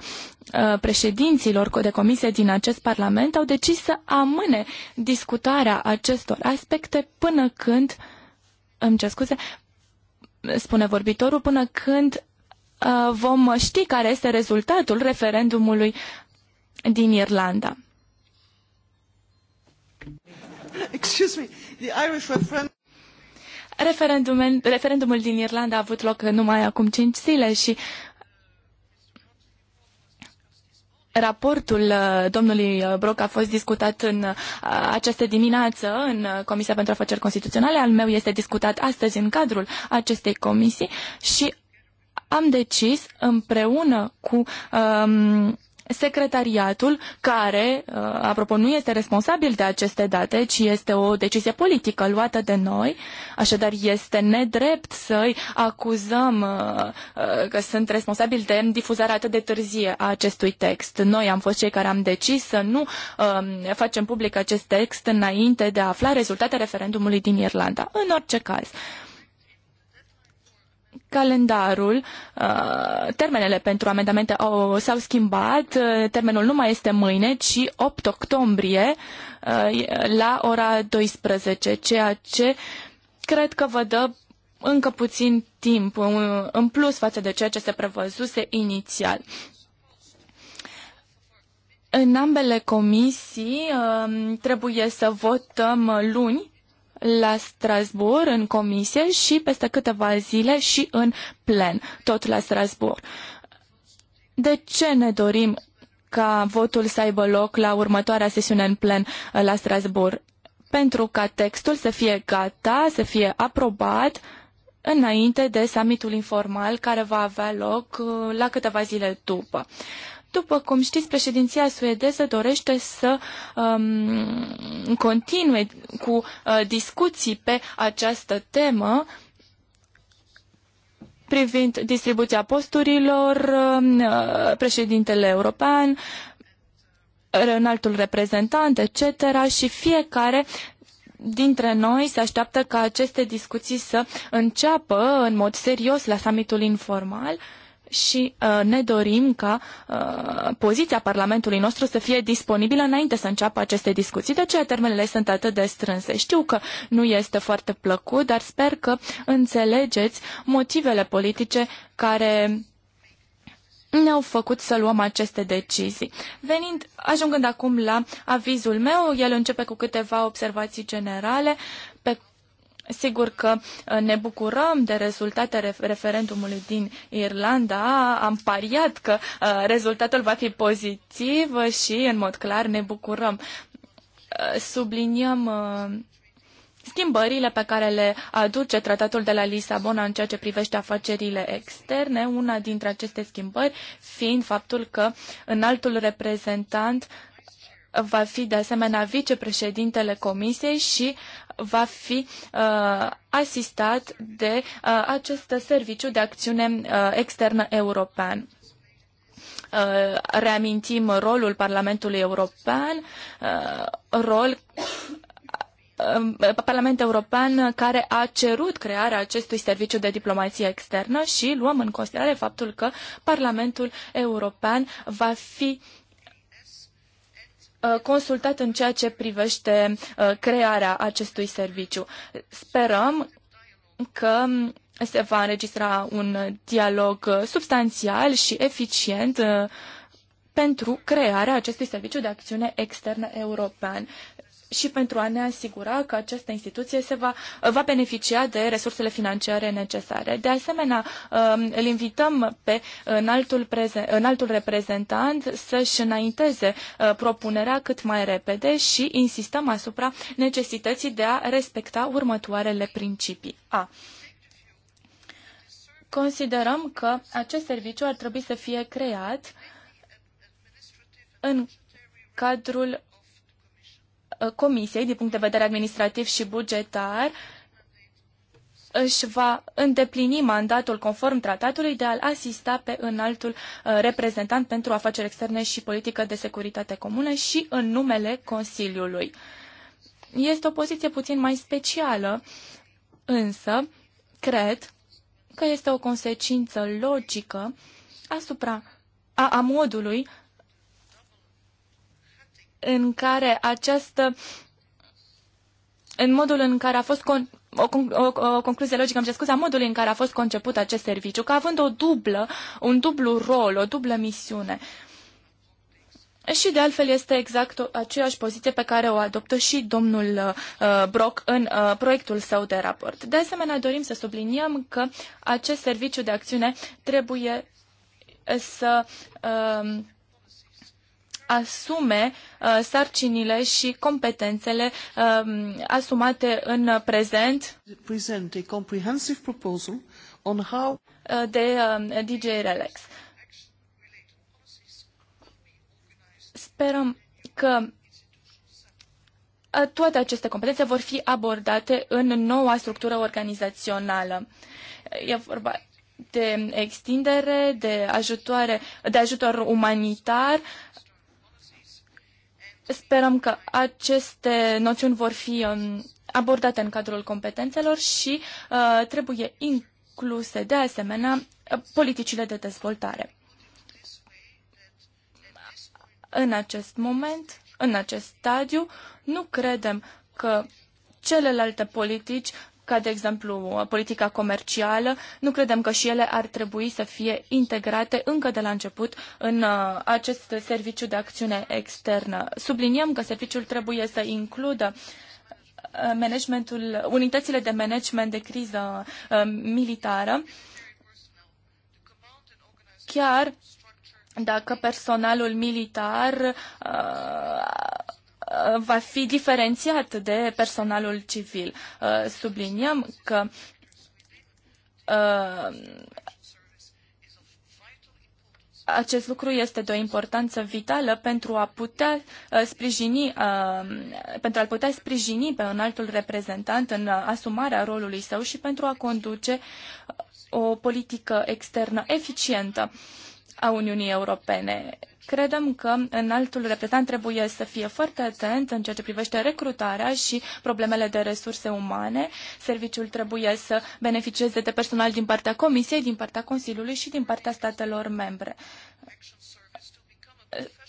uh, președinților de comisie din acest Parlament au decis să amâne discutarea acestor aspecte până când, îmi cer scuze, spune vorbitorul, până când uh, vom ști care este rezultatul referendumului din Irlanda. Excuse me, the Irish referendum Referendumul, referendumul din Irlanda a avut loc numai acum 5 zile și Raportul uh, domnului uh, Broc a fost discutat în uh, această dimineață în Comisia pentru Afaceri Constituționale. Al meu este discutat astăzi în cadrul acestei comisii și am decis împreună cu um, secretariatul care, uh, apropo, nu este responsabil de aceste date, ci este o decizie politică luată de noi, așadar este nedrept să-i acuzăm uh, uh, că sunt responsabili de difuzarea atât de târzie a acestui text. Noi am fost cei care am decis să nu um, facem public acest text înainte de a afla rezultatele referendumului din Irlanda. În orice caz, calendarul, uh, termenele pentru amendamente s-au schimbat, uh, termenul nu mai este mâine, ci 8 octombrie uh, la ora 12, ceea ce cred că vă dă încă puțin timp în plus față de ceea ce se prevăzuse inițial. În ambele comisii um, trebuie să votăm luni la Strasbourg în comisie și peste câteva zile și în plen, tot la Strasbourg. De ce ne dorim ca votul să aibă loc la următoarea sesiune în plen uh, la Strasbourg? Pentru ca textul să fie gata, să fie aprobat înainte de summitul informal care va avea loc uh, la câteva zile după. După cum știți, președinția suedeză dorește să um, continue cu uh, discuții pe această temă privind distribuția posturilor, um, uh, președintele european, înaltul reprezentant, etc. și fiecare dintre noi se așteaptă ca aceste discuții să înceapă în mod serios la summitul informal și uh, ne dorim ca uh, poziția Parlamentului nostru să fie disponibilă înainte să înceapă aceste discuții. De aceea termenele sunt atât de strânse. Știu că nu este foarte plăcut, dar sper că înțelegeți motivele politice care ne-au făcut să luăm aceste decizii. Venind, ajungând acum la avizul meu, el începe cu câteva observații generale. Uh, Sigur că uh, ne bucurăm de rezultatele referendumului din Irlanda. Am pariat că uh, rezultatul va fi pozitiv și, în mod clar, ne bucurăm. Uh, subliniem schimbările pe care le aduce tratatul de la Lisabona în ceea ce privește afacerile externe, una dintre aceste schimbări fiind faptul că înaltul reprezentant uh, va fi de asemenea vicepreședintele comisiei și va fi uh, asistat de uh, acest serviciu de acțiune uh, externă european. Uh, reamintim rolul Parlamentului European, uh, rol uh, Parlamentul European care a cerut crearea acestui serviciu de diplomație externă și luăm în considerare faptul că Parlamentul European va fi uh, Uh, consultat în ceea ce privește uh, crearea acestui serviciu. Sperăm că se va înregistra un dialog uh, substanțial și eficient pentru crearea acestui serviciu de acțiune externă european și pentru a ne asigura că această instituție se va, va beneficia de resursele financiare necesare. De asemenea, um, îl invităm pe înaltul, prezen, înaltul reprezentant să-și înainteze uh, propunerea cât mai repede și insistăm asupra necesității de a respecta următoarele principii. A. Considerăm că acest serviciu ar trebui să fie creat în cadrul Uh, Comisiei, din punct de vedere administrativ și bugetar, își va îndeplini mandatul conform tratatului de a-l asista pe înaltul uh, reprezentant pentru afaceri externe și politică de securitate comună și în numele Consiliului. Este o poziție puțin mai specială, însă cred că este o consecință logică asupra a, a modului în care această în modul în care a fost con- o, o, o concluzie logică, îmi cer scuze, a modului în care a fost conceput acest serviciu, că având o dublă, un dublu rol, o dublă misiune. Și de altfel este exact o, aceeași poziție pe care o adoptă și domnul uh, Brock în uh, proiectul său de raport. De asemenea, dorim să subliniem că acest serviciu de acțiune trebuie să uh, asume uh, sarcinile și competențele uh, asumate în prezent uh, de uh, um, DJ Relax. Sperăm că uh, toate aceste competențe vor fi abordate în noua structură organizațională. E vorba de extindere, de, ajutoare, de ajutor umanitar, Sperăm că aceste noțiuni vor fi um, abordate în cadrul competențelor și uh, trebuie incluse de asemenea politicile de dezvoltare. În acest moment, în acest stadiu, nu credem că celelalte politici ca de exemplu politica comercială, nu credem că și ele ar trebui să fie integrate încă de la început în uh, acest serviciu de acțiune externă. Subliniem că serviciul trebuie să includă uh, managementul, unitățile de management de criză uh, militară, chiar dacă personalul militar uh, Uh, va fi diferențiat de personalul civil. Uh, subliniem că uh, acest lucru este de o importanță vitală pentru a putea sprijini, pentru a putea sprijini pe un altul reprezentant în asumarea rolului său și pentru a conduce o politică externă eficientă a Uniunii Europene. Credem că înaltul reprezentant trebuie să fie foarte atent în ceea ce privește recrutarea și problemele de resurse umane. Serviciul trebuie să beneficieze de personal din partea Comisiei, din partea Consiliului și din partea statelor membre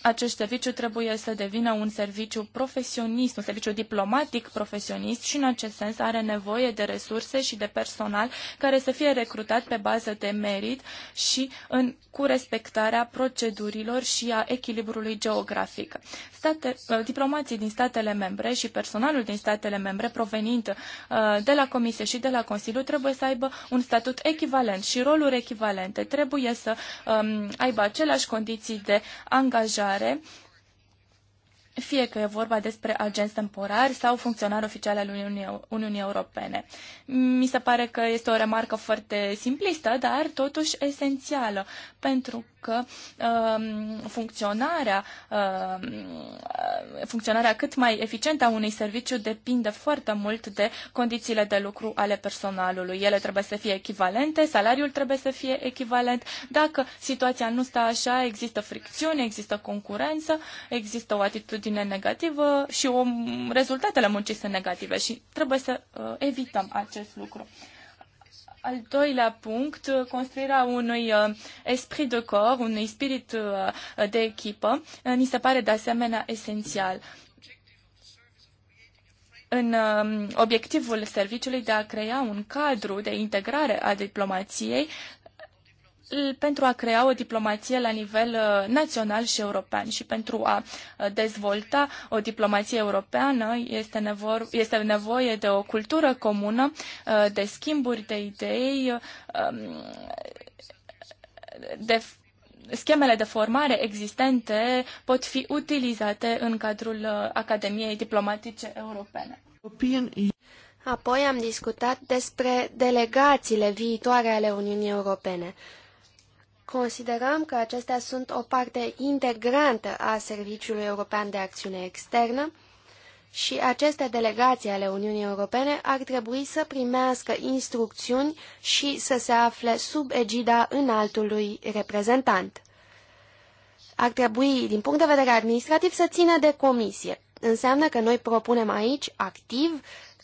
acest serviciu trebuie să devină un serviciu profesionist, un serviciu diplomatic profesionist și în acest sens are nevoie de resurse și de personal care să fie recrutat pe bază de merit și în, cu respectarea procedurilor și a echilibrului geografic. State, uh, diplomații din statele membre și personalul din statele membre provenind uh, de la Comisie și de la Consiliu trebuie să aibă un statut echivalent și roluri echivalente. Trebuie să um, aibă aceleași condiții de angajare funcționare, fie că e vorba despre agenți temporari sau funcționari oficiali al Uniunii, Uniunii Europene. Mi se pare că este o remarcă foarte simplistă, dar totuși esențială, pentru că um, funcționarea, um, funcționarea cât mai eficientă a unui serviciu depinde foarte mult de condițiile de lucru ale personalului. Ele trebuie să fie echivalente, salariul trebuie să fie echivalent. Dacă situația nu stă așa, există fricțiune, există concurență, există o atitudine negativă și o, rezultatele muncii sunt negative și trebuie să uh, evităm acest lucru. Al doilea punct, uh, construirea unui uh, esprit de corp, unui spirit uh, de echipă, ni se pare de asemenea esențial în um, obiectivul serviciului de a crea un cadru de integrare a diplomației Uh, pentru a crea o diplomație la nivel uh, național și european și pentru a uh, dezvolta o diplomație europeană este, nevo- este nevoie de o cultură comună, de schimburi de idei, um, de schemele de formare existente pot fi utilizate în cadrul Academiei Diplomatice Europene. Apoi am discutat despre delegațiile viitoare ale Uniunii Europene. Considerăm că acestea sunt o parte integrantă a Serviciului European de Acțiune Externă și aceste delegații ale Uniunii Europene ar trebui să primească instrucțiuni și să se afle sub egida înaltului reprezentant. Ar trebui, din punct de vedere administrativ, să țină de comisie. Înseamnă că noi propunem aici, activ,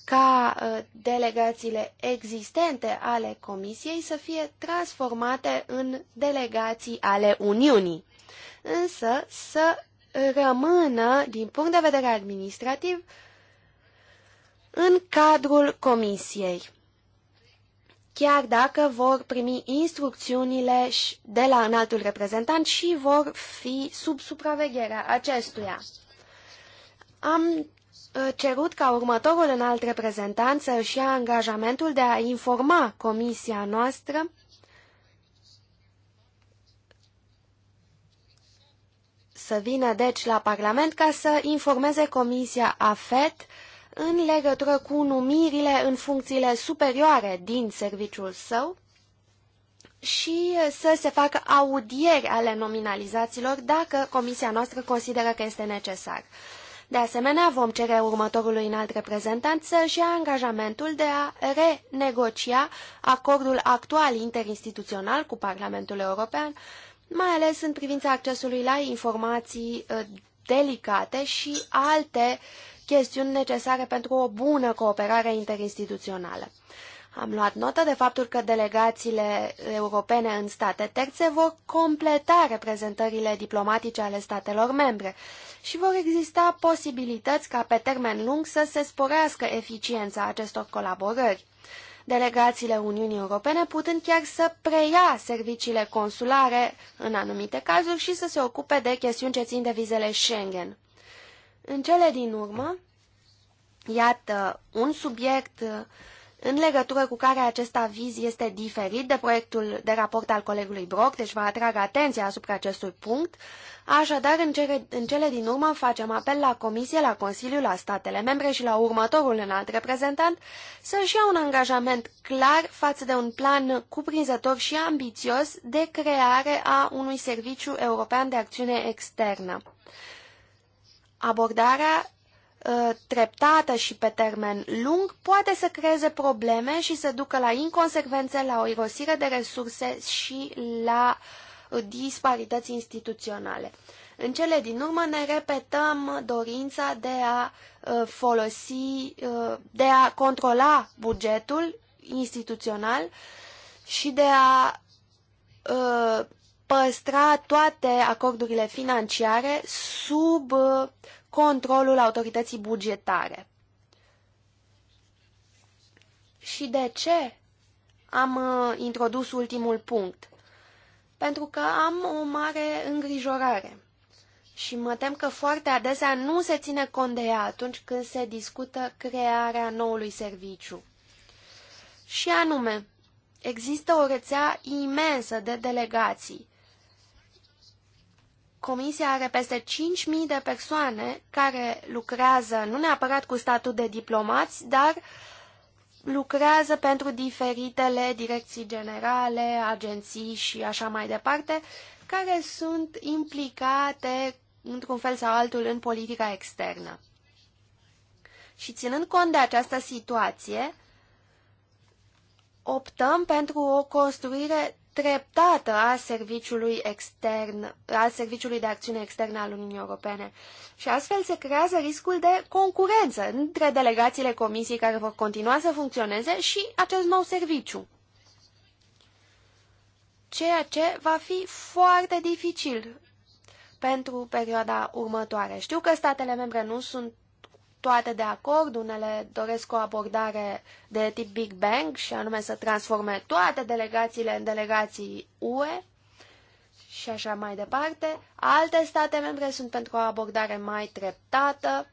ca ă, delegațiile existente ale Comisiei să fie transformate în delegații ale Uniunii, însă să rămână, din punct de vedere administrativ, în cadrul Comisiei chiar dacă vor primi instrucțiunile de la înaltul reprezentant și vor fi sub supravegherea acestuia. Am cerut ca următorul înalt reprezentant să își ia angajamentul de a informa comisia noastră să vină deci la Parlament ca să informeze Comisia AFET în legătură cu numirile în funcțiile superioare din serviciul său și să se facă audieri ale nominalizațiilor dacă Comisia noastră consideră că este necesar. De asemenea, vom cere următorului înalt reprezentant să-și ia angajamentul de a renegocia acordul actual interinstituțional cu Parlamentul European, mai ales în privința accesului la informații uh, delicate și alte chestiuni necesare pentru o bună cooperare interinstituțională. Am luat notă de faptul că delegațiile europene în state terțe vor completa reprezentările diplomatice ale statelor membre și vor exista posibilități ca pe termen lung să se sporească eficiența acestor colaborări. Delegațiile Uniunii Europene putând chiar să preia serviciile consulare în anumite cazuri și să se ocupe de chestiuni ce țin de vizele Schengen. În cele din urmă, iată un subiect uh, în legătură cu care acest aviz este diferit de proiectul de raport al colegului Brock, deci vă atrag atenția asupra acestui punct. Așadar, în, cele, în cele din urmă facem apel la Comisie, la Consiliu, la statele membre și la următorul înalt reprezentant să-și ia un angajament clar față de un plan cuprinzător și ambițios de creare a unui serviciu european de acțiune externă. Abordarea Uh, treptată și pe termen lung poate să creeze probleme și să ducă la inconsecvențe, la o irosire de resurse și la uh, disparități instituționale. În cele din urmă ne repetăm dorința de a uh, folosi, de a controla bugetul instituțional și de a păstra toate acordurile financiare sub controlul autorității bugetare. Și de ce am uh, introdus ultimul punct? Pentru că am o mare îngrijorare și mă tem că foarte adesea nu se ține cont de ea atunci când se discută crearea noului serviciu. Și anume, există o rețea imensă de delegații Comisia are peste 5.000 de persoane care lucrează nu neapărat cu statut de diplomați, dar lucrează pentru diferitele direcții generale, agenții și așa mai departe, care sunt implicate într-un fel sau altul în politica externă. Și ținând cont de această situație, optăm pentru o construire treptată a serviciului extern, a serviciului de acțiune externă al Uniunii Europene. Și astfel se creează riscul de concurență între delegațiile comisiei care vor continua să funcționeze și acest nou serviciu. Ceea ce va fi foarte dificil pentru perioada următoare. Știu că statele membre nu sunt toate de acord, unele doresc o abordare de tip Big Bang și anume să transforme toate delegațiile în delegații UE și așa mai departe. Alte state membre sunt pentru o abordare mai treptată,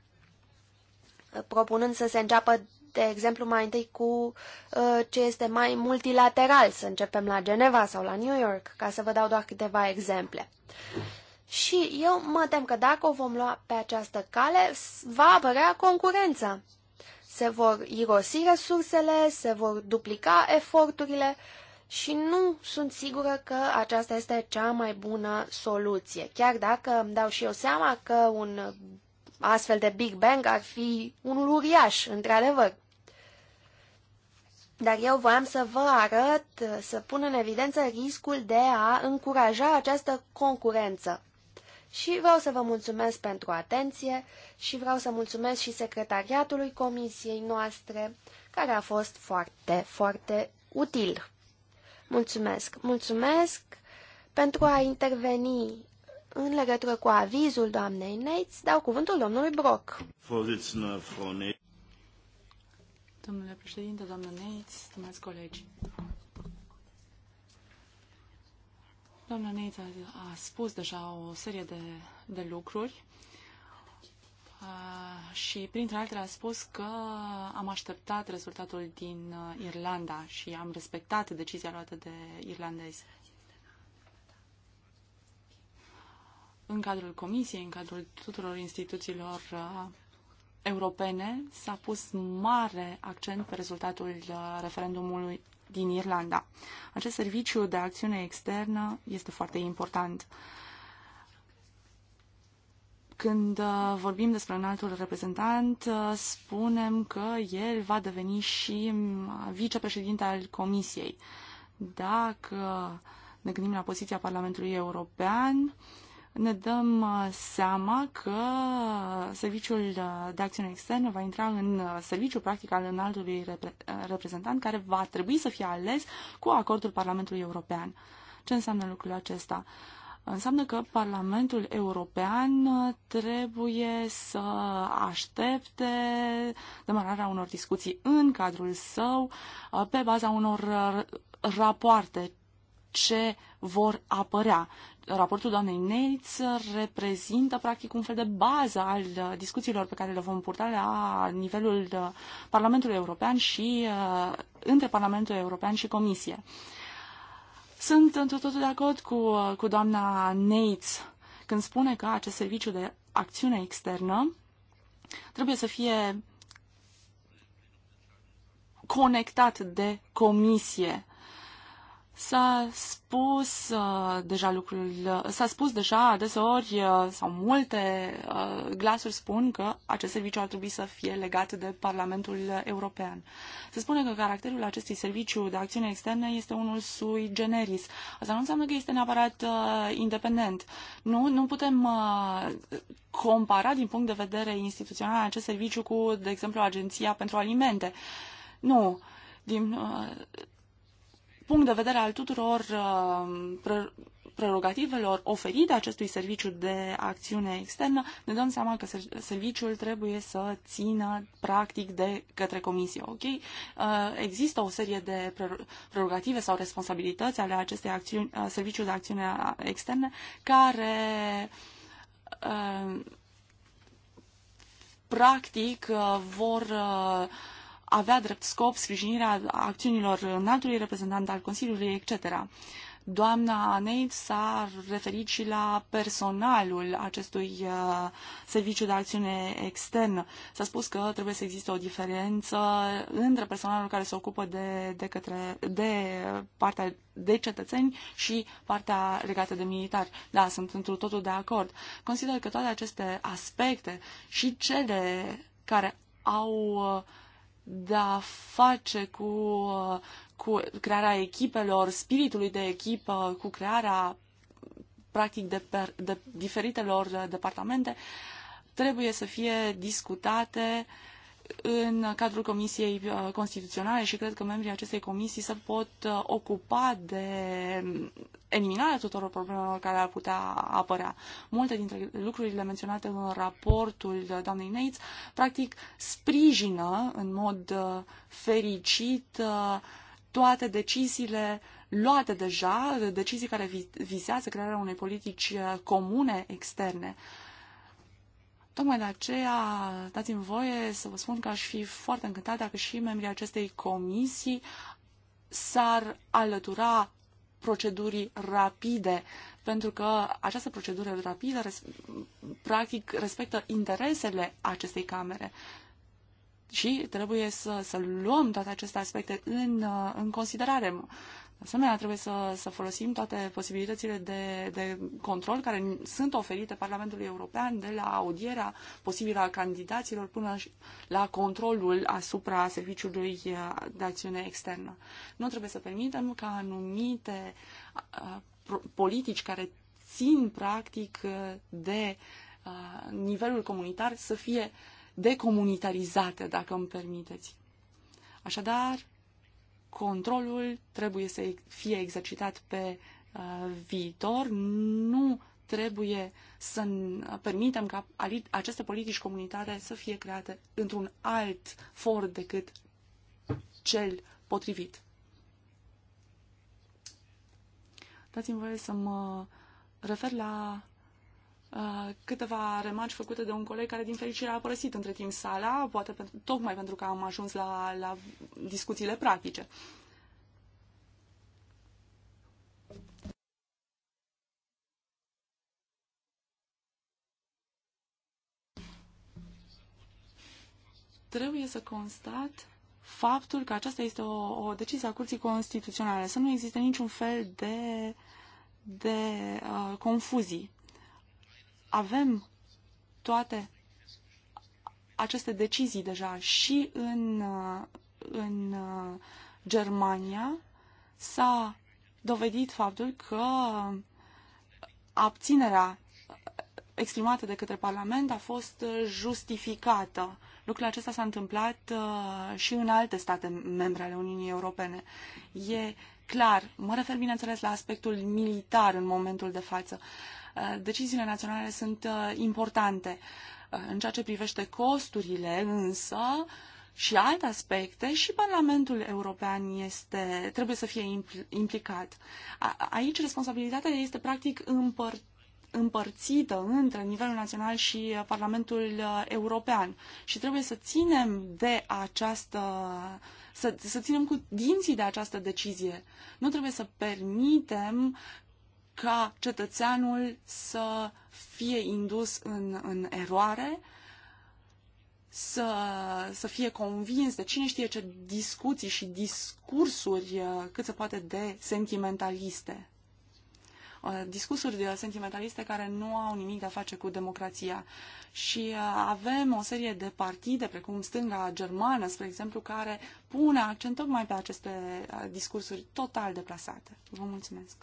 propunând să se înceapă, de exemplu, mai întâi cu uh, ce este mai multilateral, să începem la Geneva sau la New York, ca să vă dau doar câteva exemple. Și eu mă tem că dacă o vom lua pe această cale, va apărea concurența. Se vor irosi resursele, se vor duplica eforturile și nu sunt sigură că aceasta este cea mai bună soluție. Chiar dacă îmi dau și eu seama că un astfel de Big Bang ar fi unul uriaș, într-adevăr. Dar eu voiam să vă arăt, să pun în evidență riscul de a încuraja această concurență. Și vreau să vă mulțumesc pentru atenție și vreau să mulțumesc și secretariatului comisiei noastre, care a fost foarte, foarte util. Mulțumesc! Mulțumesc pentru a interveni în legătură cu avizul doamnei Neitz, dau cuvântul domnului Brock. Domnule președinte, doamnă Neitz, stimați colegi, Doamna Neita a spus deja o serie de, de lucruri și, printre altele, a spus că am așteptat rezultatul din uh, Irlanda și am respectat decizia luată de irlandezi. În cadrul Comisiei, în cadrul tuturor instituțiilor uh, europene, s-a pus mare accent pe rezultatul uh, referendumului din Irlanda. Acest serviciu de acțiune externă este foarte important. Când uh, vorbim despre un altul reprezentant, uh, spunem că el va deveni și mm, vicepreședinte al Comisiei. Dacă ne gândim la poziția Parlamentului European, uh, ne dăm uh, seama că uh, serviciul uh, de acțiune externă va intra în serviciu practic al înaltului reprezentant care va trebui să fie ales cu acordul Parlamentului European. Ce înseamnă lucrul acesta? Înseamnă că Parlamentul European trebuie să aștepte demararea unor discuții în cadrul său pe baza unor rapoarte ce vor apărea raportul doamnei Neitz reprezintă practic un fel de bază al uh, discuțiilor pe care le vom purta la nivelul uh, Parlamentului European și uh, între Parlamentul European și Comisie. Sunt într totul de acord cu, cu doamna Neitz când spune că acest serviciu de acțiune externă trebuie să fie conectat de comisie S-a spus uh, deja lucrul, uh, s-a spus deja adeseori uh, sau multe uh, glasuri spun că acest serviciu ar trebui să fie legat de Parlamentul European. Se spune că caracterul acestui serviciu de acțiune externă este unul sui generis. Asta nu înseamnă că este neapărat uh, independent. Nu, nu putem uh, compara din punct de vedere instituțional acest serviciu cu, de exemplu, Agenția pentru Alimente. Nu. Din, uh, punct de vedere al tuturor uh, prerogativelor oferite acestui serviciu de acțiune externă, ne dăm seama că serviciul trebuie să țină practic de către comisie. Ok? Uh, există o serie de prerogative sau responsabilități ale acestei acțiuni, serviciu de acțiune externe care uh, practic vor uh, avea drept scop sprijinirea acțiunilor înaltului reprezentant al Consiliului, etc. Doamna Neid s-a referit și la personalul acestui uh, serviciu de acțiune externă. S-a spus că trebuie să existe o diferență între personalul care se ocupă de, de, către, de partea de cetățeni și partea legată de militari. Da, sunt într totul de acord. Consider că toate aceste aspecte și cele care au uh, de a face cu, cu crearea echipelor, spiritului de echipă, cu crearea practic de, per, de diferitelor departamente, trebuie să fie discutate uh, în cadrul Comisiei uh, Constituționale și cred că membrii acestei comisii se pot uh, ocupa de um, eliminarea tuturor problemelor care ar putea apărea. Multe dintre lucrurile menționate în raportul uh, doamnei Neitz, practic, sprijină în mod fericit toate deciziile luate deja, decizii care vizează crearea unei politici comune externe. Uh, Tocmai de aceea, dați-mi voie să vă spun că aș fi foarte încântat dacă și membrii acestei comisii s-ar alătura procedurii rapide, pentru că această procedură rapidă res- practic respectă interesele acestei camere. Și trebuie să, să luăm toate aceste aspecte în, în considerare. De asemenea, trebuie să, să folosim toate posibilitățile de, de control care sunt oferite Parlamentului European de la audierea posibilă a candidaților până la controlul asupra Serviciului de Acțiune Externă. Nu trebuie să permitem ca anumite politici care țin practic de nivelul comunitar să fie decomunitarizate, dacă îmi permiteți. Așadar, controlul trebuie să fie exercitat pe uh, viitor, nu trebuie să permitem ca aceste politici comunitare să fie create într-un alt for decât cel potrivit. Dați-mi voie să mă refer la Uh, câteva remarci făcute de un coleg care, din fericire, a părăsit între timp sala, poate pentru, tocmai pentru că am ajuns la, la discuțiile practice. Trebuie să constat faptul că aceasta este o, o decizie a Curții Constituționale, să nu existe niciun fel de, de uh, confuzii avem toate aceste decizii deja și în, în Germania s-a dovedit faptul că abținerea exprimată de către Parlament a fost justificată. Lucrul acesta s-a întâmplat uh, și în alte state membre ale Uniunii Europene. E clar. Mă refer, bineînțeles, la aspectul militar în momentul de față. Uh, deciziile naționale sunt uh, importante. Uh, în ceea ce privește costurile, însă, și alte aspecte, și Parlamentul European este, trebuie să fie impl, implicat. A, aici responsabilitatea este practic împărțită împărțită între nivelul național și Parlamentul European și trebuie să ținem de această să, să ținem cu dinții de această decizie. Nu trebuie să permitem ca cetățeanul să fie indus în, în eroare, să, să fie convins de cine știe ce discuții și discursuri cât se poate de sentimentaliste. Uh, discursuri de sentimentaliste care nu au nimic de a face cu democrația. Și uh, avem o serie de partide, precum stânga germană, spre exemplu, care pune accent tocmai pe aceste uh, discursuri total deplasate. Vă mulțumesc!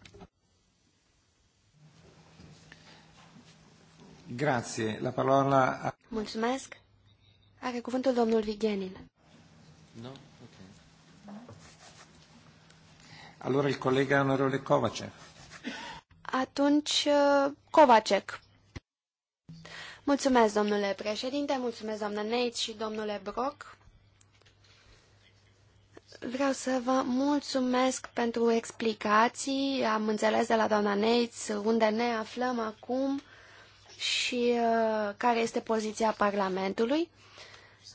Grazie. La parola... Mulțumesc. Are cuvântul domnul Vigenin. No? Ok. Allora il collega onorevole Kovacev. Atunci, Covacec. Uh, mulțumesc, domnule președinte, mulțumesc, doamnă Neitz și domnule Brock. Vreau să vă mulțumesc pentru explicații. Am înțeles de la doamna Neitz unde ne aflăm acum și uh, care este poziția Parlamentului.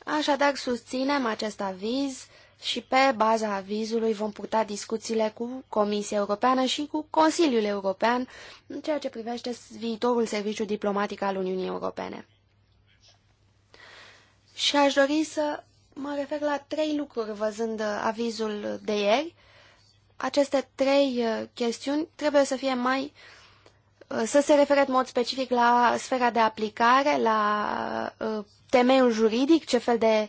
Așadar, susținem acest aviz și pe baza avizului vom purta discuțiile cu Comisia Europeană și cu Consiliul European în ceea ce privește viitorul serviciu diplomatic al Uniunii Europene. Și aș dori să mă refer la trei lucruri văzând avizul de ieri. Aceste trei uh, chestiuni trebuie să fie mai uh, să se refere în mod specific la sfera de aplicare, la uh, temeiul juridic, ce fel de uh,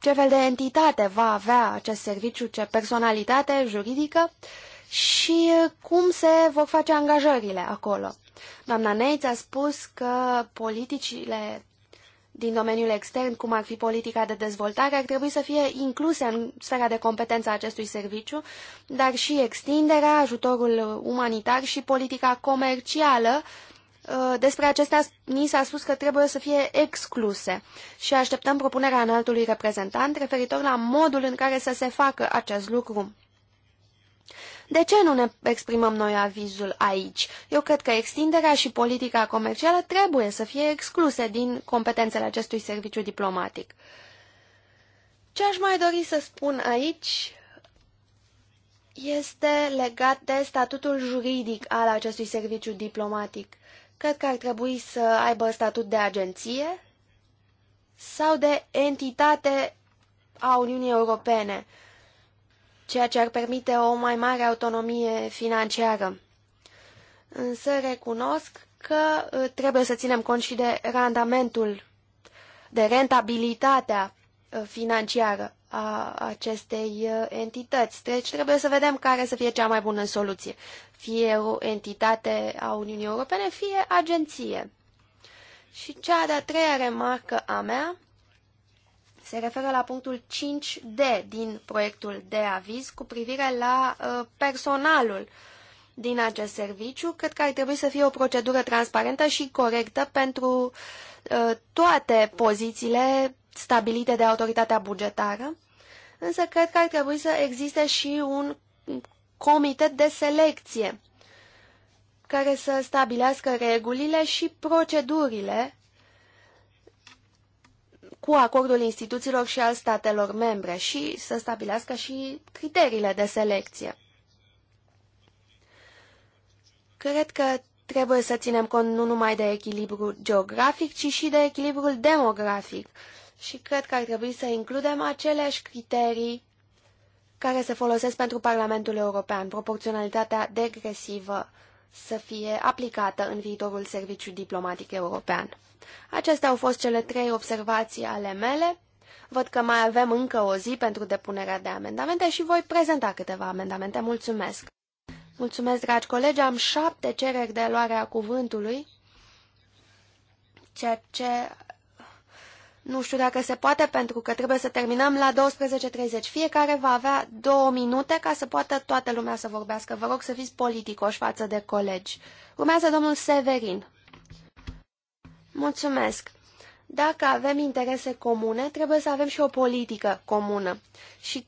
ce fel de entitate va avea acest serviciu, ce personalitate juridică și uh, cum se vor face angajările acolo. Doamna Neitz a spus că politicile din domeniul extern, cum ar fi politica de dezvoltare, ar trebui să fie incluse în sfera de competență a acestui serviciu, dar și extinderea, ajutorul umanitar și politica comercială Uh, despre acestea ni s-a spus că trebuie să fie excluse și așteptăm propunerea înaltului reprezentant referitor la modul în care să se facă acest lucru. De ce nu ne exprimăm noi avizul aici? Eu cred că extinderea și politica comercială trebuie să fie excluse din competențele acestui serviciu diplomatic. Ce aș mai dori să spun aici este legat de statutul juridic al acestui serviciu diplomatic cred că ar trebui să aibă statut de agenție sau de entitate a Uniunii Europene, ceea ce ar permite o mai mare autonomie financiară. Însă recunosc că uh, trebuie să ținem cont și de randamentul, de rentabilitatea Uh, financiară a acestei uh, entități. Deci trebuie să vedem care să fie cea mai bună soluție. Fie o entitate a Uniunii Europene, fie agenție. Și cea de-a treia remarcă a mea se referă la punctul 5D din proiectul de aviz cu privire la uh, personalul din acest serviciu. Cred că ar trebui să fie o procedură transparentă și corectă pentru toate pozițiile stabilite de autoritatea bugetară, însă cred că ar trebui să existe și un comitet de selecție care să stabilească regulile și procedurile cu acordul instituțiilor și al statelor membre și să stabilească și criteriile de selecție. Cred că trebuie să ținem cont nu numai de echilibru geografic, ci și de echilibrul demografic și cred că ar trebui să includem aceleași criterii care se folosesc pentru Parlamentul European, proporționalitatea degresivă să fie aplicată în viitorul serviciu diplomatic european. Acestea au fost cele trei observații ale mele. Văd că mai avem încă o zi pentru depunerea de amendamente și voi prezenta câteva amendamente. Mulțumesc! Mulțumesc, dragi colegi! Am șapte cereri de luare a cuvântului, ceea ce nu știu dacă se poate, pentru că trebuie să terminăm la 12.30. Fiecare va avea două minute ca să poată toată lumea să vorbească. Vă rog să fiți politicoși față de colegi. Urmează domnul Severin. Mulțumesc. Dacă avem interese comune, trebuie să avem și o politică comună. Și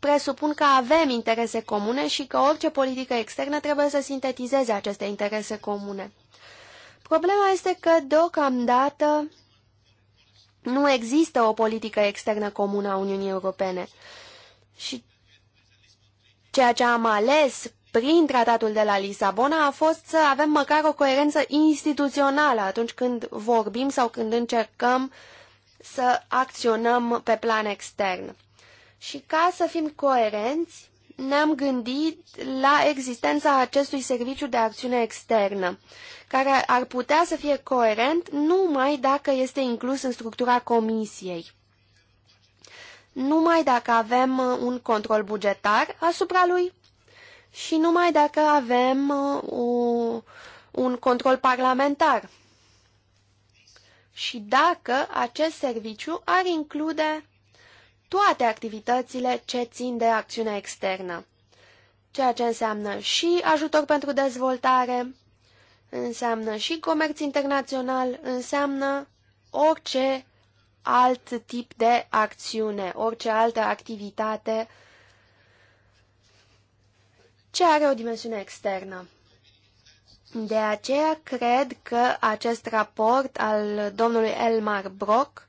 presupun că avem interese comune și că orice politică externă trebuie să sintetizeze aceste interese comune. Problema este că, deocamdată, nu există o politică externă comună a Uniunii Europene. Și ceea ce am ales prin tratatul de la Lisabona a fost să avem măcar o coerență instituțională atunci când vorbim sau când încercăm să acționăm pe plan extern. Și ca să fim coerenți, ne-am gândit la existența acestui serviciu de acțiune externă, care ar putea să fie coerent numai dacă este inclus în structura comisiei. Numai dacă avem uh, un control bugetar asupra lui și numai dacă avem uh, un control parlamentar. Și dacă acest serviciu ar include toate activitățile ce țin de acțiune externă, ceea ce înseamnă și ajutor pentru dezvoltare, înseamnă și comerț internațional, înseamnă orice alt tip de acțiune, orice altă activitate ce are o dimensiune externă. De aceea cred că acest raport al domnului Elmar Brock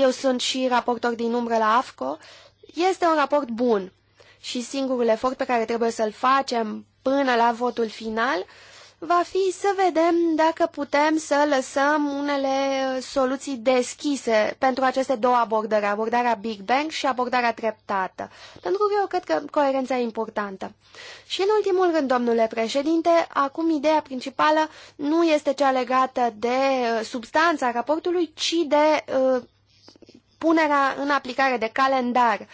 eu sunt și raportor din umbră la AFCO, este un raport bun și singurul efort pe care trebuie să-l facem până la votul final va fi să vedem dacă putem să lăsăm unele soluții deschise pentru aceste două abordări, abordarea Big Bang și abordarea treptată, pentru că eu cred că coerența e importantă. Și în ultimul rând, domnule președinte, acum ideea principală nu este cea legată de uh, substanța raportului, ci de uh, punerea în aplicare de calendar.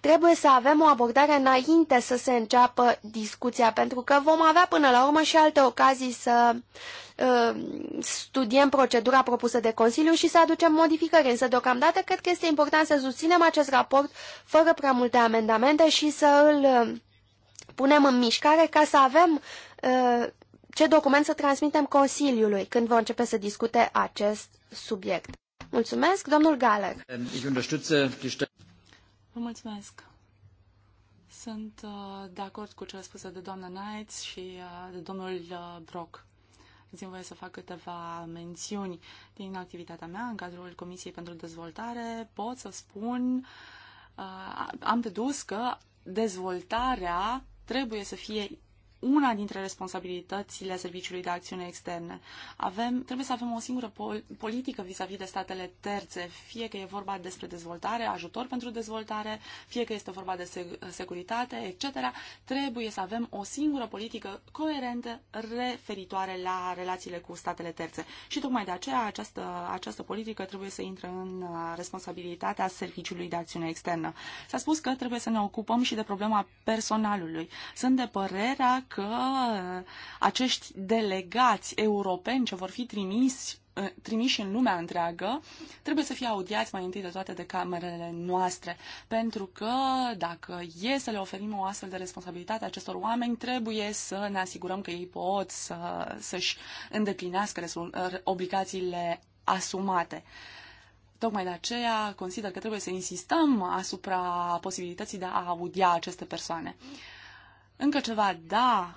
Trebuie să avem o abordare înainte să se înceapă discuția, pentru că vom avea până la urmă și alte ocazii să uh, studiem procedura propusă de Consiliu și să aducem modificări. Însă, deocamdată, cred că este important să susținem acest raport fără prea multe amendamente și să îl uh, punem în mișcare ca să avem uh, ce document să transmitem Consiliului când vom începe să discute acest subiect. Mulțumesc, domnul Galer. Ähm, Vă mulțumesc. Sunt uh, de acord cu cele spuse de doamna Knights și uh, de domnul uh, Brock. Îmi voie să fac câteva mențiuni din activitatea mea în cadrul Comisiei pentru Dezvoltare. Pot să spun, am dedus că dezvoltarea trebuie să fie una dintre responsabilitățile Serviciului de Acțiune Externe. Avem, trebuie să avem o singură pol- politică vis-a-vis -vis de statele terțe, fie că e vorba despre dezvoltare, ajutor pentru dezvoltare, fie că este vorba de se- securitate, etc. Trebuie să avem o singură politică coerentă referitoare la relațiile cu statele terțe. Și tocmai de aceea această, această politică trebuie să intre în uh, responsabilitatea Serviciului de Acțiune Externă. S-a spus că trebuie să ne ocupăm și de problema personalului. Sunt de părerea că uh, acești delegați europeni ce vor fi trimiși uh, trimiși în lumea întreagă, trebuie să fie audiați mai întâi de toate de camerele noastre. Pentru că dacă e să le oferim o astfel de responsabilitate acestor oameni, trebuie să ne asigurăm că ei pot să, să-și îndeplinească uh, obligațiile asumate. Tocmai de aceea consider că trebuie să insistăm asupra posibilității de a audia aceste persoane. Uh, încă ceva, da,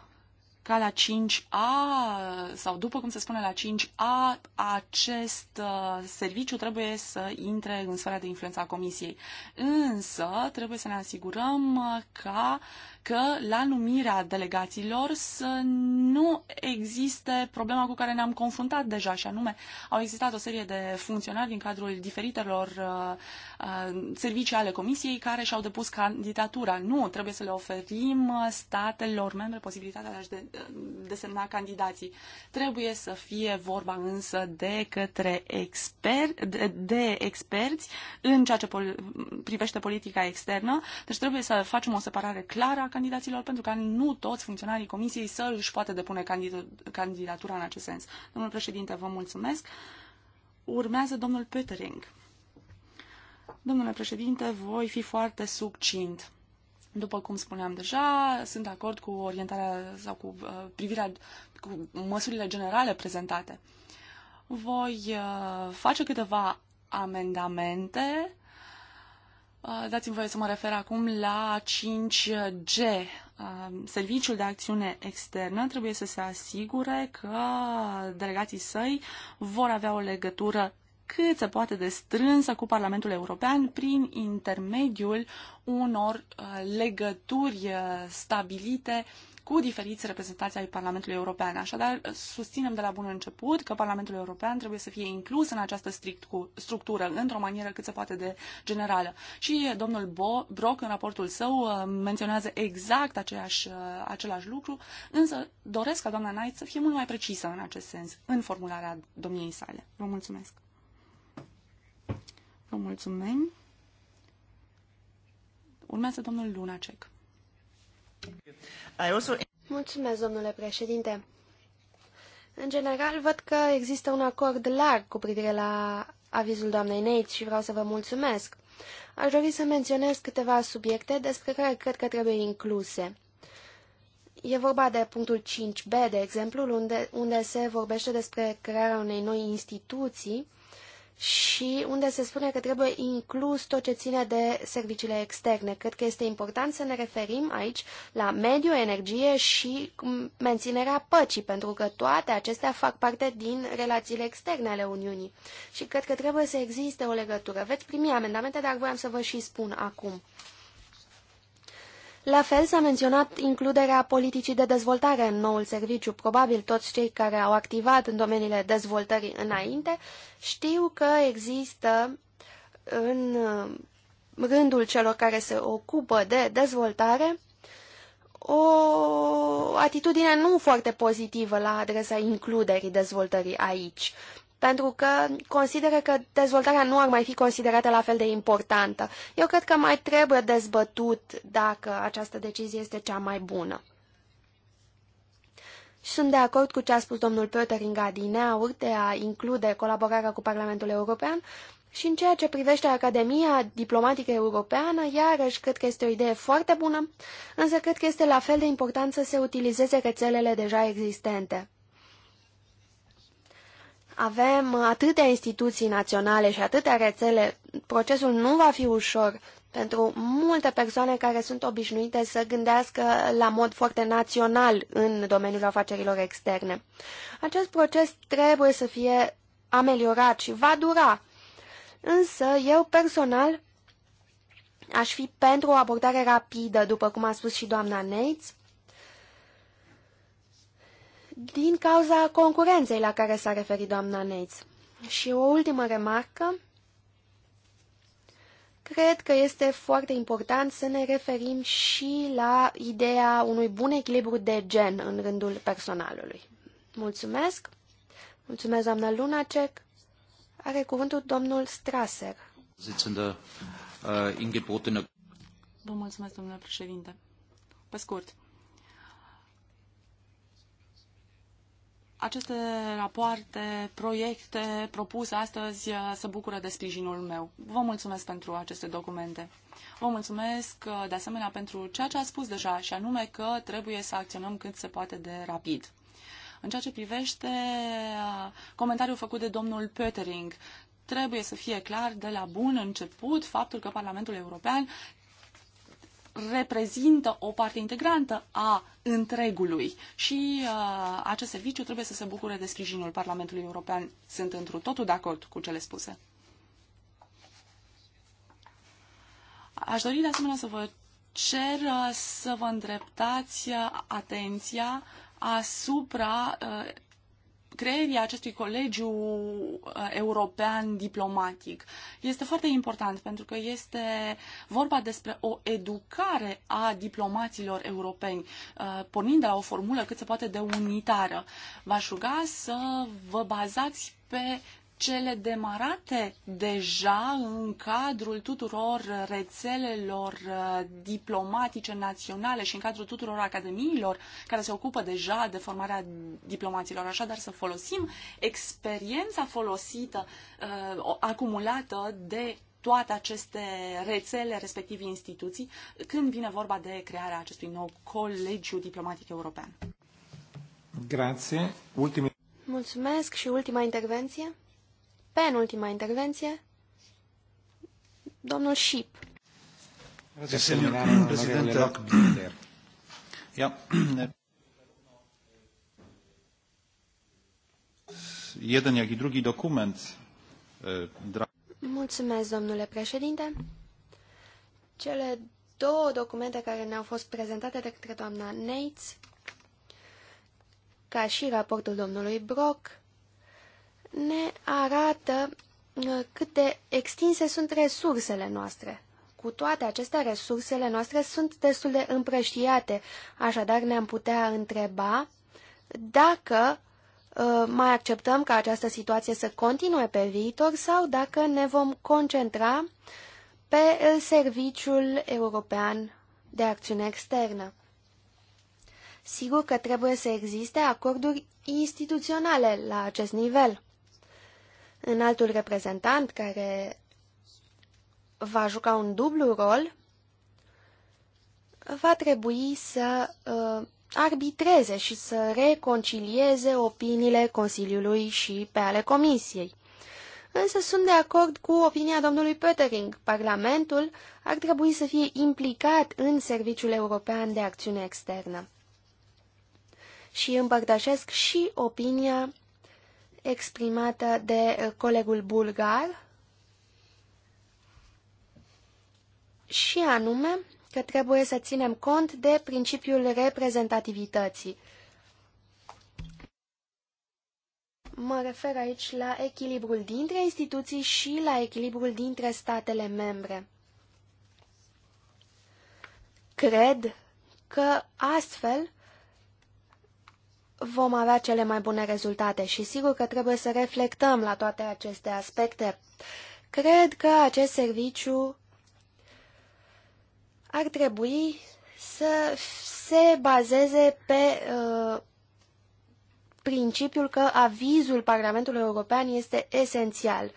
ca la 5A sau după cum se spune la 5A, acest uh, serviciu trebuie să intre în sfera de influență a comisiei. Însă trebuie să ne asigurăm uh, ca că la numirea delegațiilor să nu existe problema cu care ne-am confruntat deja, și anume au existat o serie de funcționari din cadrul diferitelor uh, uh servicii ale Comisiei care și-au depus candidatura. Nu, trebuie să le oferim uh, statelor membre posibilitatea de a-și de, uh, desemna candidații. Trebuie să fie vorba însă de către exper- de, de experți în ceea ce pol- privește politica externă, deci trebuie să facem o separare clară a candidaților, pentru că nu toți funcționarii comisiei să își poată depune candidatura în acest sens. Domnul președinte, vă mulțumesc. Urmează domnul Petering. Domnule președinte, voi fi foarte succint. După cum spuneam deja, sunt de acord cu orientarea sau cu uh, privirea cu măsurile generale prezentate. Voi uh, face câteva amendamente Uh, dați-mi voie să mă refer acum la 5G. Uh, serviciul de acțiune externă trebuie să se asigure că delegații săi vor avea o legătură cât se poate de strânsă cu Parlamentul European prin intermediul unor uh, legături stabilite cu diferiți reprezentanți ai Parlamentului European. Așadar, susținem de la bun început că Parlamentul European trebuie să fie inclus în această structură într-o manieră cât se poate de generală. Și domnul Bo, Brock, în raportul său, uh, menționează exact aceeași, uh, același lucru, însă doresc ca doamna Knight să fie mult mai precisă în acest sens, în formularea domniei sale. Vă mulțumesc! Vă mulțumim! Urmează domnul Lunacek. Mulțumesc, domnule președinte. În general, văd că există un acord larg cu privire la avizul doamnei Neitz și vreau să vă mulțumesc. Aș dori să menționez câteva subiecte despre care cred că trebuie incluse. E vorba de punctul 5b, de exemplu, unde, unde se vorbește despre crearea unei noi instituții și unde se spune că trebuie inclus tot ce ține de serviciile externe. Cred că este important să ne referim aici la mediu, energie și menținerea păcii, pentru că toate acestea fac parte din relațiile externe ale Uniunii. Și cred că trebuie să existe o legătură. Veți primi amendamente, dar voiam să vă și spun acum. La fel s-a menționat includerea politicii de dezvoltare în noul serviciu. Probabil toți cei care au activat în domeniile dezvoltării înainte știu că există în rândul celor care se ocupă de dezvoltare o atitudine nu foarte pozitivă la adresa includerii dezvoltării aici pentru că consideră că dezvoltarea nu ar mai fi considerată la fel de importantă. Eu cred că mai trebuie dezbătut dacă această decizie este cea mai bună. Sunt de acord cu ce a spus domnul din aur de a include colaborarea cu Parlamentul European și în ceea ce privește Academia Diplomatică Europeană, iarăși cred că este o idee foarte bună, însă cred că este la fel de important să se utilizeze rețelele deja existente. Avem atâtea instituții naționale și atâtea rețele, procesul nu va fi ușor pentru multe persoane care sunt obișnuite să gândească la mod foarte național în domeniul afacerilor externe. Acest proces trebuie să fie ameliorat și va dura. Însă eu personal aș fi pentru o abordare rapidă, după cum a spus și doamna Neitz, din cauza concurenței la care s-a referit doamna Neitz. Și o ultimă remarcă. Cred că este foarte important să ne referim și la ideea unui bun echilibru de gen în rândul personalului. Mulțumesc! Mulțumesc, doamna Lunacek! Are cuvântul domnul Strasser. Äh, Vă mulțumesc, domnule președinte. Pe scurt, aceste rapoarte, proiecte propuse astăzi uh, se bucură de sprijinul meu. Vă mulțumesc pentru aceste documente. Vă mulțumesc uh, de asemenea pentru ceea ce a spus deja și anume că trebuie să acționăm cât se poate de rapid. În ceea ce privește uh, comentariul făcut de domnul Pötering, trebuie să fie clar de la bun început faptul că Parlamentul European reprezintă o parte integrantă a întregului și uh, acest serviciu trebuie să se bucure de sprijinul Parlamentului European. Sunt întru totul de acord cu cele spuse. Aș dori de asemenea să vă cer uh, să vă îndreptați uh, atenția asupra uh, creierii acestui colegiu uh, european diplomatic. Este foarte important pentru că este vorba despre o educare a diplomaților europeni, uh, pornind de la o formulă cât se poate de unitară. V-aș ruga să vă bazați pe cele demarate deja în cadrul tuturor rețelelor uh, diplomatice naționale și în cadrul tuturor academiilor care se ocupă deja de formarea diplomaților. Așadar, să folosim experiența folosită, uh, acumulată de toate aceste rețele, respectiv instituții, când vine vorba de crearea acestui nou colegiu diplomatic european. Ultime... Mulțumesc și ultima intervenție. Penultima intervenție, domnul Șip. Președinte, Mulțumesc, domnule președinte. Cele două documente care ne-au fost prezentate de către doamna Neitz, ca și raportul domnului Brock, ne arată uh, cât de extinse sunt resursele noastre. Cu toate acestea, resursele noastre sunt destul de împrăștiate, așadar ne-am putea întreba dacă uh, mai acceptăm ca această situație să continue pe viitor sau dacă ne vom concentra pe uh, Serviciul European de Acțiune Externă. Sigur că trebuie să existe acorduri instituționale la acest nivel înaltul altul reprezentant care va juca un dublu rol, va trebui să uh, arbitreze și să reconcilieze opiniile Consiliului și pe ale Comisiei. Însă sunt de acord cu opinia domnului Pöttering. Parlamentul ar trebui să fie implicat în Serviciul European de Acțiune Externă. Și împărtășesc și opinia exprimată de eh, colegul bulgar și anume că trebuie să ținem cont de principiul reprezentativității. Mă refer aici la echilibrul dintre instituții și la echilibrul dintre statele membre. Cred că astfel vom avea cele mai bune rezultate și sigur că trebuie să reflectăm la toate aceste aspecte. Cred că acest serviciu ar trebui să se bazeze pe uh, principiul că avizul Parlamentului European este esențial.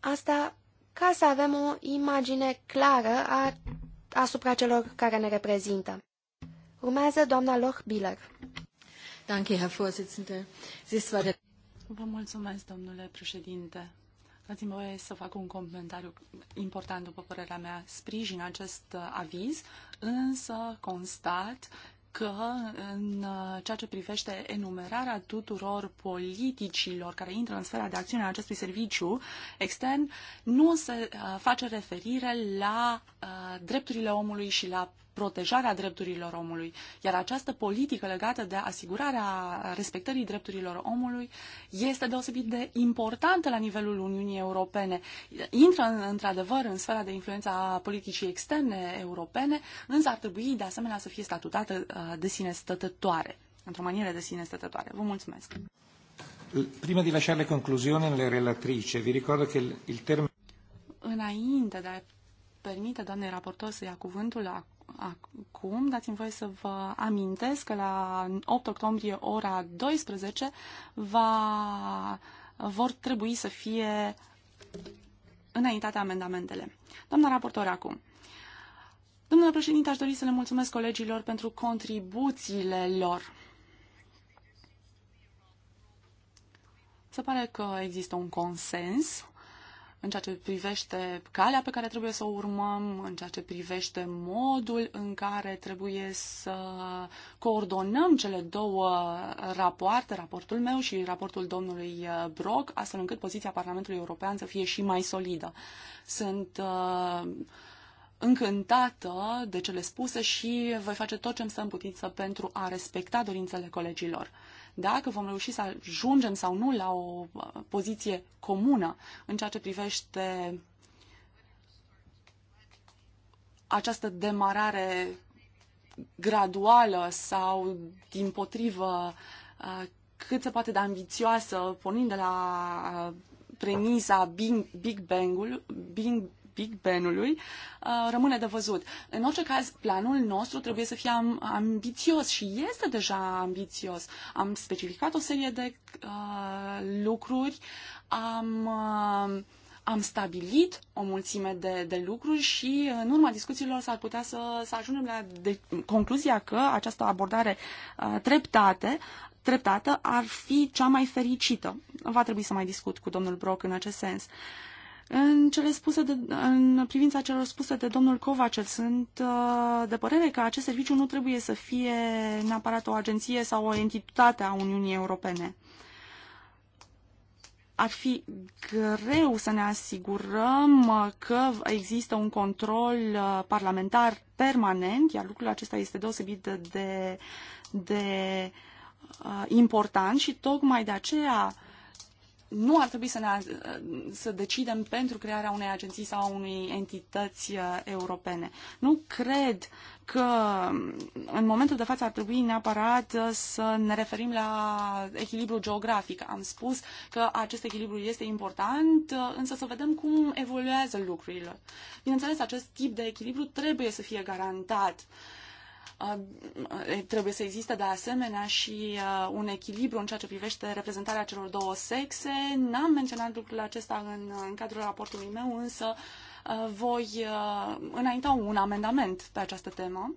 Asta ca să avem o imagine clară a, asupra celor care ne reprezintă. Urmează doamna Loch-Biller. Danke, Herr Vorsitzende. Vă mulțumesc, domnule președinte. Dați-mi voie să fac un comentariu important, după părerea mea. Sprijin acest uh, aviz, însă constat că în uh, ceea ce privește enumerarea tuturor politicilor care intră în sfera de acțiune a acestui serviciu extern, nu se uh, face referire la Uh, drepturile omului și la protejarea drepturilor omului. Iar această politică legată de asigurarea respectării drepturilor omului este deosebit de importantă la nivelul Uniunii Europene. Intră într-adevăr în sfera de influență a politicii externe europene, însă ar trebui de asemenea să fie statutată uh, de sine stătătoare, într-o manieră de sine stătătoare. Vă mulțumesc! Prima de lasciare le concluzioni alle relatrice, vi ricordo că il înainte de a permite doamnei raportor să ia cuvântul acum, dați-mi voie să vă amintesc că la 8 octombrie ora 12 va, vor trebui să fie înaintate amendamentele. Doamna raportor, acum. Domnule președinte, aș dori să le mulțumesc colegilor pentru contribuțiile lor. Se pare că există un consens în ceea ce privește calea pe care trebuie să o urmăm, în ceea ce privește modul în care trebuie să coordonăm cele două rapoarte, raportul meu și raportul domnului uh, Brock, astfel încât poziția Parlamentului European să fie și mai solidă. Sunt uh, încântată de cele spuse și voi face tot ce îmi stă în putință pentru a respecta dorințele colegilor dacă vom reuși să ajungem sau nu la o uh, poziție comună în ceea ce privește această demarare graduală sau, din potrivă, uh, cât se poate de ambițioasă, pornind de la uh, premisa Big Bang-ului, Big Ben-ului uh, rămâne de văzut. În orice caz, planul nostru trebuie să fie ambițios și este deja ambițios. Am specificat o serie de uh, lucruri, am uh, am stabilit o mulțime de, de lucruri și uh, în urma discuțiilor s-ar putea să, să ajungem la de, concluzia că această abordare uh, treptate, treptată ar fi cea mai fericită. Va trebui să mai discut cu domnul Brock în acest sens. Uh, în, cele spuse de, în privința celor spuse de domnul Covacel, sunt uh, de părere că acest serviciu nu trebuie să fie neapărat o agenție sau o entitate a Uniunii Europene ar fi greu să ne asigurăm că există un control uh, parlamentar permanent, iar lucrul acesta este deosebit de, de uh, important și tocmai de aceea nu ar trebui să, ne, să decidem pentru crearea unei agenții sau a unei entități uh, europene. Nu cred că în momentul de față ar trebui neapărat uh, să ne referim la echilibru geografic. Am spus că acest echilibru este important, uh, însă să vedem cum evoluează lucrurile. Bineînțeles, acest tip de echilibru trebuie să fie garantat uh, Trebuie să existe de asemenea și uh, un echilibru în ceea ce privește reprezentarea celor două sexe. N-am menționat lucrul acesta în, uh, în cadrul raportului meu, însă uh, voi înainta un amendament pe această temă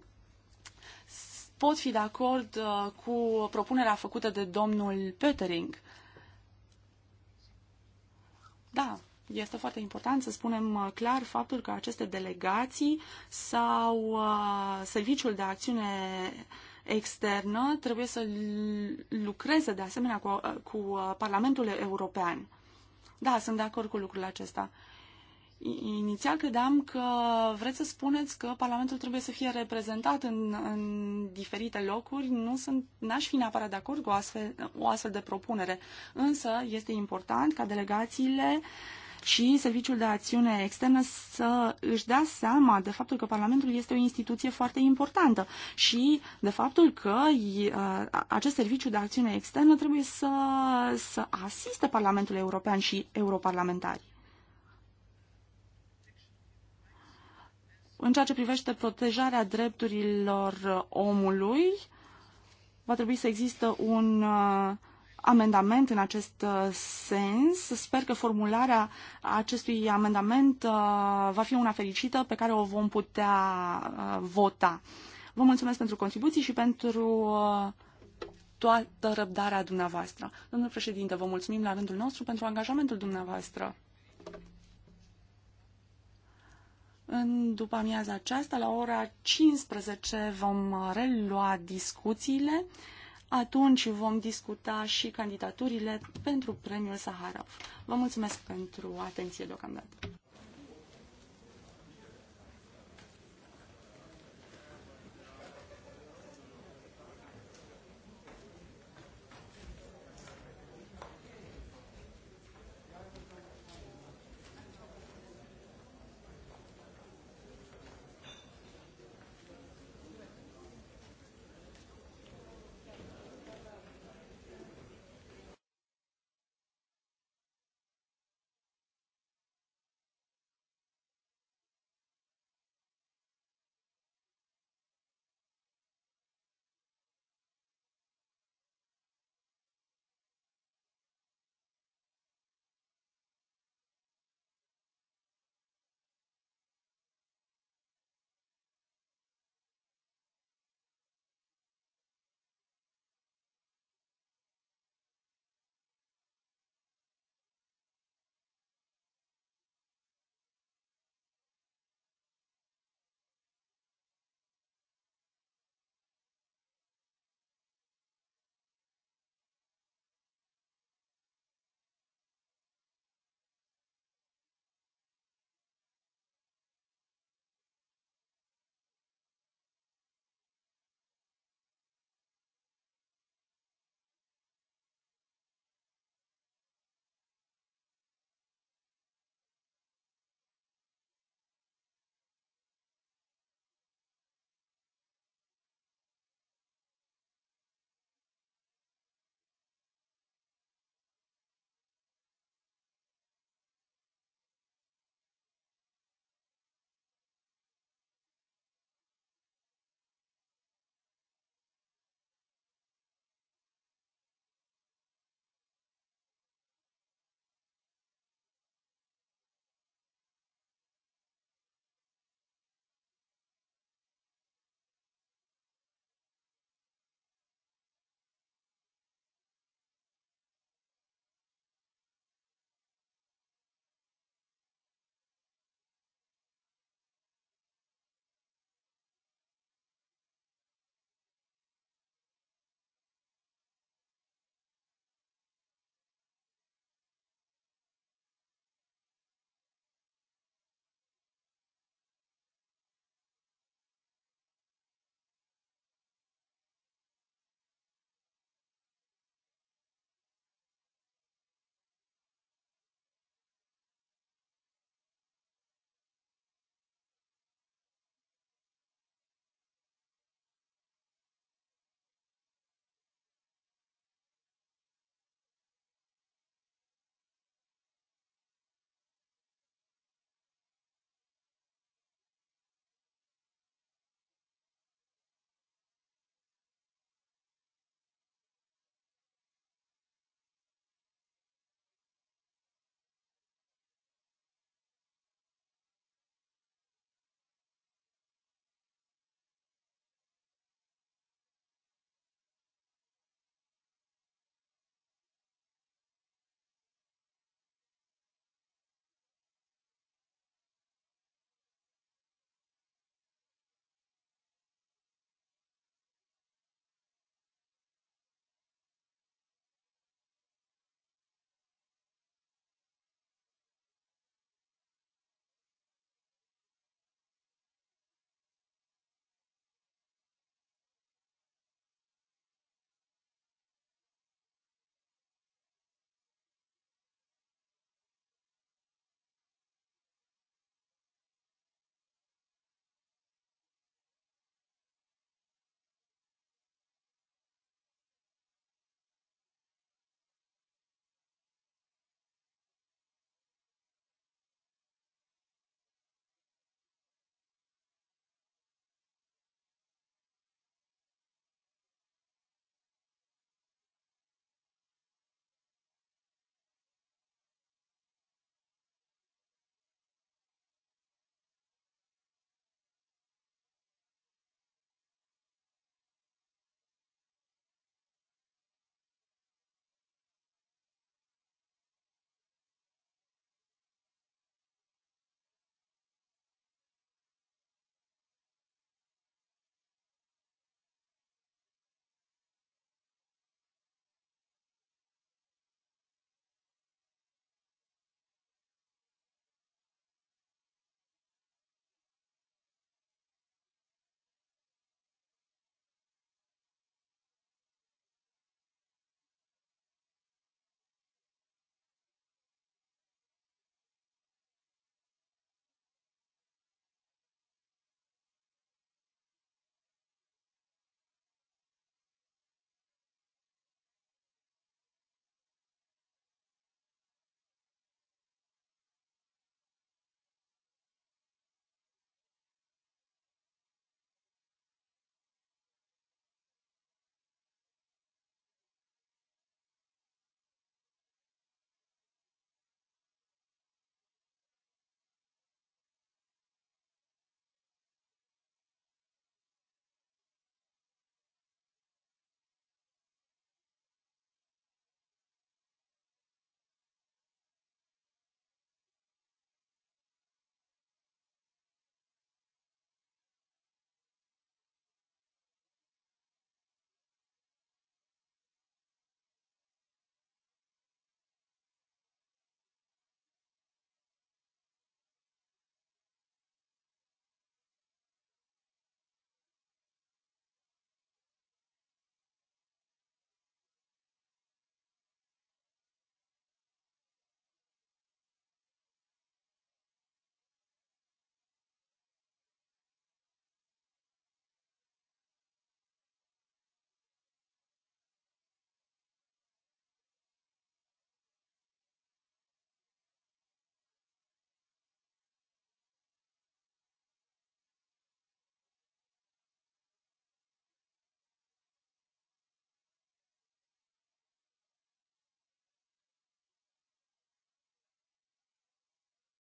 pot fi de acord cu propunerea făcută de domnul Petering. Da, este foarte important să spunem uh, clar faptul că aceste delegații sau uh, serviciul de acțiune externă trebuie să lucreze de asemenea cu, uh, cu Parlamentul European. Da, sunt de acord cu lucrul acesta. Inițial credeam că vreți să spuneți că Parlamentul trebuie să fie reprezentat în, în diferite locuri. Nu sunt, n-aș fi neapărat de acord cu o astfel, o astfel de propunere. Însă este important ca delegațiile uh, și Serviciul de Acțiune Externă să își dea seama de faptul că Parlamentul este o instituție foarte importantă și de faptul că acest Serviciu de Acțiune Externă trebuie să, să asiste Parlamentul European și europarlamentarii. În ceea ce privește protejarea drepturilor omului, va trebui să există un uh, amendament în acest uh, sens. Sper că formularea acestui amendament uh, va fi una fericită pe care o vom putea uh, vota. Vă mulțumesc pentru contribuții și pentru toată răbdarea dumneavoastră. Domnul președinte, vă mulțumim la rândul nostru pentru angajamentul dumneavoastră. În după amiaza aceasta, la ora 15, vom relua discuțiile atunci vom discuta și candidaturile pentru premiul Saharov. Vă mulțumesc pentru atenție deocamdată.